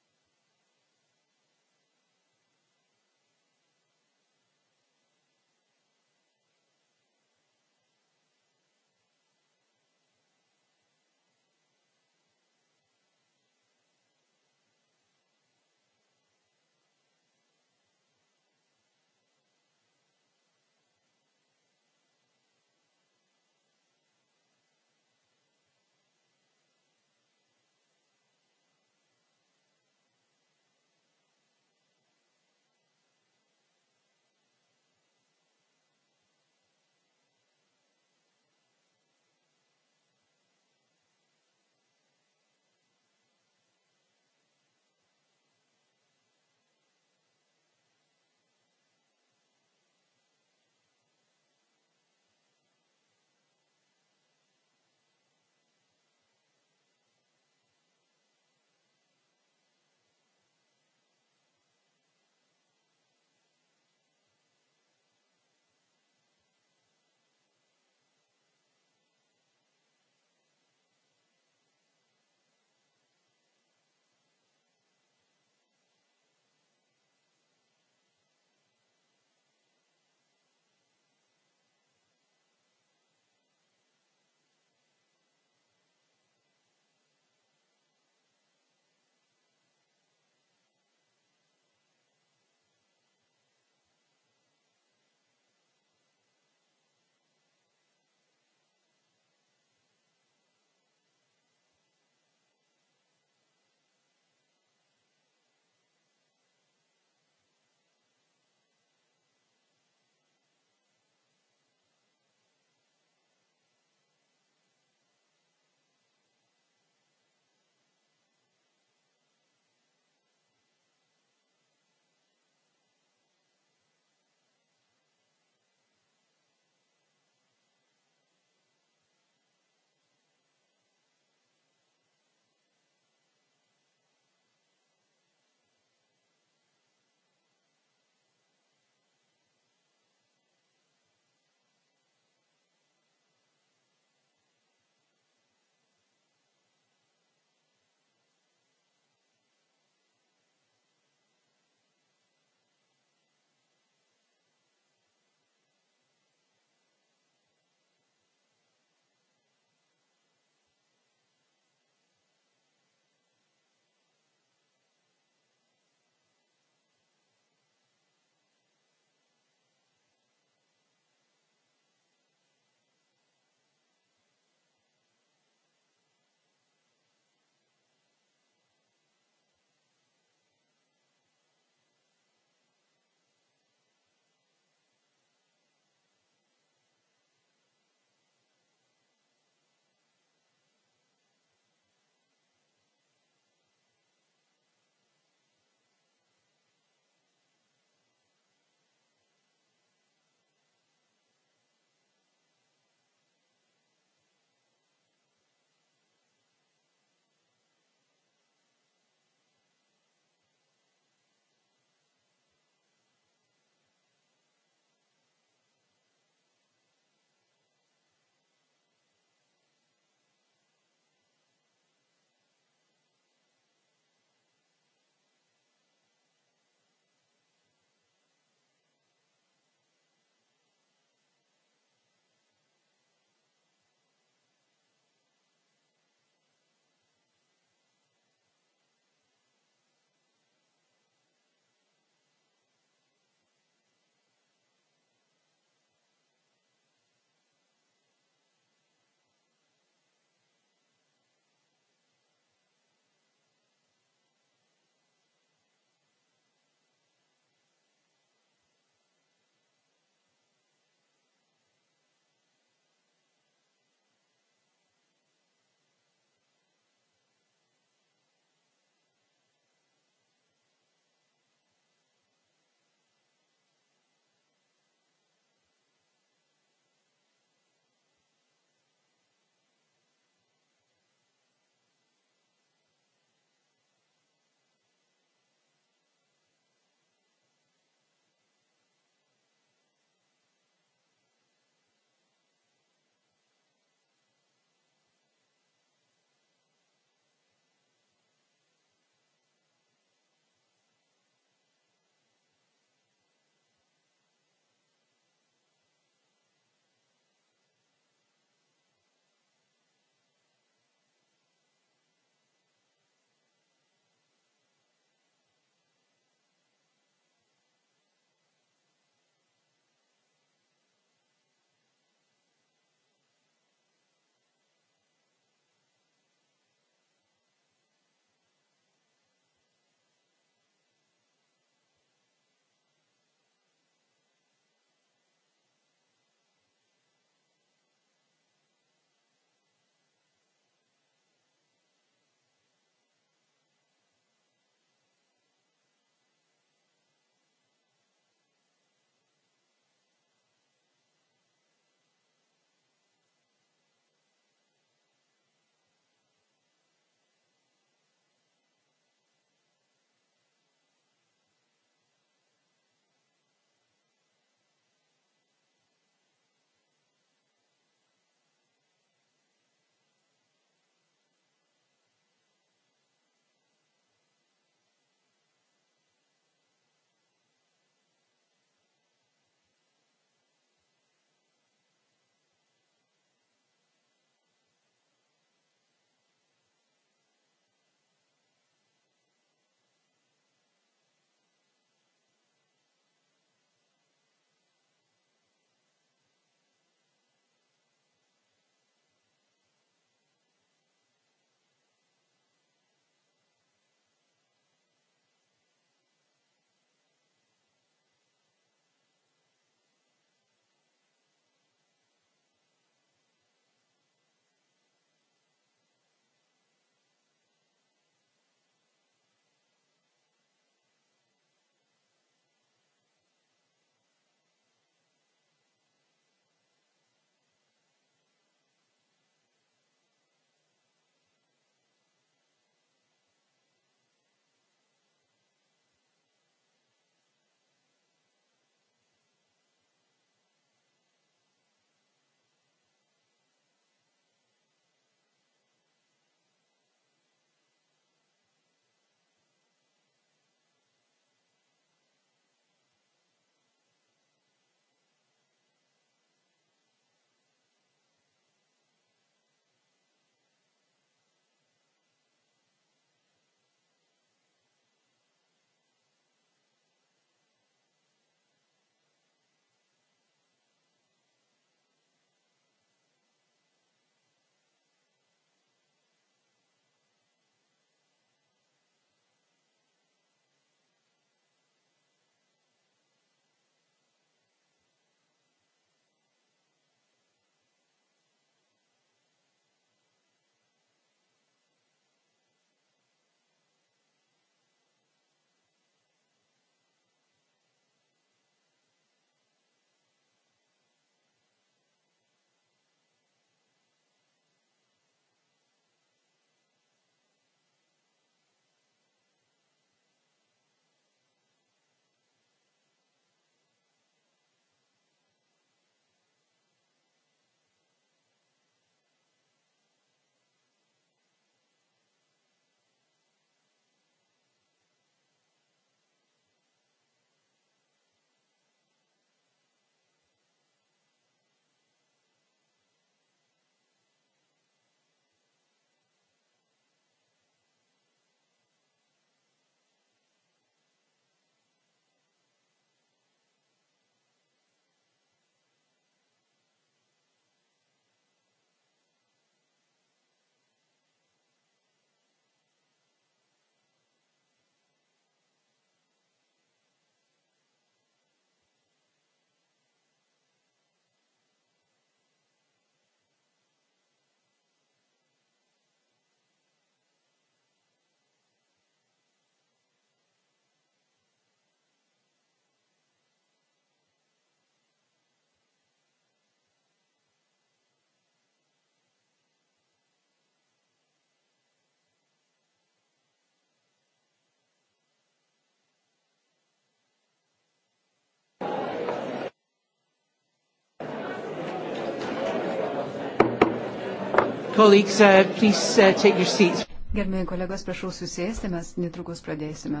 Colleagues, uh, please uh, take your seats. Gerbėjai kolegos, prašau susėsti, mes netrukus pradėsime.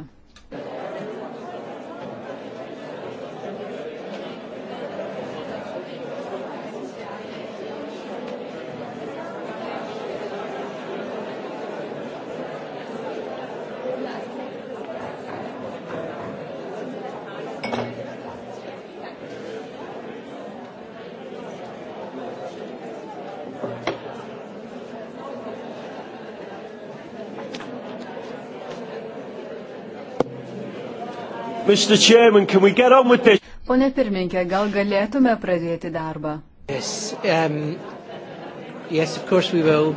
Chairman, Pone pirmininkė, gal galėtume pradėti darbą? Yes, um, yes, we will.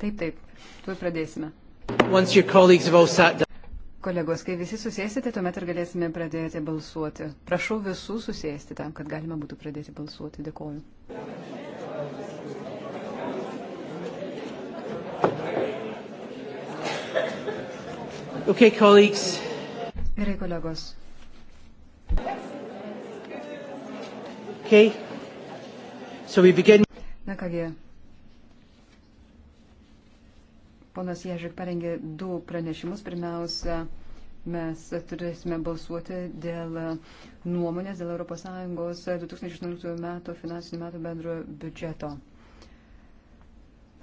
Taip, taip, tuoj pradėsime. Kolegos, kai visi susėsite, tuomet ir galėsime pradėti balsuoti. Prašau visų susėsti tam, kad galima būtų pradėti balsuoti. Dėkoju. Okay, colleagues. Gerai, kolegos. Okay. So we begin... Na kągi. Ponas Ježik parengė du pranešimus. Pirmiausia, mes turėsime balsuoti dėl nuomonės dėl ES 2018 metų finansinių metų bendrojo biudžeto.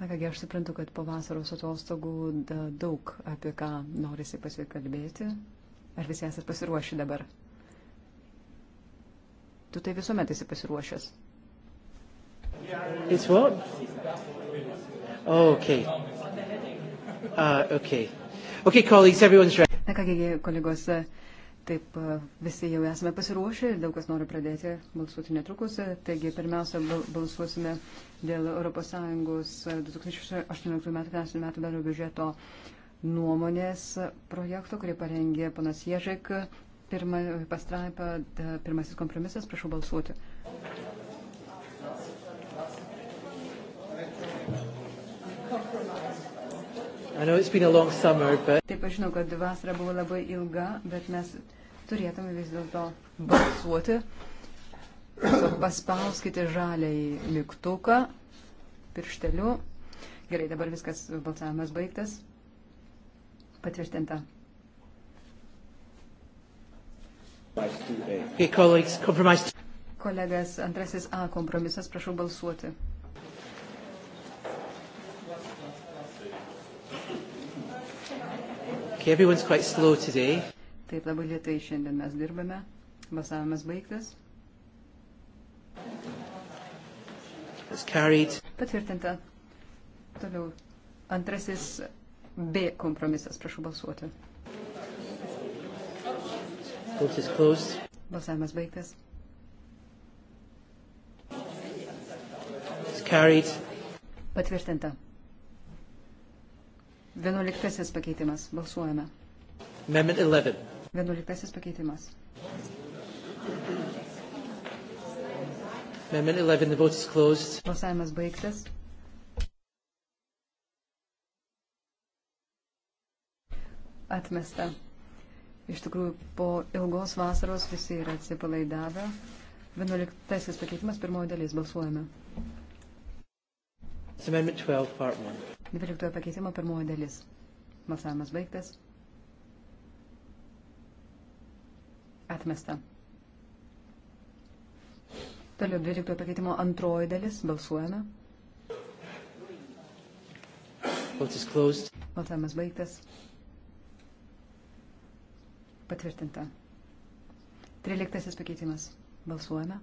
Na kągi, aš suprantu, kad po vasaros atostogų daug apie ką norisi pasikalbėti. Ar visi esat pasiruošę dabar? Tu tai visuomet esi pasiruošęs. It's what? Oh, okay. Uh, okay. Okay, colleagues, everyone's ready. Na kągi, kolegos, e, taip e, visi jau esame pasiruošę ir daug kas nori pradėti balsuoti netrukus. E, taigi, pirmiausia, balsuosime dėl ES 2018 metų finansinių metų bendro biudžeto uh, nuomonės projekto, kurį parengė panas Ježek. Pirma, pastraipa, pirmasis kompromisas, prašau balsuoti. Summer, but... Taip, aš žinau, kad vasara buvo labai ilga, bet mes turėtume vis dėlto balsuoti. Tiesiog paspauskite žaliai mygtuką piršteliu. Gerai, dabar viskas, balsavimas baigtas. Patvirtinta. Kolegas antrasis A kompromisas, prašau balsuoti. Okay, everyone's quite slow today. Taip labai lietai šiandien mes dirbame. Balsavimas baigtas. Patvirtinta. Toliau antrasis B kompromisas. Prašau balsuoti. Balsavimas baigtas. Patvirtinta. Vienuoliktasis pakeitimas. Balsuojame. Amendment 11. Vienuoliktasis pakeitimas. Amendment 11. The vote is closed. Balsavimas baigtas. atmesta. Iš tikrųjų, po ilgos vasaros visi yra atsipalaidavę. 11 pakeitimas, pirmoji dalis, balsuojame. 12 pakeitimo pirmoji dalis. Balsavimas baigtas. Atmesta. Toliau 12 pakeitimo antroji dalis. Balsuojame. Balsavimas baigtas. Patvirtinta. Tryliktasis pakeitimas. Balsuojame.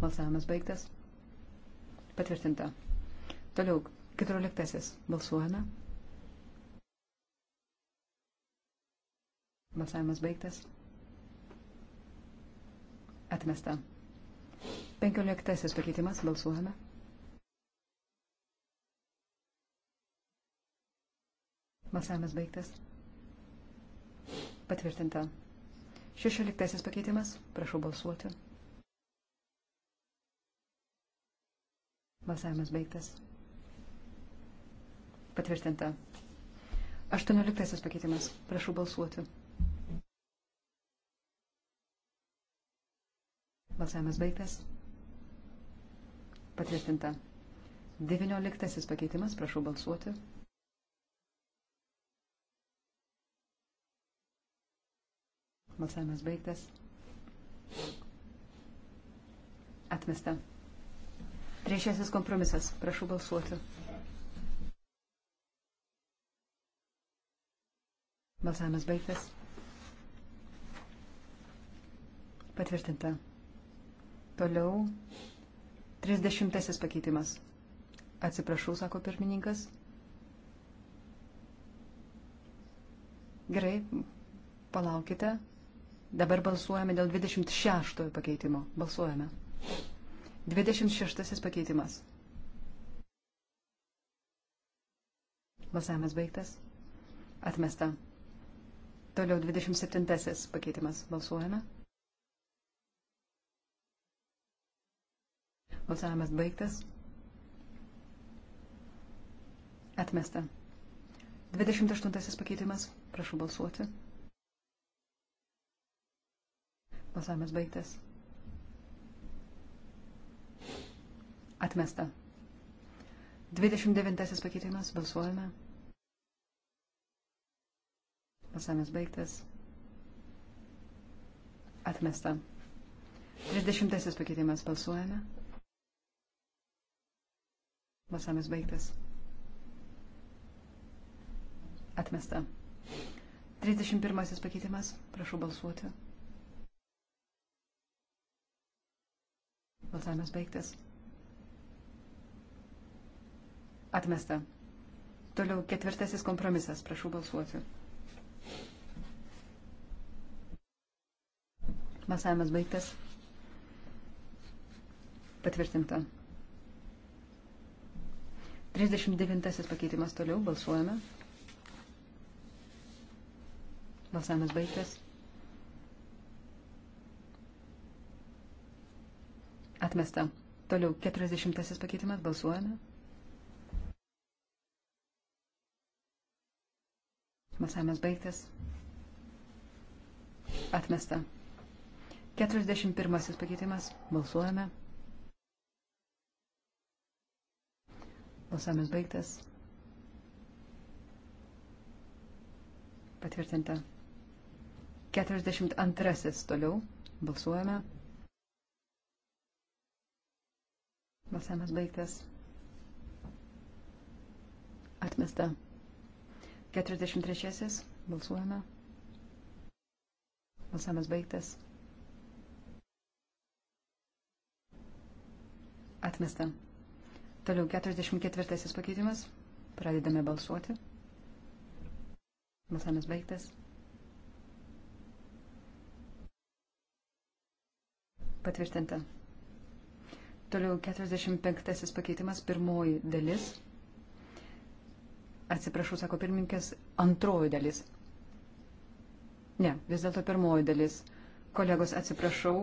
Balsavimas baigtas. Patvirtinta. Toliau, keturioliktasis. Balsuojame. Balsavimas baigtas. Atmesta. Penkioliktasis pakeitimas. Balsuojame. Balsavimas baigtas. Patvirtinta. Šešioliktasis pakeitimas. Prašau balsuoti. Balsavimas baigtas. Patvirtinta. Aštuonioliktasis pakeitimas. Prašau balsuoti. Balsavimas baigtas. Patvirtinta. Devynioliktasis pakeitimas. Prašau balsuoti. Balsavimas baigtas. Atmesta. Trečiasis kompromisas. Prašau balsuoti. Balsavimas baigtas. Patvirtinta. Toliau. 30 pakeitimas. Atsiprašau, sako pirmininkas. Gerai, palaukite. Dabar balsuojame dėl 26 pakeitimo. Balsuojame. 26 pakeitimas. Balsavimas baigtas. Atmesta. Toliau 27 pakeitimas. Balsuojame. Balsavimas baigtas. Atmesta. 28 pakeitimas. Prašau balsuoti. Balsavimas baigtas. Atmesta. 29 pakeitimas. Balsuojame. Balsavimas baigtas. Atmesta. 30 pakeitimas. Balsuojame. Balsavimas baigtas. Atmesta. 31 pakeitimas. Prašau balsuoti. Balsavimas baigtas. Atmesta. Toliau ketvirtasis kompromisas. Prašau balsuoti. Balsavimas baigtas. Patvirtinta. 39 pakeitimas toliau. Balsuojame. Balsavimas baigtas. Atmesta. Toliau 40 pakeitimas. Balsuojame. Balsavimas baigtas. Atmesta. 41 pakeitimas. Balsuojame. Balsavimas baigtas. Patvirtinta. 42 toliau. Balsuojame. Balsavimas baigtas. Atmesta. 43. Balsuojame. Balsavimas baigtas. Atmesta. Toliau 44 pakeitimas. Pradedame balsuoti. Balsavimas baigtas. Patvirtinta. Toliau 45 pakeitimas, pirmoji dalis. Atsiprašau, sako pirmininkės, antroji dalis. Ne, vis dėlto pirmoji dalis. Kolegos, atsiprašau.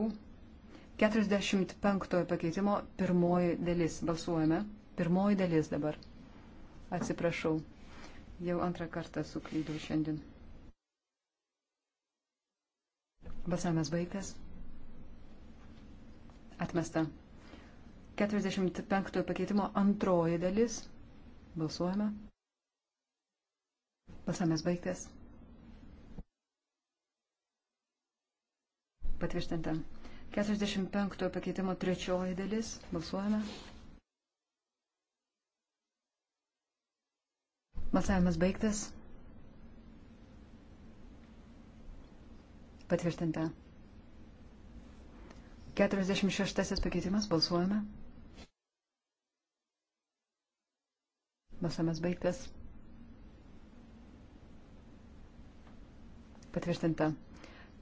45 pakeitimo pirmoji dalis. Balsuojame. Pirmoji dalis dabar. Atsiprašau. Jau antrą kartą suklydau šiandien. Balsavimas baigtas. Atmesta. 45 pakeitimo antroji dalis. Balsuojame. Balsavimas baigtas. Patvirtinta. 45 pakeitimo trečioji dalis. Balsuojame. Balsavimas baigtas. Patvirtinta. 46 pakeitimas. Balsuojame. Balsavimas baigtas. Patvirtinta.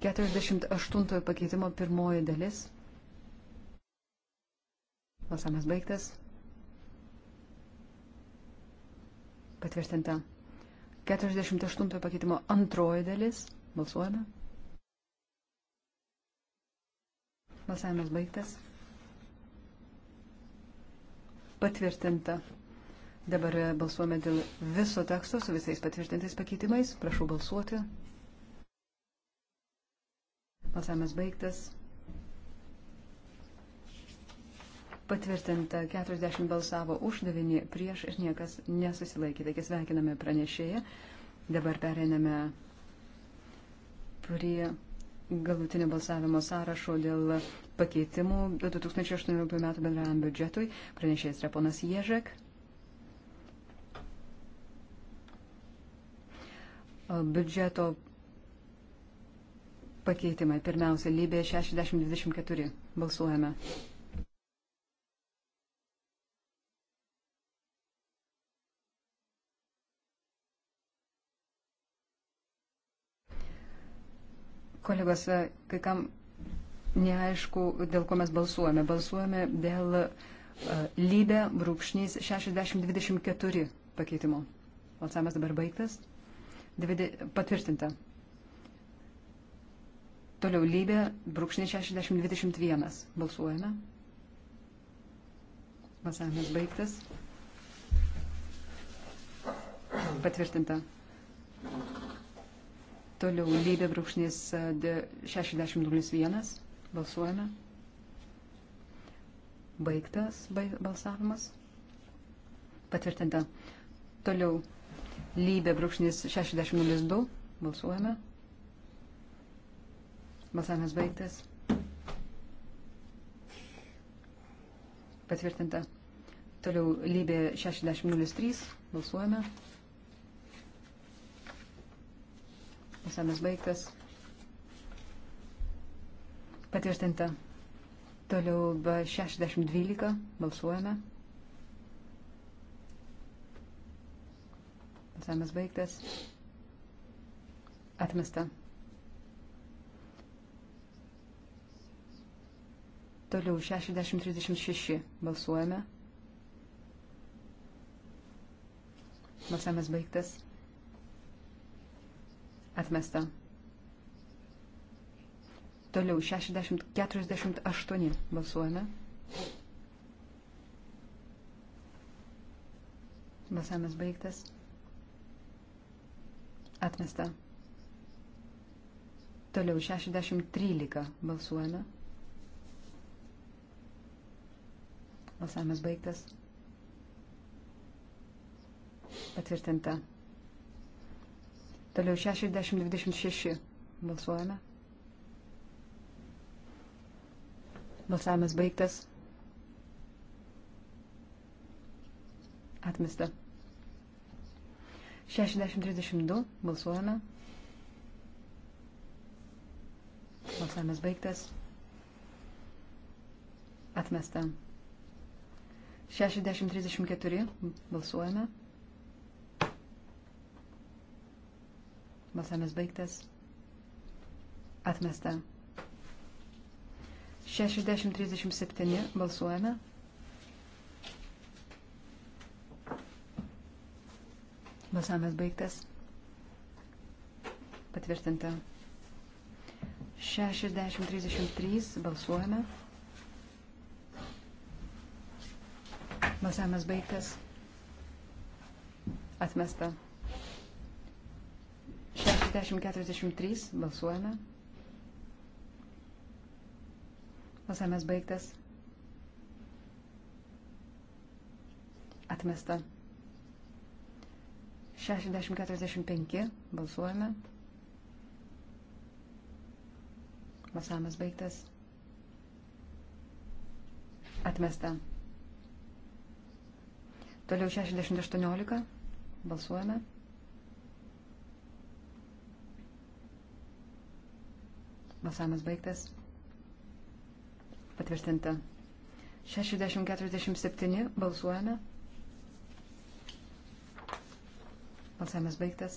48 pakeitimo pirmoji dalis. Balsavimas baigtas. Patvirtinta. 48 pakeitimo antroji dalis. Balsuojame. Balsavimas baigtas. Patvirtinta. Dabar balsuojame dėl viso teksto su visais patvirtintais pakeitimais. Prašau balsuoti. Balsavimas baigtas. Patvirtinta 40 balsavo už, 9 prieš ir niekas nesusilaikė. Taigi sveikiname pranešėją. Dabar pereiname prie galutinio balsavimo sąrašo dėl pakeitimų 2018 m. bendrajam biudžetui. Pranešėjas yra ponas Ježek. E, biudžeto pakeitimai. Pirmiausia, lybė 6024. Balsuojame. Kolegos, e, kai kam neaišku, dėl ko mes balsuojame. Balsuojame dėl uh, lybė brūkšnys 6024 pakeitimo. Balsavimas dabar baigtas patvirtinta. Toliau lybė, brūkšniai 6021. Balsuojame. Balsavimas baigtas. Patvirtinta. Toliau lybė, brūkšnis e, 6001. Balsuojame. Baigtas balsavimas. Patvirtinta. Toliau lybė brūkšnis 6002. Balsuojame. Balsavimas baigtas. Patvirtinta. Toliau lybė 6003. Balsuojame. Balsavimas baigtas. Patvirtinta. Toliau 6012. Balsuojame. Balsavimas baigtas. Atmesta. Toliau 60-36 balsuojame. Balsavimas baigtas. Atmesta. Toliau 60-48 balsuojame. Balsavimas baigtas. Atmesta. Toliau 60-13 balsuojame. Balsavimas baigtas. Patvirtinta. Toliau 60-26 balsuojame. Balsavimas baigtas. Atmesta. 6032 balsuojame. Balsavimas baigtas. Atmesta. 6034 balsuojame. Balsavimas baigtas. Atmesta. 6037 balsuojame. Balsavimas baigtas. Patvirtinta. 60-33 balsuojame. Balsavimas baigtas. Atmesta. 60-43 balsuojame. Balsavimas baigtas. Atmesta. 60-45 balsuojame. Balsavimas baigtas. Atmesta. Toliau 60-18 balsuojame. Balsavimas baigtas. Patvirtinta. 60-47 balsuojame. Balsavimas baigtas.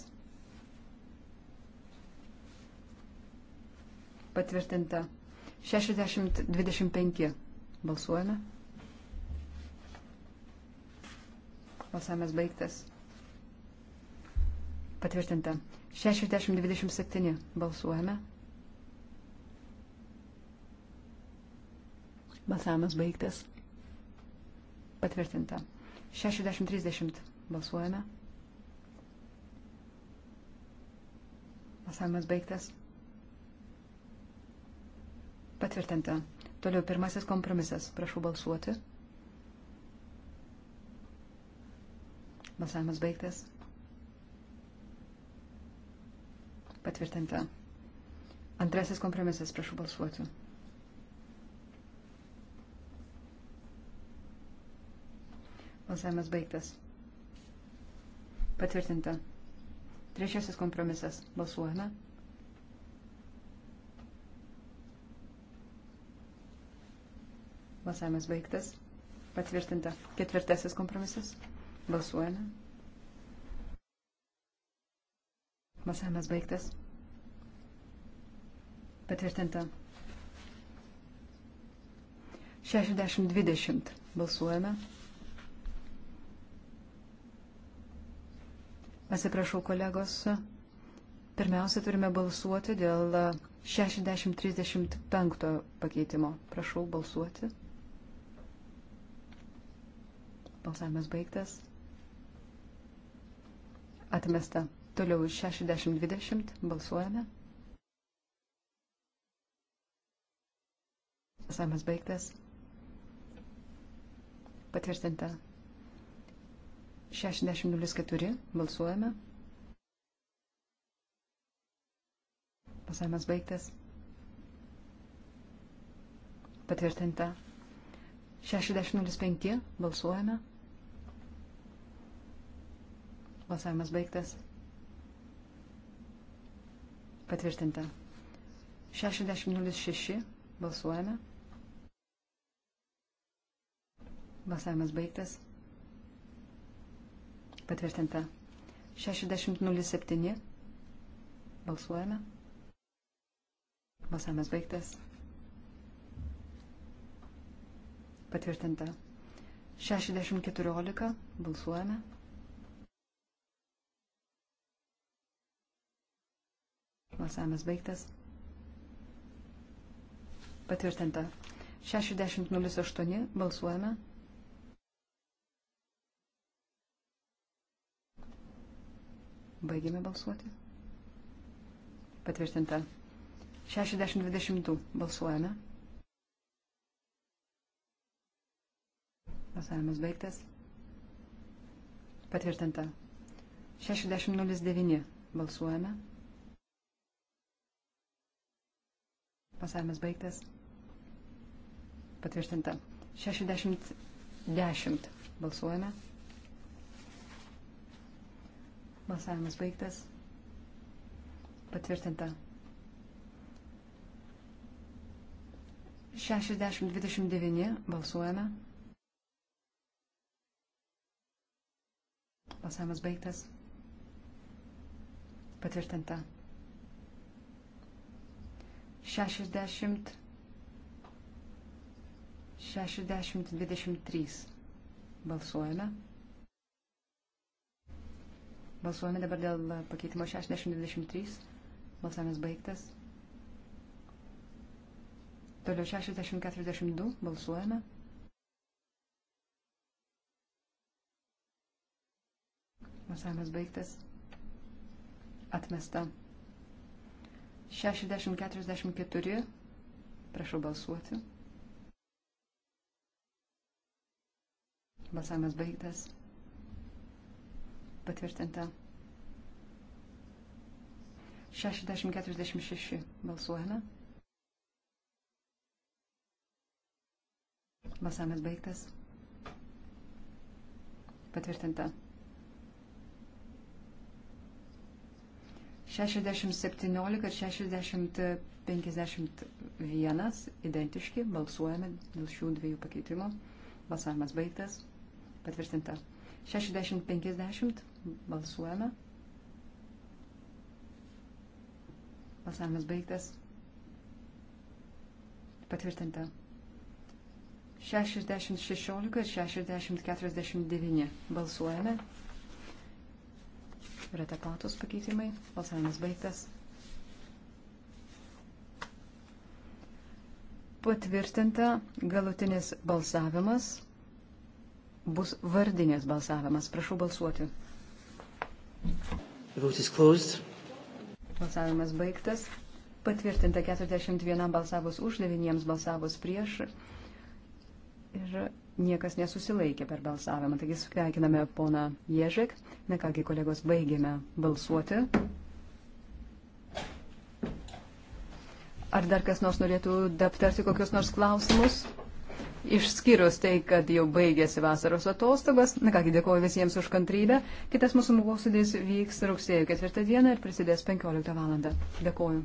Patvirtinta. 60-25. Balsuojame. Balsavimas baigtas. Patvirtinta. 60-27. Balsuojame. Balsavimas baigtas. Patvirtinta. 60-30. Balsuojame. Balsavimas baigtas. Patvirtinta. Toliau pirmasis kompromisas. Prašau balsuoti. Balsavimas baigtas. Patvirtinta. Antrasis kompromisas. Prašau balsuoti. Balsavimas baigtas. Patvirtinta. Trečiasis kompromisas. Balsuojame. Balsavimas baigtas. Patvirtinta. Ketvirtasis kompromisas. Balsuojame. Balsavimas baigtas. Patvirtinta. 60-20. Balsuojame. Atsiprašau, kolegos. Pirmiausia, turime balsuoti dėl 6035 pakeitimo. Prašau balsuoti. Balsavimas baigtas. Atmesta. Toliau 6020 balsuojame. Balsavimas baigtas. Patvirtinta. 6004 balsuojame. Pasavimas baigtas. Patvirtinta. 6005 balsuojame. Balsavimas baigtas. Patvirtinta. 6006 balsuojame. Balsavimas baigtas. Patvirtinta. 60.07. Balsuojame. Balsavimas baigtas. Patvirtinta. 60.14. Balsuojame. Balsavimas baigtas. Patvirtinta. 60.08. Balsuojame. Baigėme balsuoti. Patvirtinta. 60-20 balsuojame. Balsavimas baigtas. Patvirtinta. 60-09 balsuojame. Balsavimas baigtas. Patvirtinta. 60-10 balsuojame. Balsavimas baigtas. Patvirtinta. 60-29 balsuojame. Balsavimas baigtas. Patvirtinta. 60 60-23 balsuojame. Balsuojame dabar dėl pakeitimo 6023. Balsavimas baigtas. Toliau 6042. Balsuojame. Balsavimas baigtas. Atmesta. 6044. Prašau balsuoti. Balsavimas baigtas patvirtinta. 60-46 balsuojame. Balsavimas baigtas. Patvirtinta. 60-17 ir 60-51 identiški. Balsuojame dėl šių dviejų pakeitimų. Balsavimas baigtas. Patvirtinta. 60-50 Balsuojame. Balsavimas baigtas. Patvirtinta. 6016 ir 6049. Balsuojame. Yra tapatus pakeitimai. Balsavimas baigtas. Patvirtinta galutinis balsavimas bus vardinės balsavimas. Prašau balsuoti. Balsavimas baigtas. Patvirtinta 41 balsavus už, 9 balsavus prieš. Ir niekas nesusilaikė per balsavimą. Taigi sveikiname poną Ježek. Na kągi, kolegos, baigėme balsuoti. Ar dar kas nors norėtų aptarti kokius nors klausimus? Išskyrus tai, kad jau baigėsi vasaros atostogas, na kągi dėkoju visiems už kantrybę, kitas mūsų mūsų sudės vyks rugsėjo ketvirtą dieną ir prisidės 15 valandą. Dėkoju.